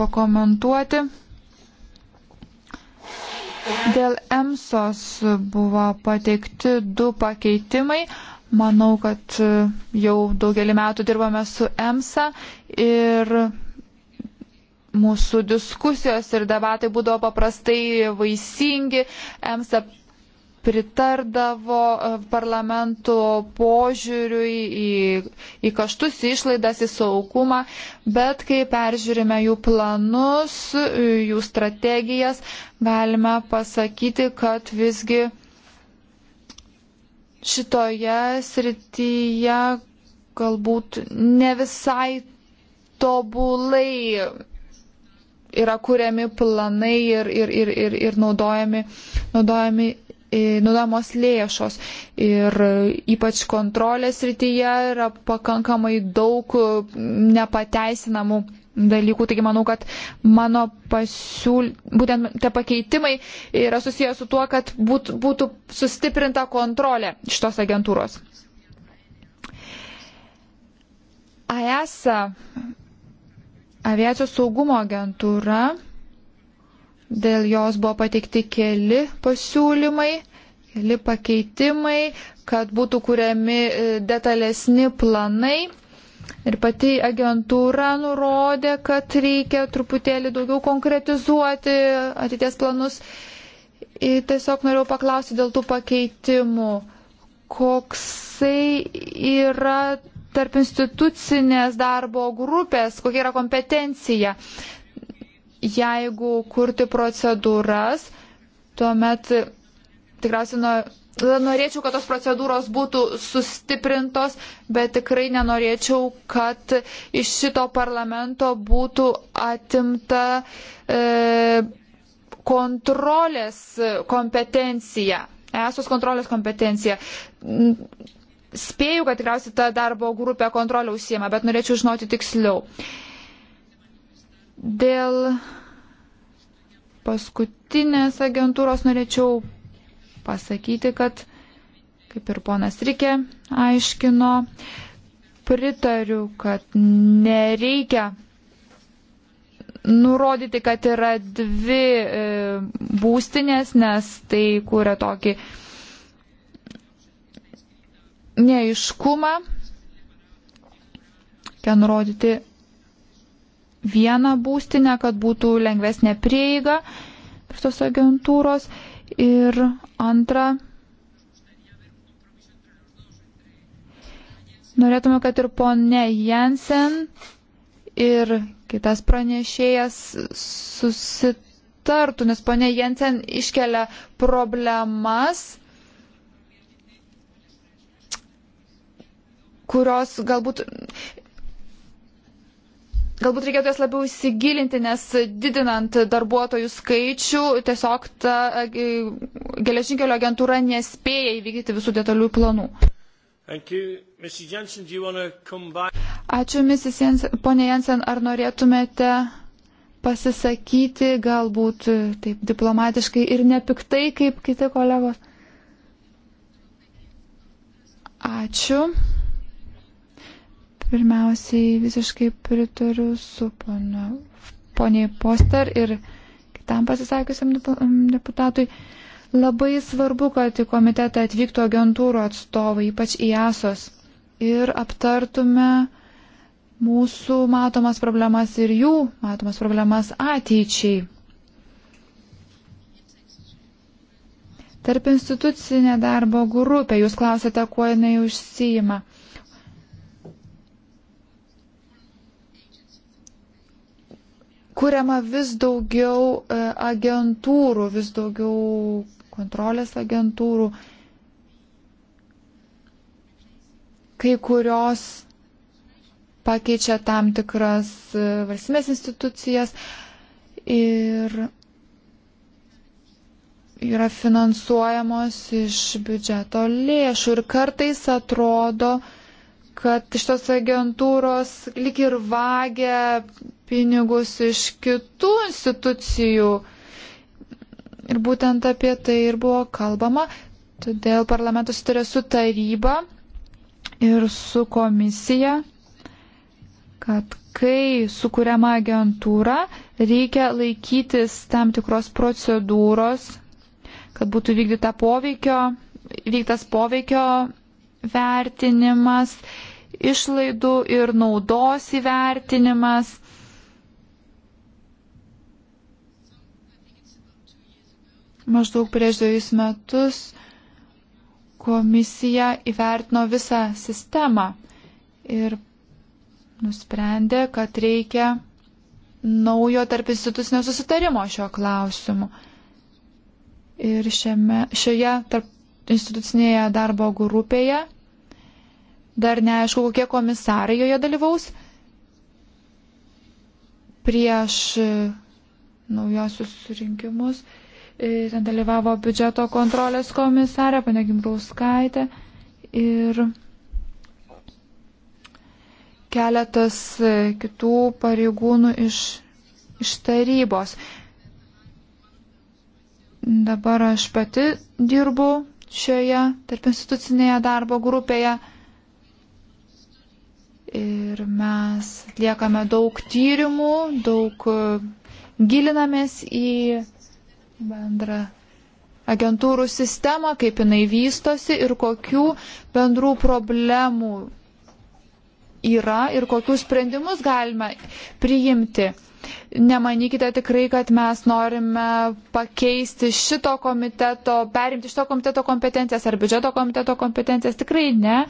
pakomentuoti. Dėl EMSOS buvo pateikti du pakeitimai. Manau, kad e, jau daugelį metų dirbame su EMSA ir mūsų diskusijos ir debatai būdavo paprastai vaisingi. EMSA pritardavo e, parlamento požiūriui į, į kaštus, į išlaidas, į saukumą, bet kai peržiūrime jų planus, e, jų strategijas, galime pasakyti, kad visgi šitoje srityje galbūt ne visai tobulai yra kuriami planai ir, ir, ir, ir, ir naudojami, naudojami, e, naudojamos lėšos. Ir ypač kontrolės srityje yra pakankamai daug nepateisinamų dalykų. Taigi manau, kad mano pasiūl... būtent tie pakeitimai yra susijęs su tuo, kad būt, būtų sustiprinta kontrolė šitos agentūros. AESA, e aviacijos saugumo agentūra, dėl jos buvo pateikti keli pasiūlymai keli pakeitimai, kad būtų kuriami e, detalesni planai Ir pati agentūra nurodė, kad reikia truputėlį daugiau konkretizuoti ateities planus. Ir tiesiog norėjau paklausti dėl tų pakeitimų, koksai yra tarp institucinės darbo grupės, kokia yra kompetencija. Jeigu kurti procedūras, tuomet tikriausiai nuo Norėčiau, kad tos procedūros būtų sustiprintos, bet tikrai nenorėčiau, kad iš šito parlamento būtų atimta e, kontrolės kompetencija, esos kontrolės kompetencija. Spėjau, kad tikriausiai ta darbo grupė kontrolę užsiema, bet norėčiau žinoti tiksliau. Dėl paskutinės agentūros norėčiau pasakyti, kad, kaip ir ponas Rikė aiškino, pritariu, kad nereikia nurodyti, kad yra dvi e, būstinės, nes tai kūrė tokį neiškumą. Reikia nurodyti vieną būstinę, kad būtų lengvesnė prieiga prie tos agentūros. Ir antra, norėtume, kad ir ponė Jensen ir kitas pranešėjas susitartų, nes ponė Jensen iškelia problemas, kurios galbūt Galbūt reikėtų jas labiau įsigilinti, nes didinant darbuotojų skaičių, tiesiog ta e, geležinkelio agentūra nespėja įvykdyti visų detalių planų. Jensen, Ačiū, Mrs. Jensen. Pone Jensen, ar norėtumėte pasisakyti galbūt e, taip diplomatiškai ir nepiktai kaip kiti kolegos? Ačiū. Pirmiausiai visiškai pritariu su ponu, poniai Poster ir kitam pasisakiusiam deputatui. Labai svarbu, kad į komitetą atvyktų agentūrų atstovai, ypač IASOS, ir aptartume mūsų matomas problemas ir jų matomas problemas ateičiai. Tarp institucinė darbo grupė, jūs klausėte, kuo jinai užsijima. kuriama vis daugiau e, agentūrų, vis daugiau kontrolės agentūrų. Kai kurios pakeičia tam tikras e, valstybės institucijas ir yra finansuojamos iš biudžeto lėšų ir kartais atrodo, kad šitos agentūros lik ir vagia pinigus iš kitų institucijų. Ir būtent apie tai ir buvo kalbama. Todėl parlamentas turė su taryba ir su komisija, kad kai sukūriama agentūra, reikia laikytis tam tikros procedūros, kad būtų vykdyta poveikio, vyktas poveikio vertinimas išlaidų ir naudos įvertinimas. Maždaug prieš dviejus metus komisija įvertino visą sistemą ir nusprendė, kad reikia naujo tarp institucinio susitarimo šio klausimu. Ir šiame, šioje tarp institucinėje darbo grupėje Dar neaišku, kokie komisarai joje dalyvaus. Prieš e, naujosius surinkimus e, ten dalyvavo biudžeto kontrolės komisarė, pane Gimbrauskaitė ir keletas e, kitų pareigūnų iš, iš tarybos. Dabar aš pati dirbu šioje tarp institucinėje darbo grupėje. Ir mes atliekame daug tyrimų, daug e, gilinamės į bendrą agentūrų sistemą, kaip jinai vystosi ir kokių bendrų problemų yra ir kokius sprendimus galime priimti. Nemanykite tikrai, kad mes norime pakeisti šito komiteto, perimti šito komiteto kompetencijas ar biudžeto komiteto kompetencijas. Tikrai ne.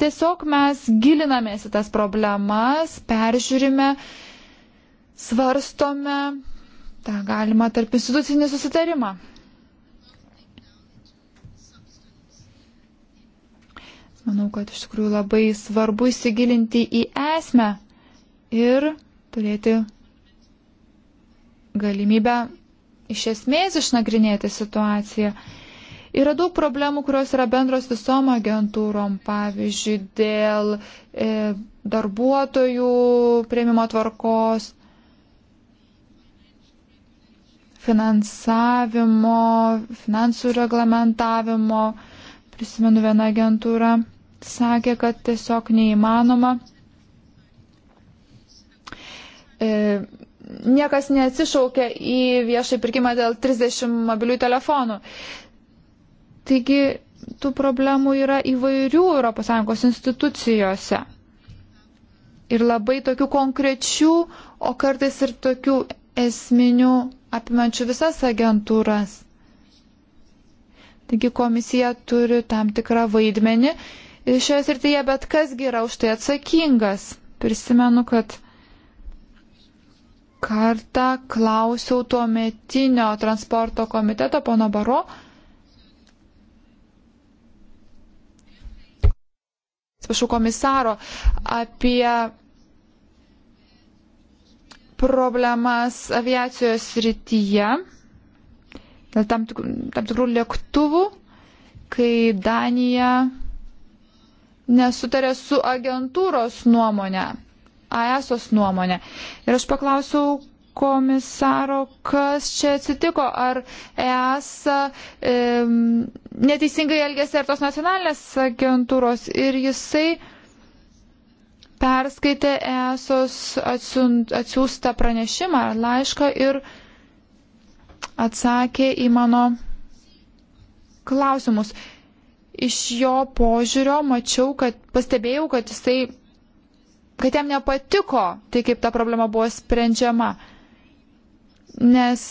Tiesiog mes gilinamės į tas problemas, peržiūrime, svarstome tą galima tarp institucinį susitarimą. Manau, kad iš tikrųjų labai svarbu įsigilinti į esmę ir turėti galimybę iš esmės išnagrinėti situaciją. Yra daug problemų, kurios yra bendros visom agentūrom, pavyzdžiui, dėl e, darbuotojų prieimimo tvarkos, finansavimo, finansų reglamentavimo. Prisimenu, viena agentūra sakė, kad tiesiog neįmanoma. E, niekas neatsišaukia į viešai pirkimą dėl 30 mobilių telefonų. Taigi tų problemų yra įvairių ES institucijose. Ir labai tokių konkrečių, o kartais ir tokių esminių apimančių visas agentūras. Taigi komisija turi tam tikrą vaidmenį šioje srityje, bet kasgi yra už tai atsakingas. Prisimenu, kad kartą klausiau tuo metinio transporto komiteto pono Baro, atsiprašau, komisaro apie problemas aviacijos rytyje dėl tam, tik, tam tikrų lėktuvų, kai Danija nesutarė su agentūros nuomonė, AESOS nuomonė. Ir aš paklausiau komisaro, kas čia atsitiko, ar ES e, neteisingai elgėsi ar tos nacionalinės agentūros ir jisai perskaitė ESOS atsiųstą pranešimą ar laišką ir atsakė į mano klausimus. Iš jo požiūrio mačiau, kad pastebėjau, kad jisai, kad jam nepatiko tai, kaip ta problema buvo sprendžiama nes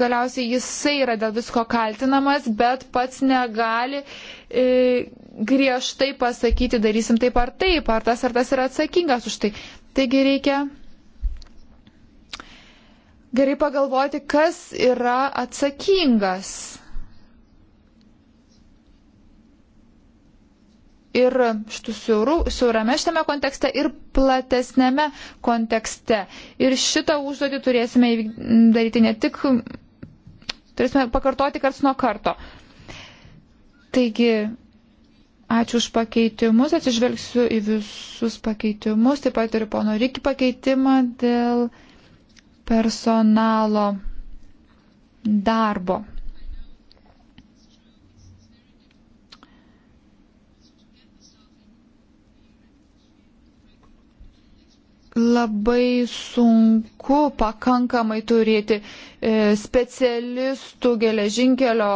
galiausiai jisai yra dėl visko kaltinamas, bet pats negali e, griežtai pasakyti, darysim taip ar taip, ar tas ar tas yra atsakingas už tai. Taigi reikia gerai pagalvoti, kas yra atsakingas ir siaurų, siaurame šitame kontekste ir platesnėme kontekste. Ir šitą užduotį turėsime daryti ne tik, turėsime pakartoti karts nuo karto. Taigi, ačiū už pakeitimus, atsižvelgsiu į visus pakeitimus, taip pat ir pono Rikį pakeitimą dėl personalo darbo. labai sunku pakankamai turėti e, specialistų geležinkelio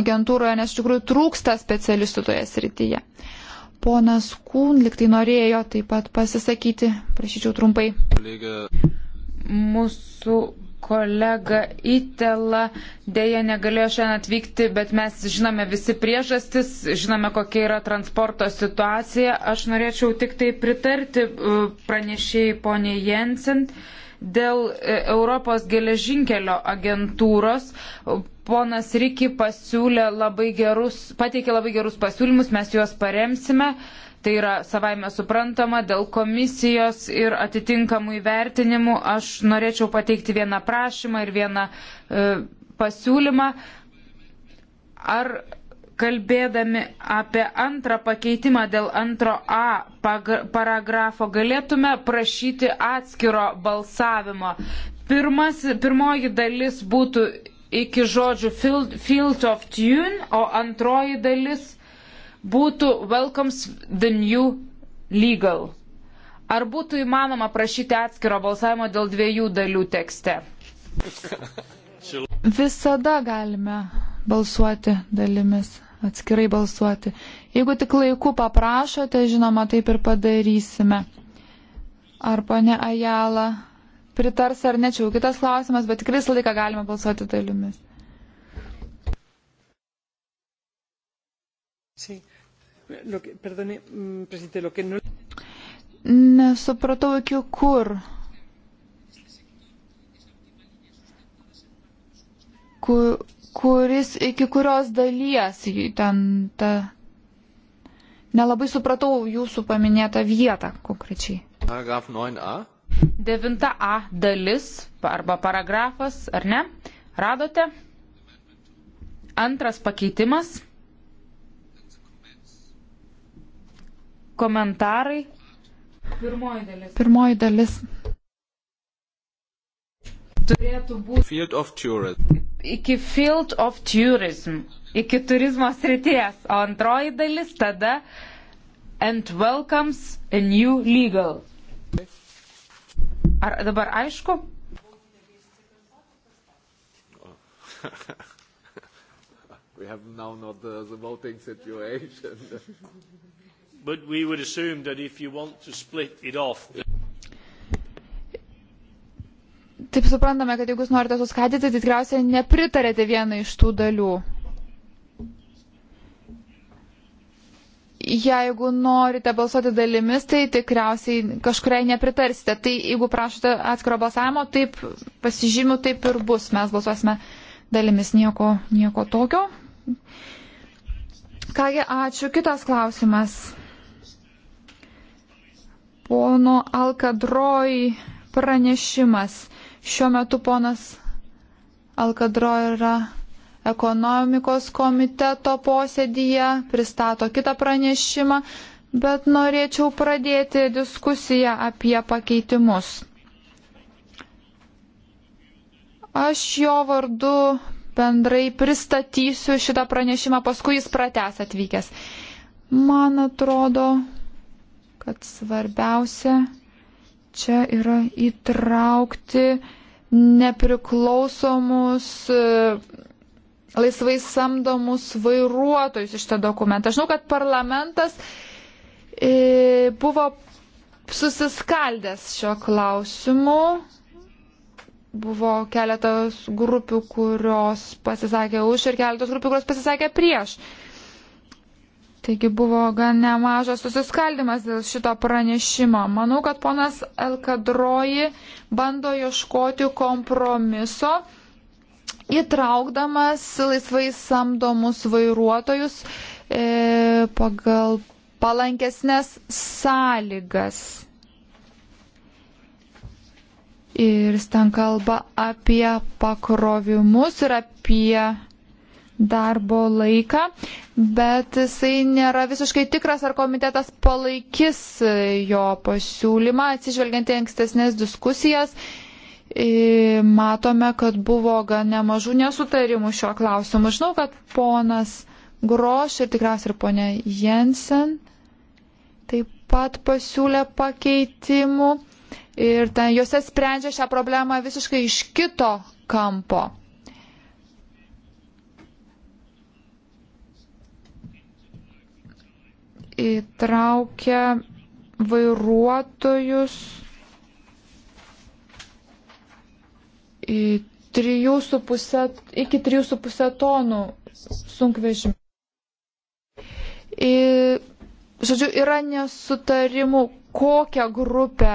agentūroje, nes iš tikrųjų trūksta specialistų toje srityje. Ponas Kūn liktai norėjo taip pat pasisakyti, prašyčiau trumpai. Mūsų kolega Itela dėja negalėjo šiandien atvykti, bet mes žinome visi priežastis, žinome, kokia yra transporto situacija. Aš norėčiau tik tai pritarti uh, pranešėjai poniai Jensen dėl uh, Europos geležinkelio agentūros. Ponas Riki pasiūlė labai gerus, pateikė labai gerus pasiūlymus, mes juos paremsime. Uh, Tai yra savaime suprantama, dėl komisijos ir atitinkamų įvertinimų aš norėčiau pateikti vieną prašymą ir vieną e, pasiūlymą. Ar kalbėdami apie antrą pakeitimą dėl antro A paragrafo galėtume prašyti atskiro balsavimo. Pirmas, pirmoji dalis būtų iki žodžių field, field of tune, o antroji dalis būtų welcomes the new legal. Ar būtų įmanoma prašyti atskiro balsavimo dėl dviejų dalių tekste? Visada galime balsuoti dalimis, atskirai balsuoti. Jeigu tik laiku paprašote, žinoma, taip ir padarysime. Ar ponė Ajala pritars ar ne, čia jau kitas klausimas, bet tikrai visą laiką galima balsuoti dalimis. Sí. Lo que, perdone, mm, presidente, lo que no... Nesupratau iki kur. kur kuris iki kurios dalies ten ta. Nelabai supratau jūsų paminėtą vietą konkrečiai. Paragraf 9a. 9a dalis arba paragrafas, ar ne? Radote? Antras pakeitimas. komentarai. Pirmoji dalis. Pirmoji dalis. Turėtų būti. Field of tourism. Iki field of tourism. Iki turizmo srities. O antroji dalis tada. And welcomes a new legal. Ar dabar aišku? We have now not the, uh, the voting situation. But we would assume that if you want to split it off. Taip suprantame, kad jeigu jūs norite suskaidyti, tai tikriausiai nepritarėte vieną iš tų dalių. jeigu norite balsuoti dalimis, tai tikriausiai kažkuriai nepritarsite. Tai jeigu prašote atskiro balsavimo, taip pasižymiu, taip ir bus. Mes balsuosime dalimis nieko, nieko tokio. Kągi, ačiū. Kitas klausimas. Pono Alkadroj pranešimas. Šiuo metu ponas Alkadroj yra ekonomikos komiteto posėdyje, pristato kitą pranešimą, bet norėčiau pradėti diskusiją apie pakeitimus. Aš jo vardu bendrai pristatysiu šitą pranešimą, paskui jis prates atvykęs. Man atrodo, kad svarbiausia čia yra įtraukti nepriklausomus e, laisvai samdomus vairuotojus iš tą dokumentą. Aš žinau, kad parlamentas e, buvo susiskaldęs šio klausimu. Buvo keletas grupių, kurios pasisakė už ir keletas grupių, kurios pasisakė prieš. Taigi buvo gan nemažas susiskaldimas dėl šito pranešimo. Manau, kad ponas Elkadroji bando ieškoti kompromiso, įtraukdamas laisvai samdomus vairuotojus e, pagal palankesnės sąlygas. Ir ten kalba apie pakrovimus ir apie darbo laiką, bet jisai nėra visiškai tikras, ar komitetas palaikys jo pasiūlymą, atsižvelgiant į ankstesnės diskusijas. Matome, kad buvo gan nemažų nesutarimų šiuo klausimu. Žinau, kad ponas Groš ir tikriausiai ir ponė Jensen taip pat pasiūlė pakeitimų ir ten juose sprendžia šią problemą visiškai iš kito kampo. įtraukia vairuotojus į 3,5, iki 3,5 tonų sunkvežimį. Žodžiu, yra nesutarimų, kokią grupę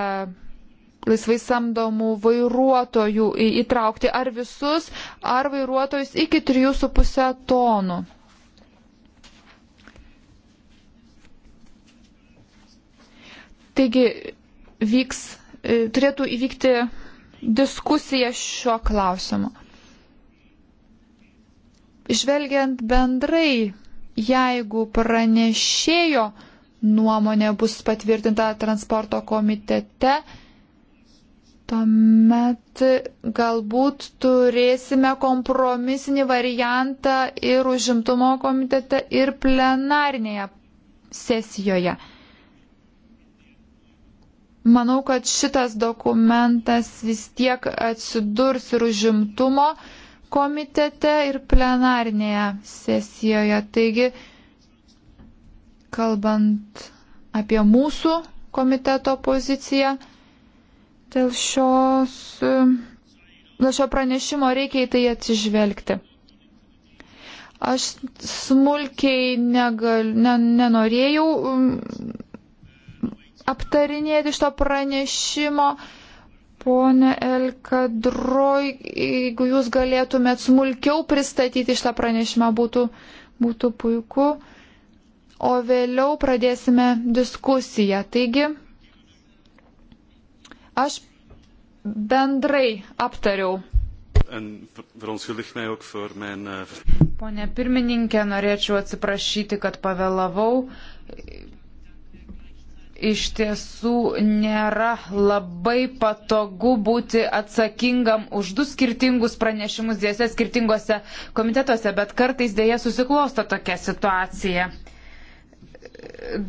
laisvai samdomų vairuotojų įtraukti, ar visus, ar vairuotojus iki 3,5 tonų. Taigi vyks, e, turėtų įvykti diskusija šiuo klausimu. Žvelgiant bendrai, jeigu pranešėjo nuomonė bus patvirtinta transporto komitete, tuomet galbūt turėsime kompromisinį variantą ir užimtumo komitete, ir plenarnėje sesijoje. Manau, kad šitas dokumentas vis tiek atsidurs ir užimtumo komitete ir plenarinėje sesijoje. Taigi, kalbant apie mūsų komiteto poziciją, dėl, šios, dėl šio pranešimo reikia į tai atsižvelgti. Aš smulkiai negal, ne, nenorėjau aptarinėti šito pranešimo. Pone Elkadroj, jeigu jūs galėtumėt smulkiau pristatyti šitą pranešimą, būtų, būtų puiku. O vėliau pradėsime diskusiją. Taigi, aš bendrai aptariau. Eh, Pone pirmininkė, norėčiau atsiprašyti, kad pavėlavau iš tiesų nėra labai patogu būti atsakingam už du skirtingus pranešimus dėse skirtingose komitetuose, bet kartais dėja susiklosto tokia situacija.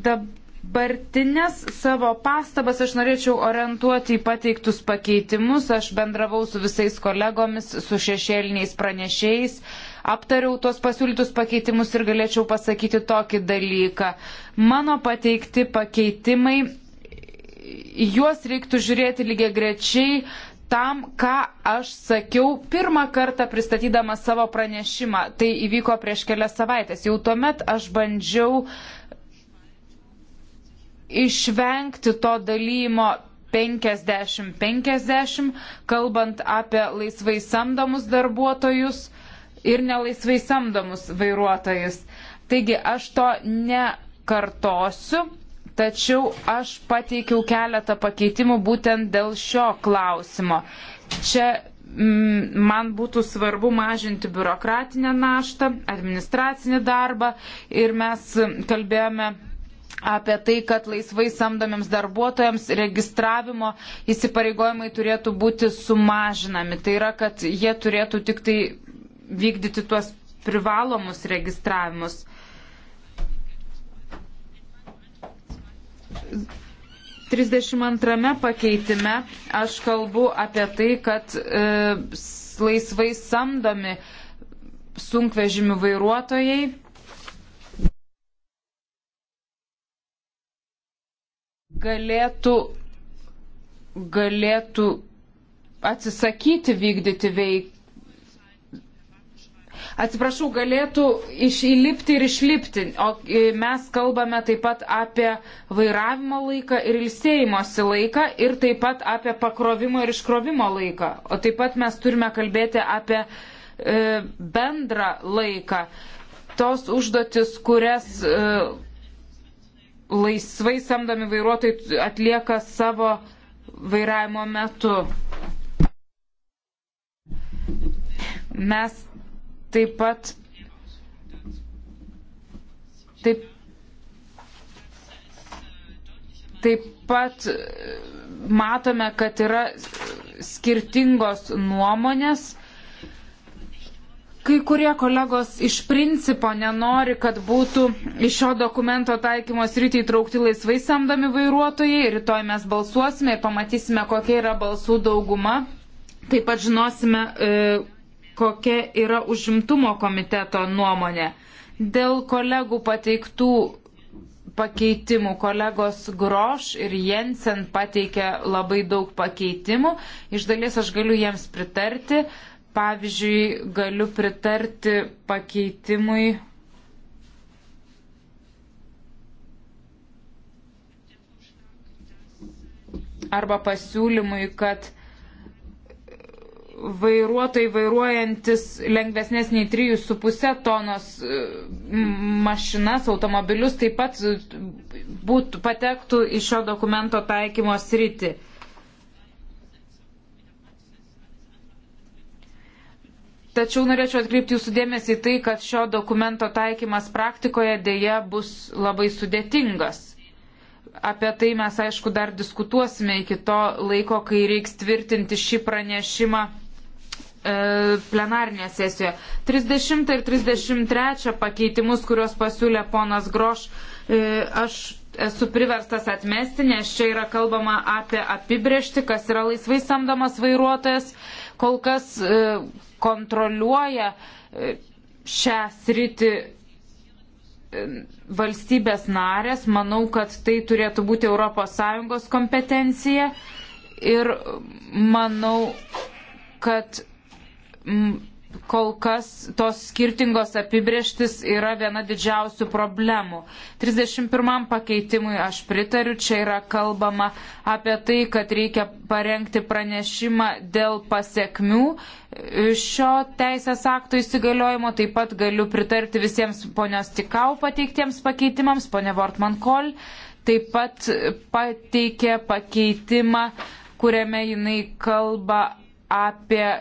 Dabartinės savo pastabas aš norėčiau orientuoti į pateiktus pakeitimus. Aš bendravau su visais kolegomis, su šešėliniais pranešėjais. Uh, aptariau tuos pasiūlytus pakeitimus ir galėčiau pasakyti tokį dalyką. Mano pateikti pakeitimai, juos reiktų žiūrėti lygiai grečiai tam, ką aš sakiau pirmą kartą pristatydama savo pranešimą. Tai įvyko prieš kelias savaitės. Jau tuomet aš bandžiau išvengti to dalymo 50-50, kalbant apie laisvai samdomus darbuotojus ir nelaisvai samdomus vairuotojus. Taigi aš to nekartosiu, tačiau aš pateikiau keletą pakeitimų būtent dėl šio klausimo. Čia mm, man būtų svarbu mažinti biurokratinę naštą, administracinį darbą ir mes kalbėjome apie tai, kad laisvai samdomiams darbuotojams registravimo įsipareigojimai turėtų būti sumažinami. Tai yra, kad jie turėtų tik tai vykdyti tuos privalomus registravimus. Trisdešimt antrame pakeitime aš kalbu apie tai, kad e, laisvai samdomi sunkvežimių vairuotojai galėtų, galėtų atsisakyti vykdyti veik, atsiprašau, galėtų išlipti ir išlipti. O e, mes kalbame taip pat apie vairavimo laiką ir ilsėjimosi laiką ir taip pat apie pakrovimo ir iškrovimo laiką. O taip pat mes turime kalbėti apie e, bendrą laiką. Tos užduotis, kurias e, laisvai samdomi vairuotojai atlieka savo vairavimo metu. Mes taip pat. Taip, taip pat matome, kad yra skirtingos nuomonės. Kai kurie kolegos iš principo nenori, kad būtų iš šio dokumento taikymos rytį įtraukti laisvai samdomi vairuotojai. Rytoj mes balsuosime ir pamatysime, kokia yra balsų dauguma. Taip pat žinosime, e, kokia yra užimtumo komiteto nuomonė. Dėl kolegų pateiktų pakeitimų. Kolegos Groš ir Jensen pateikė labai daug pakeitimų. Iš dalies aš galiu jiems pritarti. Pavyzdžiui, galiu pritarti pakeitimui. Arba pasiūlymui, kad vairuotojai vairuojantis lengvesnės nei 3,5 tonos e, mašinas, automobilius taip pat e, būtų, patektų į šio dokumento taikymo sritį. Tačiau norėčiau atkreipti jūsų dėmesį į tai, kad šio dokumento taikymas praktikoje dėja bus labai sudėtingas. Apie tai mes aišku dar diskutuosime iki to laiko, kai reiks tvirtinti šį pranešimą E, plenarinėje sesijoje. 30 ir 33 pakeitimus, kuriuos pasiūlė ponas Groš, e, aš esu priverstas atmesti, nes čia yra kalbama apie apibriešti, kas yra laisvai samdomas vairuotojas, kol kas e, kontroliuoja šią sritį valstybės narės, manau, kad tai turėtų būti ES kompetencija ir manau, kad kol kas tos skirtingos apibrieštis yra viena didžiausių problemų. 31 pakeitimui aš pritariu, čia yra kalbama apie tai, kad reikia parengti pranešimą dėl pasiekmių šio teisės akto įsigaliojimo. Taip pat galiu pritarti visiems ponios Tikau pateiktiems pakeitimams, ponė Vortman Kol taip pat pateikė pakeitimą, kuriame jinai kalba apie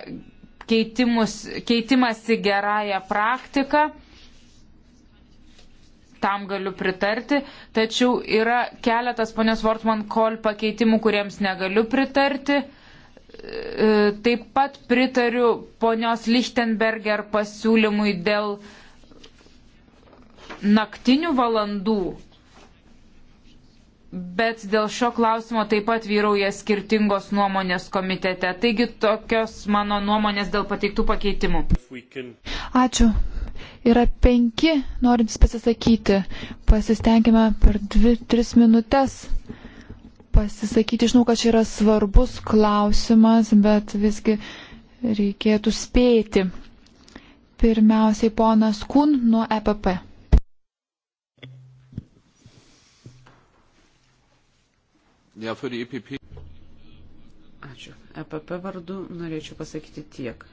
keitimus, keitimasi gerąją praktiką. Tam galiu pritarti, tačiau yra keletas ponios Vortman kol pakeitimų, kuriems negaliu pritarti. E, taip pat pritariu ponios Lichtenberger pasiūlymui dėl naktinių valandų bet dėl šio klausimo taip pat vyrauja skirtingos nuomonės komitete. Taigi tokios mano nuomonės dėl pateiktų pakeitimų. Ačiū. Yra penki norintys pasisakyti. Pasistengime per dvi, tris minutės pasisakyti. Žinau, kad čia yra svarbus klausimas, bet visgi reikėtų spėti. Pirmiausiai ponas Kun nuo EPP. Ja, e Ačiū. EPP vardu norėčiau pasakyti tiek.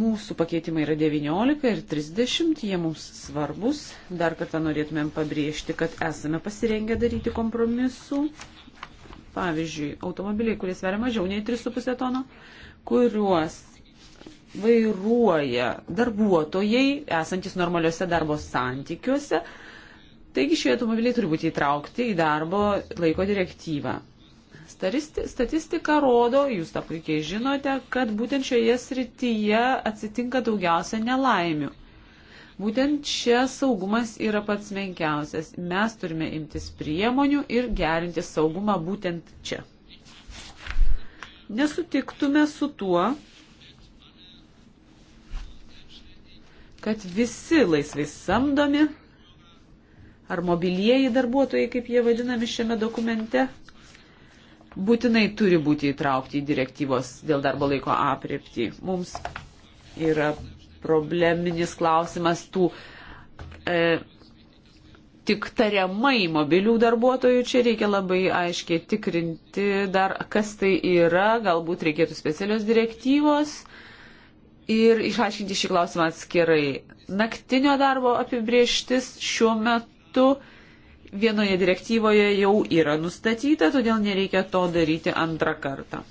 Mūsų pakeitimai yra 19 ir 30, jie mums svarbus. Dar kartą norėtumėm pabrėžti, kad esame pasirengę daryti kompromisų. Pavyzdžiui, automobiliai, kurie sveria mažiau nei 3,5 tono, kuriuos vairuoja darbuotojai, esantis normaliuose darbo santykiuose, Taigi šie automobiliai turi būti įtraukti į darbo laiko direktyvą. Statistika rodo, jūs tą puikiai žinote, kad būtent šioje srityje atsitinka daugiausia nelaimių. Būtent čia saugumas yra pats menkiausias. Mes turime imtis priemonių ir gerinti saugumą būtent čia. Nesutiktume su tuo, kad visi laisvai samdomi ar mobilieji darbuotojai, kaip jie vadinami šiame dokumente, būtinai turi būti įtraukti į direktyvos dėl darbo laiko apriepti. Mums yra probleminis klausimas tų e, tik tariamai mobilių darbuotojų. Čia reikia labai aiškiai tikrinti dar, kas tai yra, galbūt reikėtų specialios direktyvos ir išaiškinti šį klausimą atskirai. Naktinio darbo apibrieštis šiuo metu metu vienoje direktyvoje jau yra nustatyta, todėl nereikia to daryti antrą kartą.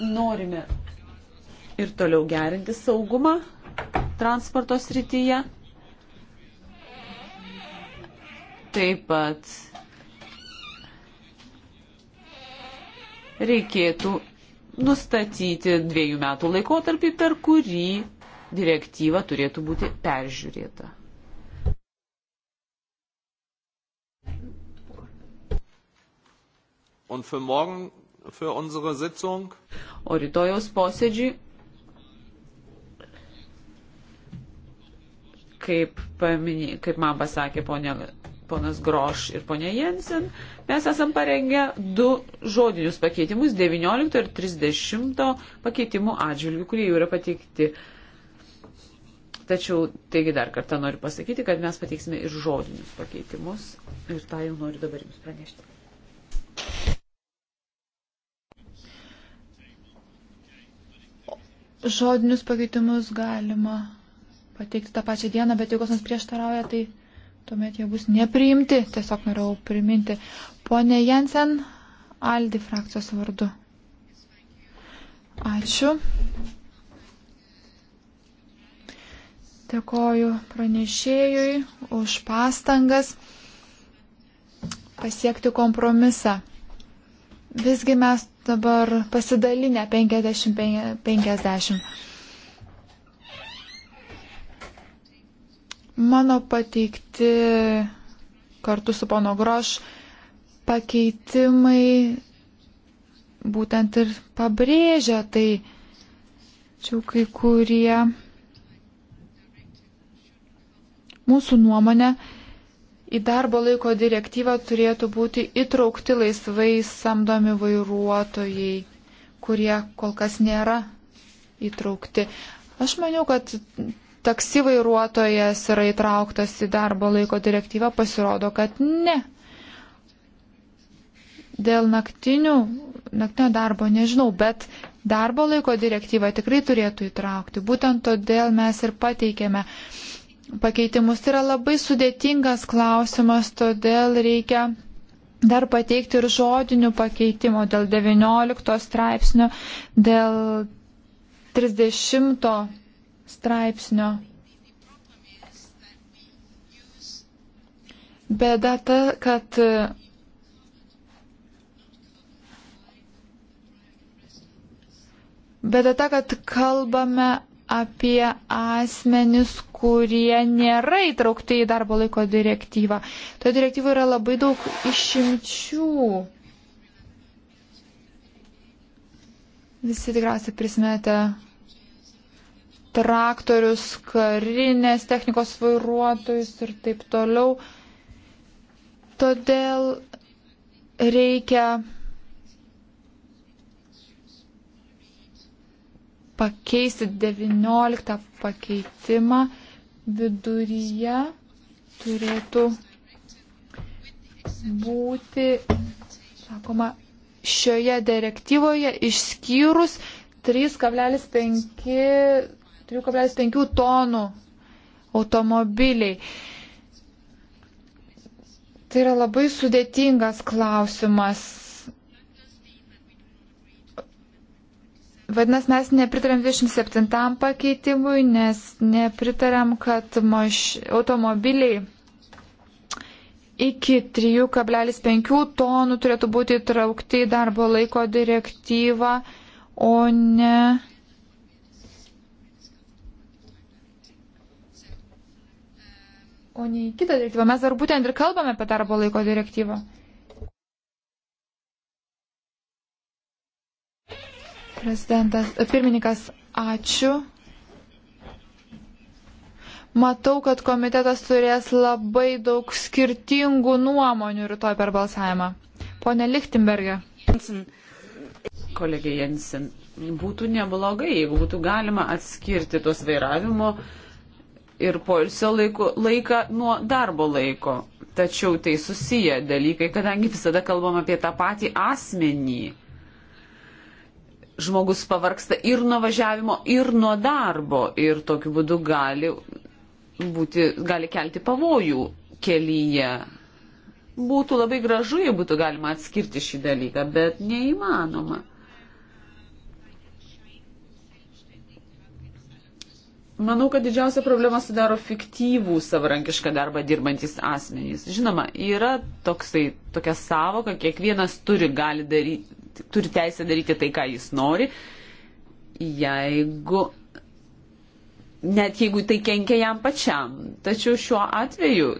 Norime ir toliau gerinti saugumą transporto srityje. Taip pat reikėtų nustatyti dviejų metų laikotarpį, per kurį direktyva turėtų būti peržiūrėta. Morgen, sitzung... O rytojaus posėdžiui, kaip, paminė, kaip man pasakė ponia, ponas Groš ir ponia Jensen, mes esam parengę du žodinius pakeitimus 19 ir 30 pakeitimų atžvilgių, kurie jau yra pateikti. Uh, Tačiau, taigi dar kartą noriu pasakyti, kad mes pateiksime ir žodinius pakeitimus ir tą jau noriu dabar jums pranešti. Žodinius pakeitimus galima pateikti tą pačią dieną, bet jeigu kas nors prieštarauja, tai tuomet jie bus nepriimti. Tiesiog norėjau priminti. Pone Jensen, Aldi frakcijos vardu. Ačiū. Dėkoju pranešėjui už pastangas pasiekti kompromisą. Visgi mes dabar pasidalinę 50-50. Mano pateikti kartu su pono Groš pakeitimai būtent ir pabrėžia tai, čia kai kurie Mūsų nuomonė, į darbo laiko direktyvą turėtų būti įtraukti laisvai samdomi vairuotojai, kurie kol kas nėra įtraukti. Aš maniau, kad taksi vairuotojas yra įtrauktas į darbo laiko direktyvą, pasirodo, kad ne. Dėl naktinių, naktinio darbo nežinau, bet darbo laiko direktyvą tikrai turėtų įtraukti. Būtent todėl mes ir pateikėme uh, pakeitimus. Tai yra labai sudėtingas klausimas, todėl reikia dar pateikti ir žodinių pakeitimų dėl 19 straipsnio, dėl 30 straipsnio. Bėda ta, kad Bėda ta, kad kalbame apie asmenis, kurie nėra įtraukti į darbo laiko direktyvą. Toje direktyvoje yra labai daug išimčių. Visi tikriausiai prisimėte traktorius, karinės technikos vairuotojus ir taip toliau. Todėl reikia pakeisti 19 pakeitimą viduryje turėtų būti, sakoma, šioje direktyvoje išskyrus 3,5 tonų automobiliai. Tai yra labai sudėtingas klausimas Vadinasi, mes nepritarėm 27 pakeitimui, nes nepritarėm, kad maš... automobiliai iki 3,5 tonų turėtų būti įtraukti į darbo laiko direktyvą, o ne. O ne į kitą direktyvą. Mes dar būtent ir kalbame apie darbo laiko direktyvą. Prezidentas, e, pirmininkas, ačiū. Matau, kad komitetas turės labai daug skirtingų nuomonių rytoj per balsavimą. Pone Lichtenberge. Kolegė Jensen, būtų neblogai, jeigu būtų galima atskirti tos vairavimo ir polsio laiko, laiką nuo darbo laiko. Tačiau tai susiję dalykai, kadangi visada kalbam apie tą patį asmenį žmogus pavarksta ir nuo važiavimo, ir nuo darbo, ir tokiu būdu gali, būti, gali kelti pavojų kelyje. Būtų labai gražu, jei būtų galima atskirti šį dalyką, bet neįmanoma. Manau, kad didžiausia problema sudaro fiktyvų savarankišką darbą dirbantis asmenys. Žinoma, yra toksai, tokia savoka, kiekvienas turi, gali daryti, turi teisę daryti tai, ką jis nori, jeigu net jeigu tai kenkia jam pačiam. Tačiau šiuo atveju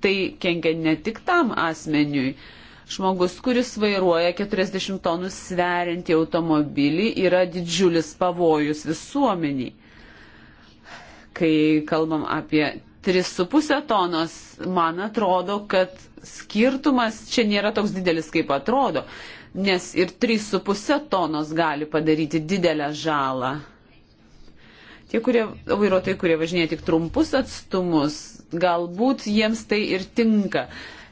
tai kenkia ne tik tam asmeniui. Žmogus, kuris vairuoja 40 tonų sveriantį automobilį, yra didžiulis pavojus visuomeniai. Kai kalbam apie 3,5 tonos, man atrodo, kad skirtumas čia nėra toks didelis, kaip atrodo nes ir 3,5 tonos gali padaryti didelę žalą. Tie kurie, vairuotojai, kurie važinėja tik trumpus atstumus, galbūt jiems tai ir tinka.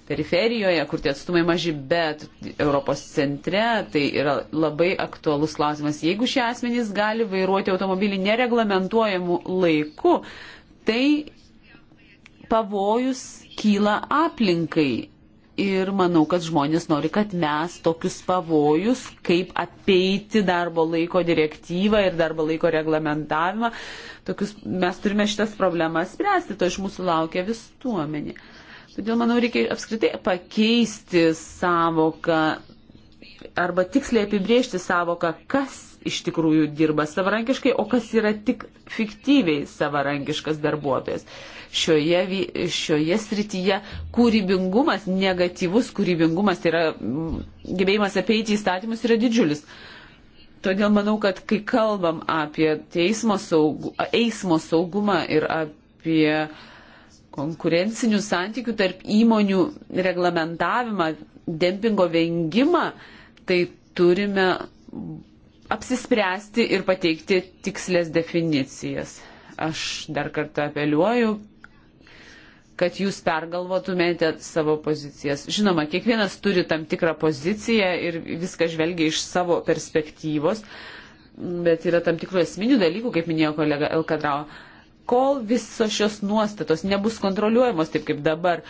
Periferijoje, kur tie atstumai maži, bet Europos centre tai yra labai aktualus klausimas. Jeigu šie asmenys gali vairuoti automobilį nereglamentuojamu laiku, tai pavojus kyla aplinkai ir manau, kad žmonės nori, kad mes tokius pavojus, kaip apeiti darbo laiko direktyvą ir darbo laiko reglamentavimą, tokius, mes turime šitas problemas spręsti, to iš mūsų laukia visuomenė. Todėl, manau, reikia apskritai pakeisti savoką arba tiksliai apibriežti savoką, kas iš tikrųjų dirba savarankiškai, o kas yra tik fiktyviai savarankiškas darbuotojas. Šioje, šioje srityje kūrybingumas, negatyvus kūrybingumas, tai yra mm, gebėjimas apeiti įstatymus yra didžiulis. Todėl manau, kad kai kalbam apie teismo saugų, eismo saugumą ir apie konkurencinių santykių tarp įmonių reglamentavimą, dempingo vengimą, tai turime apsispręsti ir pateikti tikslės definicijas. Aš dar kartą apeliuoju, kad jūs pergalvotumėte savo pozicijas. Žinoma, kiekvienas turi tam tikrą poziciją ir viską žvelgia iš savo perspektyvos, bet yra tam tikrų esminių dalykų, kaip minėjo kolega Elkadrao. Kol visos šios nuostatos nebus kontroliuojamos taip kaip dabar,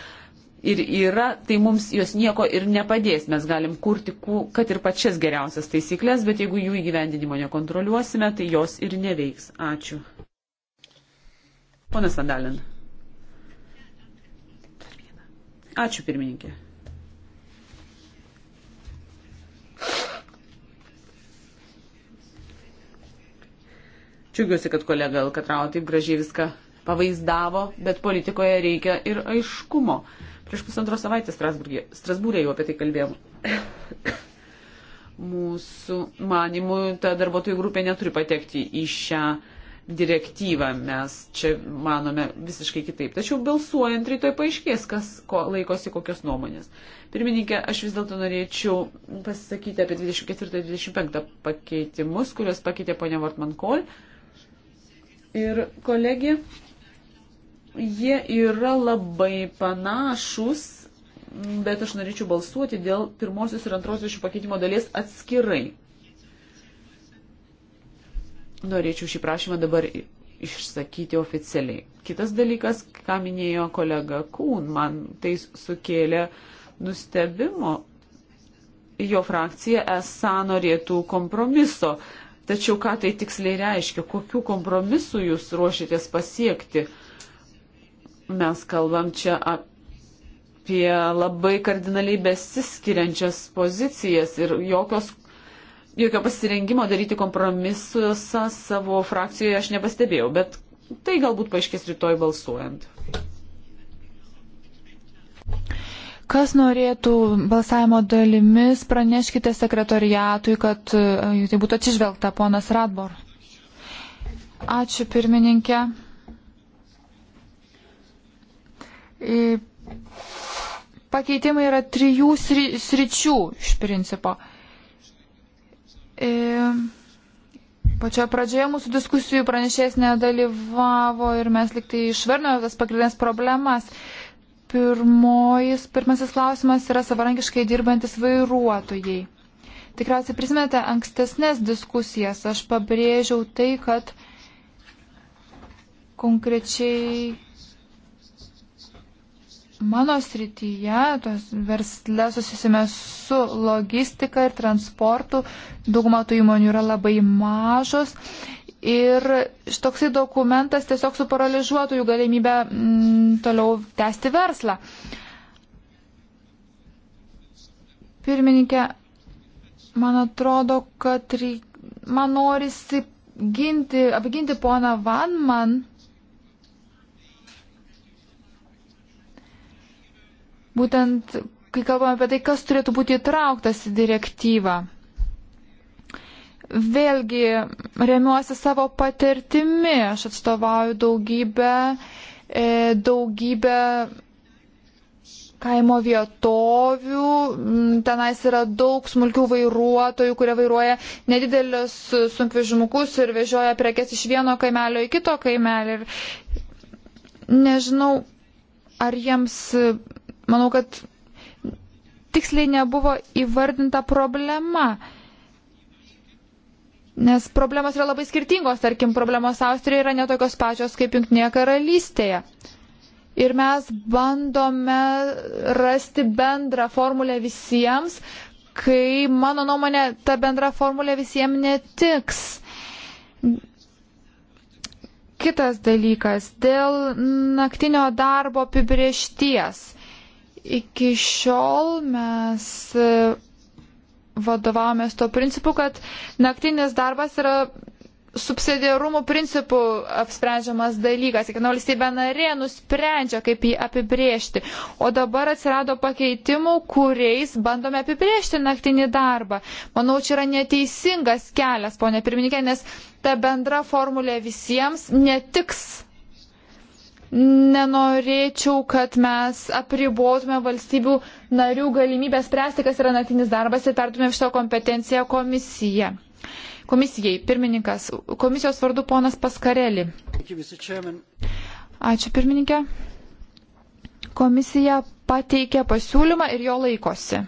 ir yra, tai mums jos nieko ir nepadės. Mes galim kurti, kad ir pačias geriausias taisyklės, bet jeigu jų įgyvendinimo nekontroliuosime, tai jos ir neveiks. Ačiū. Ponas Vandalin. Ačiū pirmininkė. Čiūgiuosi, kad kolega Alkatrao taip gražiai viską pavaizdavo, bet politikoje reikia ir aiškumo. Prieš pusantros savaitės Strasbūrė jau apie tai kalbėjom. Mūsų manimų ta darbuotojų grupė neturi patekti į šią direktyvą, mes čia manome visiškai kitaip. Tačiau balsuojant rytoj paaiškės, kas ko, laikosi kokios nuomonės. Pirmininkė, aš vis dėlto norėčiau pasisakyti apie 24-25 pakeitimus, kuriuos pakeitė ponia Vartman Kol. Ir kolegė jie yra labai panašus, bet aš norėčiau balsuoti dėl pirmosios ir antrosios šių pakeitimo dalies atskirai. Norėčiau šį prašymą dabar išsakyti oficialiai. Kitas dalykas, ką minėjo kolega Kūn, man tai sukėlė nustebimo. Jo frakcija esą norėtų kompromiso. Tačiau ką tai tiksliai reiškia, kokiu kompromisu jūs ruošitės pasiekti? Uh, mes kalbam čia apie labai kardinaliai besiskiriančias pozicijas ir jokios, jokio pasirengimo daryti kompromisus savo frakcijoje aš nepastebėjau, bet tai galbūt paaiškės rytoj balsuojant. Kas norėtų balsavimo dalimis, praneškite sekretoriatui, kad e, tai būtų atsižvelgta ponas Radbor. Ačiū pirmininkė. E, pakeitimai yra trijų sri, sričių iš principo. E, pačioje pradžioje mūsų diskusijų pranešėjas nedalyvavo ir mes liktai išvardinome tas pagrindinės problemas. Pirmojis, pirmasis klausimas yra savarankiškai dirbantis vairuotojai. Tikriausiai prisimėte ankstesnės diskusijas, aš pabrėžiau tai, kad konkrečiai Mano srityje, tos versle susisime su logistika ir transportu, dauguma tų įmonių yra labai mažos ir šitoksai dokumentas tiesiog suparaližuotų jų galimybę mm, toliau tęsti verslą. Pirmininkė, man atrodo, kad reik... man norisi ginti, apginti poną Vanman būtent kai kalbame apie tai, kas turėtų būti įtrauktas į direktyvą. Vėlgi remiuosi savo patirtimi, aš atstovauju daugybę, e, daugybę kaimo vietovių, mm, tenais yra daug smulkių vairuotojų, kurie vairuoja nedidelius sunkvežimukus ir vežioja prekes iš vieno kaimelio į kito kaimelį. Ir nežinau, ar jiems manau, kad tiksliai nebuvo įvardinta problema. Nes problemos yra labai skirtingos, tarkim, problemos Austrijoje yra netokios pačios kaip Junktinėje karalystėje. Ir mes bandome rasti bendrą formulę visiems, kai, mano nuomonė, ta bendra formulė visiems netiks. Kitas dalykas - dėl naktinio darbo apibriešties. Iki šiol mes e, vadovavomės tuo principu, kad naktinis darbas yra subsidiarumo principų apsprendžiamas dalykas. Kiekviena valstybė narė nusprendžia, kaip jį apibriežti. O dabar atsirado pakeitimų, kuriais bandome apibriežti naktinį darbą. Manau, čia yra neteisingas kelias, ponė pirmininkė, nes ta bendra formulė visiems netiks nenorėčiau, kad mes apribotume valstybių narių galimybę spręsti, kas yra naktinis darbas ir tartume šito kompetenciją komisiją. Komisijai, pirmininkas, komisijos vardu ponas Paskarelį. Ačiū pirmininkė. Komisija pateikė pasiūlymą ir jo laikosi.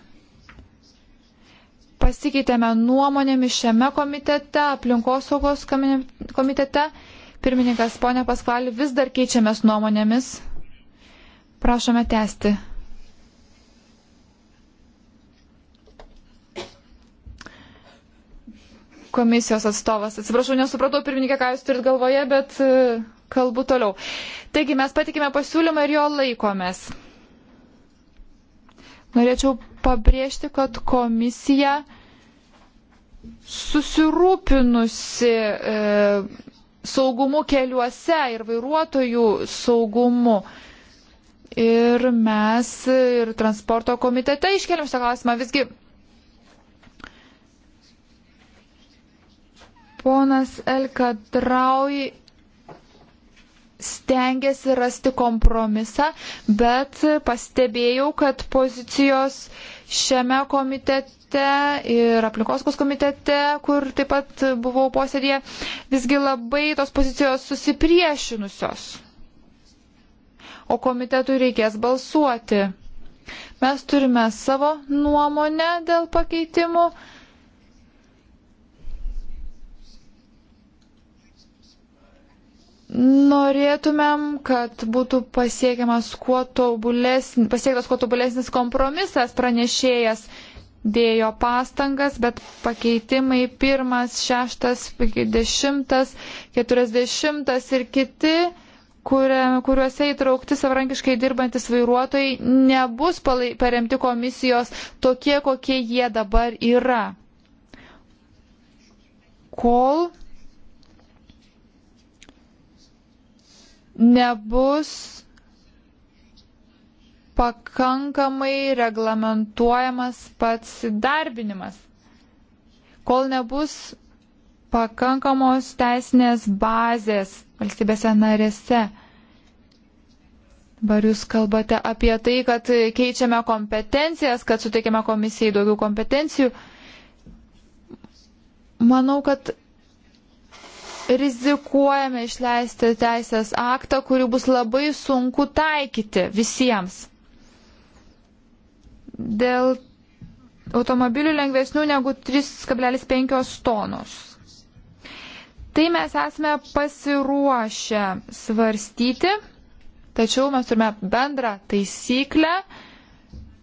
Pasikeitėme nuomonėmis šiame komitete, aplinkosaugos komitete Pirmininkas, ponia Paskvalį, vis dar keičiamės nuomonėmis. Prašome tęsti. Komisijos atstovas. Atsiprašau, nesupratau pirmininkė, ką jūs turit galvoje, bet e, kalbu toliau. Taigi mes patikime pasiūlymą ir jo laikomės. Norėčiau pabrėžti, kad komisija susirūpinusi e, saugumu keliuose ir vairuotojų saugumu. Ir mes ir transporto komitete iškeliam šitą klausimą. Visgi ponas Elkadraui stengiasi rasti kompromisą, bet pastebėjau, kad pozicijos šiame komitete komitete ir aplinkoskos komitete, kur taip pat buvau posėdėje, visgi labai tos pozicijos susipriešinusios. O komitetui reikės balsuoti. Mes turime savo nuomonę dėl pakeitimų. Norėtumėm, kad būtų pasiekiamas kuo tobulesnis, pasiektas kuo tobulesnis kompromisas pranešėjas dėjo pastangas, bet pakeitimai pirmas, šeštas, dešimtas, keturiasdešimtas ir kiti, kuriuose įtraukti savarankiškai dirbantis vairuotojai, nebus paremti komisijos tokie, kokie jie dabar yra. Kol nebus pakankamai reglamentuojamas pats darbinimas. Kol nebus pakankamos teisinės bazės valstybėse narėse. Bar jūs kalbate apie tai, kad keičiame kompetencijas, kad suteikėme komisijai daugiau kompetencijų. Manau, kad rizikuojame išleisti teisės aktą, kurį bus labai sunku taikyti visiems dėl automobilių lengvesnių negu 3,5 tonos. Tai mes esame pasiruošę svarstyti, tačiau mes turime bendrą taisyklę,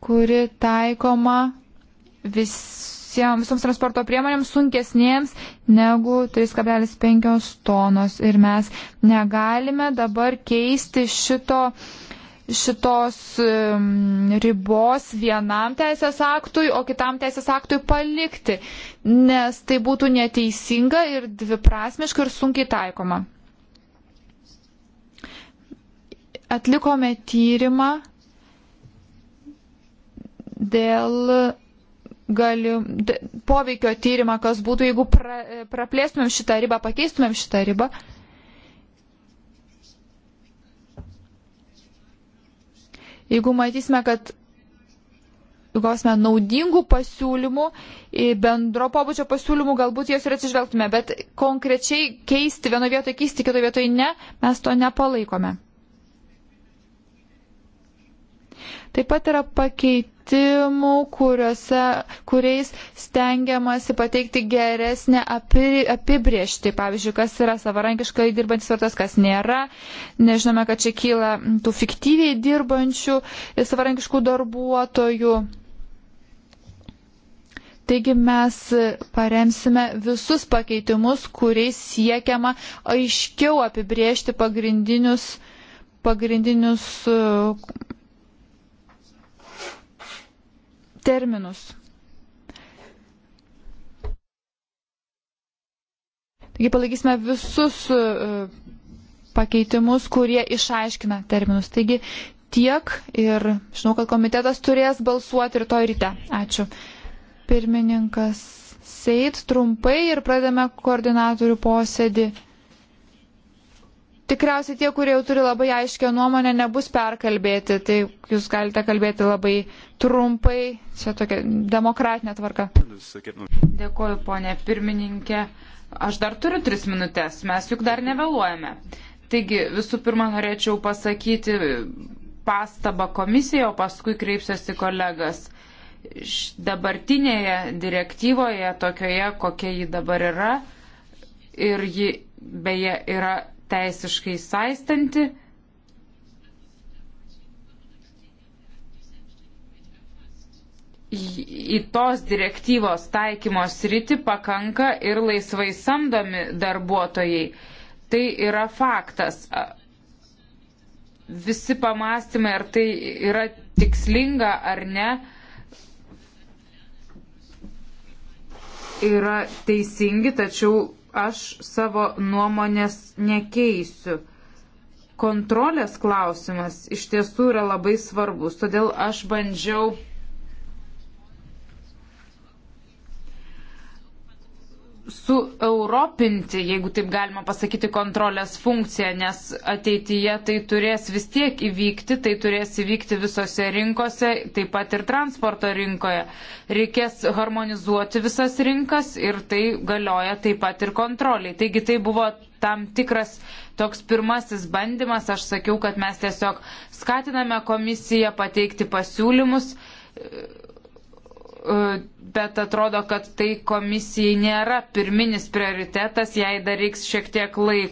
kuri taikoma visiems, visoms transporto priemonėms sunkesnėms negu 3,5 tonos. Ir mes negalime dabar keisti šito uh, šitos ribos vienam teisės aktui, o kitam teisės aktui palikti, nes tai būtų neteisinga ir dviprasmiška ir sunkiai taikoma. Atlikome tyrimą dėl gali, poveikio tyrimą, kas būtų, jeigu pra, praplėstumėm šitą ribą, pakeistumėm šitą ribą. Jeigu matysime, kad gausime naudingų pasiūlymų, bendro pobūdžio pasiūlymų, galbūt jos ir atsižvelgtume, bet konkrečiai keisti vienoje vietoje, keisti kitoje vietoje ne, mes to nepalaikome. Taip pat yra pakeitimų, kuriuose, kuriais stengiamasi pateikti geresnę api, apibriežtį, pavyzdžiui, kas yra savarankiškai dirbantis vartotojas, kas nėra. Nežinome, kad čia kyla tų fiktyviai dirbančių savarankiškų darbuotojų. Taigi mes paremsime visus pakeitimus, kuriais siekiama aiškiau apibriežti pagrindinius, pagrindinius terminus. Taigi palaikysime visus e, pakeitimus, kurie išaiškina terminus. Taigi tiek ir žinau, kad komitetas turės balsuoti rytoj ryte. Ačiū. Pirmininkas Seit trumpai ir pradame koordinatorių posėdį tikriausiai tie, kurie jau turi labai aiškę nuomonę, nebus perkalbėti, tai jūs galite kalbėti labai trumpai, čia tokia demokratinė tvarka. Dėkuoju, ponė pirmininkė. Aš dar turiu tris minutės, mes juk dar nevėluojame. Taigi, visų pirma, norėčiau pasakyti pastabą komisiją, o paskui kreipsiuosi kolegas. Dabartinėje direktyvoje, tokioje, kokia ji dabar yra, ir ji beje yra teisiškai saistanti. Į tos direktyvos taikymos rytį pakanka ir laisvai samdomi darbuotojai. Tai yra faktas. Visi pamastymai, ar tai yra tikslinga ar ne, yra teisingi, tačiau aš savo nuomonės nekeisiu. Kontrolės klausimas iš tiesų yra labai svarbus, todėl aš bandžiau sueuropinti, jeigu taip galima pasakyti, kontrolės funkciją, nes ateityje tai turės vis tiek įvykti, tai turės įvykti visose rinkose, taip pat ir transporto rinkoje. Reikės harmonizuoti visas rinkas ir tai galioja taip pat ir kontroliai. Taigi tai buvo tam tikras toks pirmasis bandymas, aš sakiau, kad mes tiesiog skatiname komisiją pateikti pasiūlymus E, bet atrodo, kad tai komisijai nėra pirminis prioritetas, jai dar reiks šiek tiek laiko.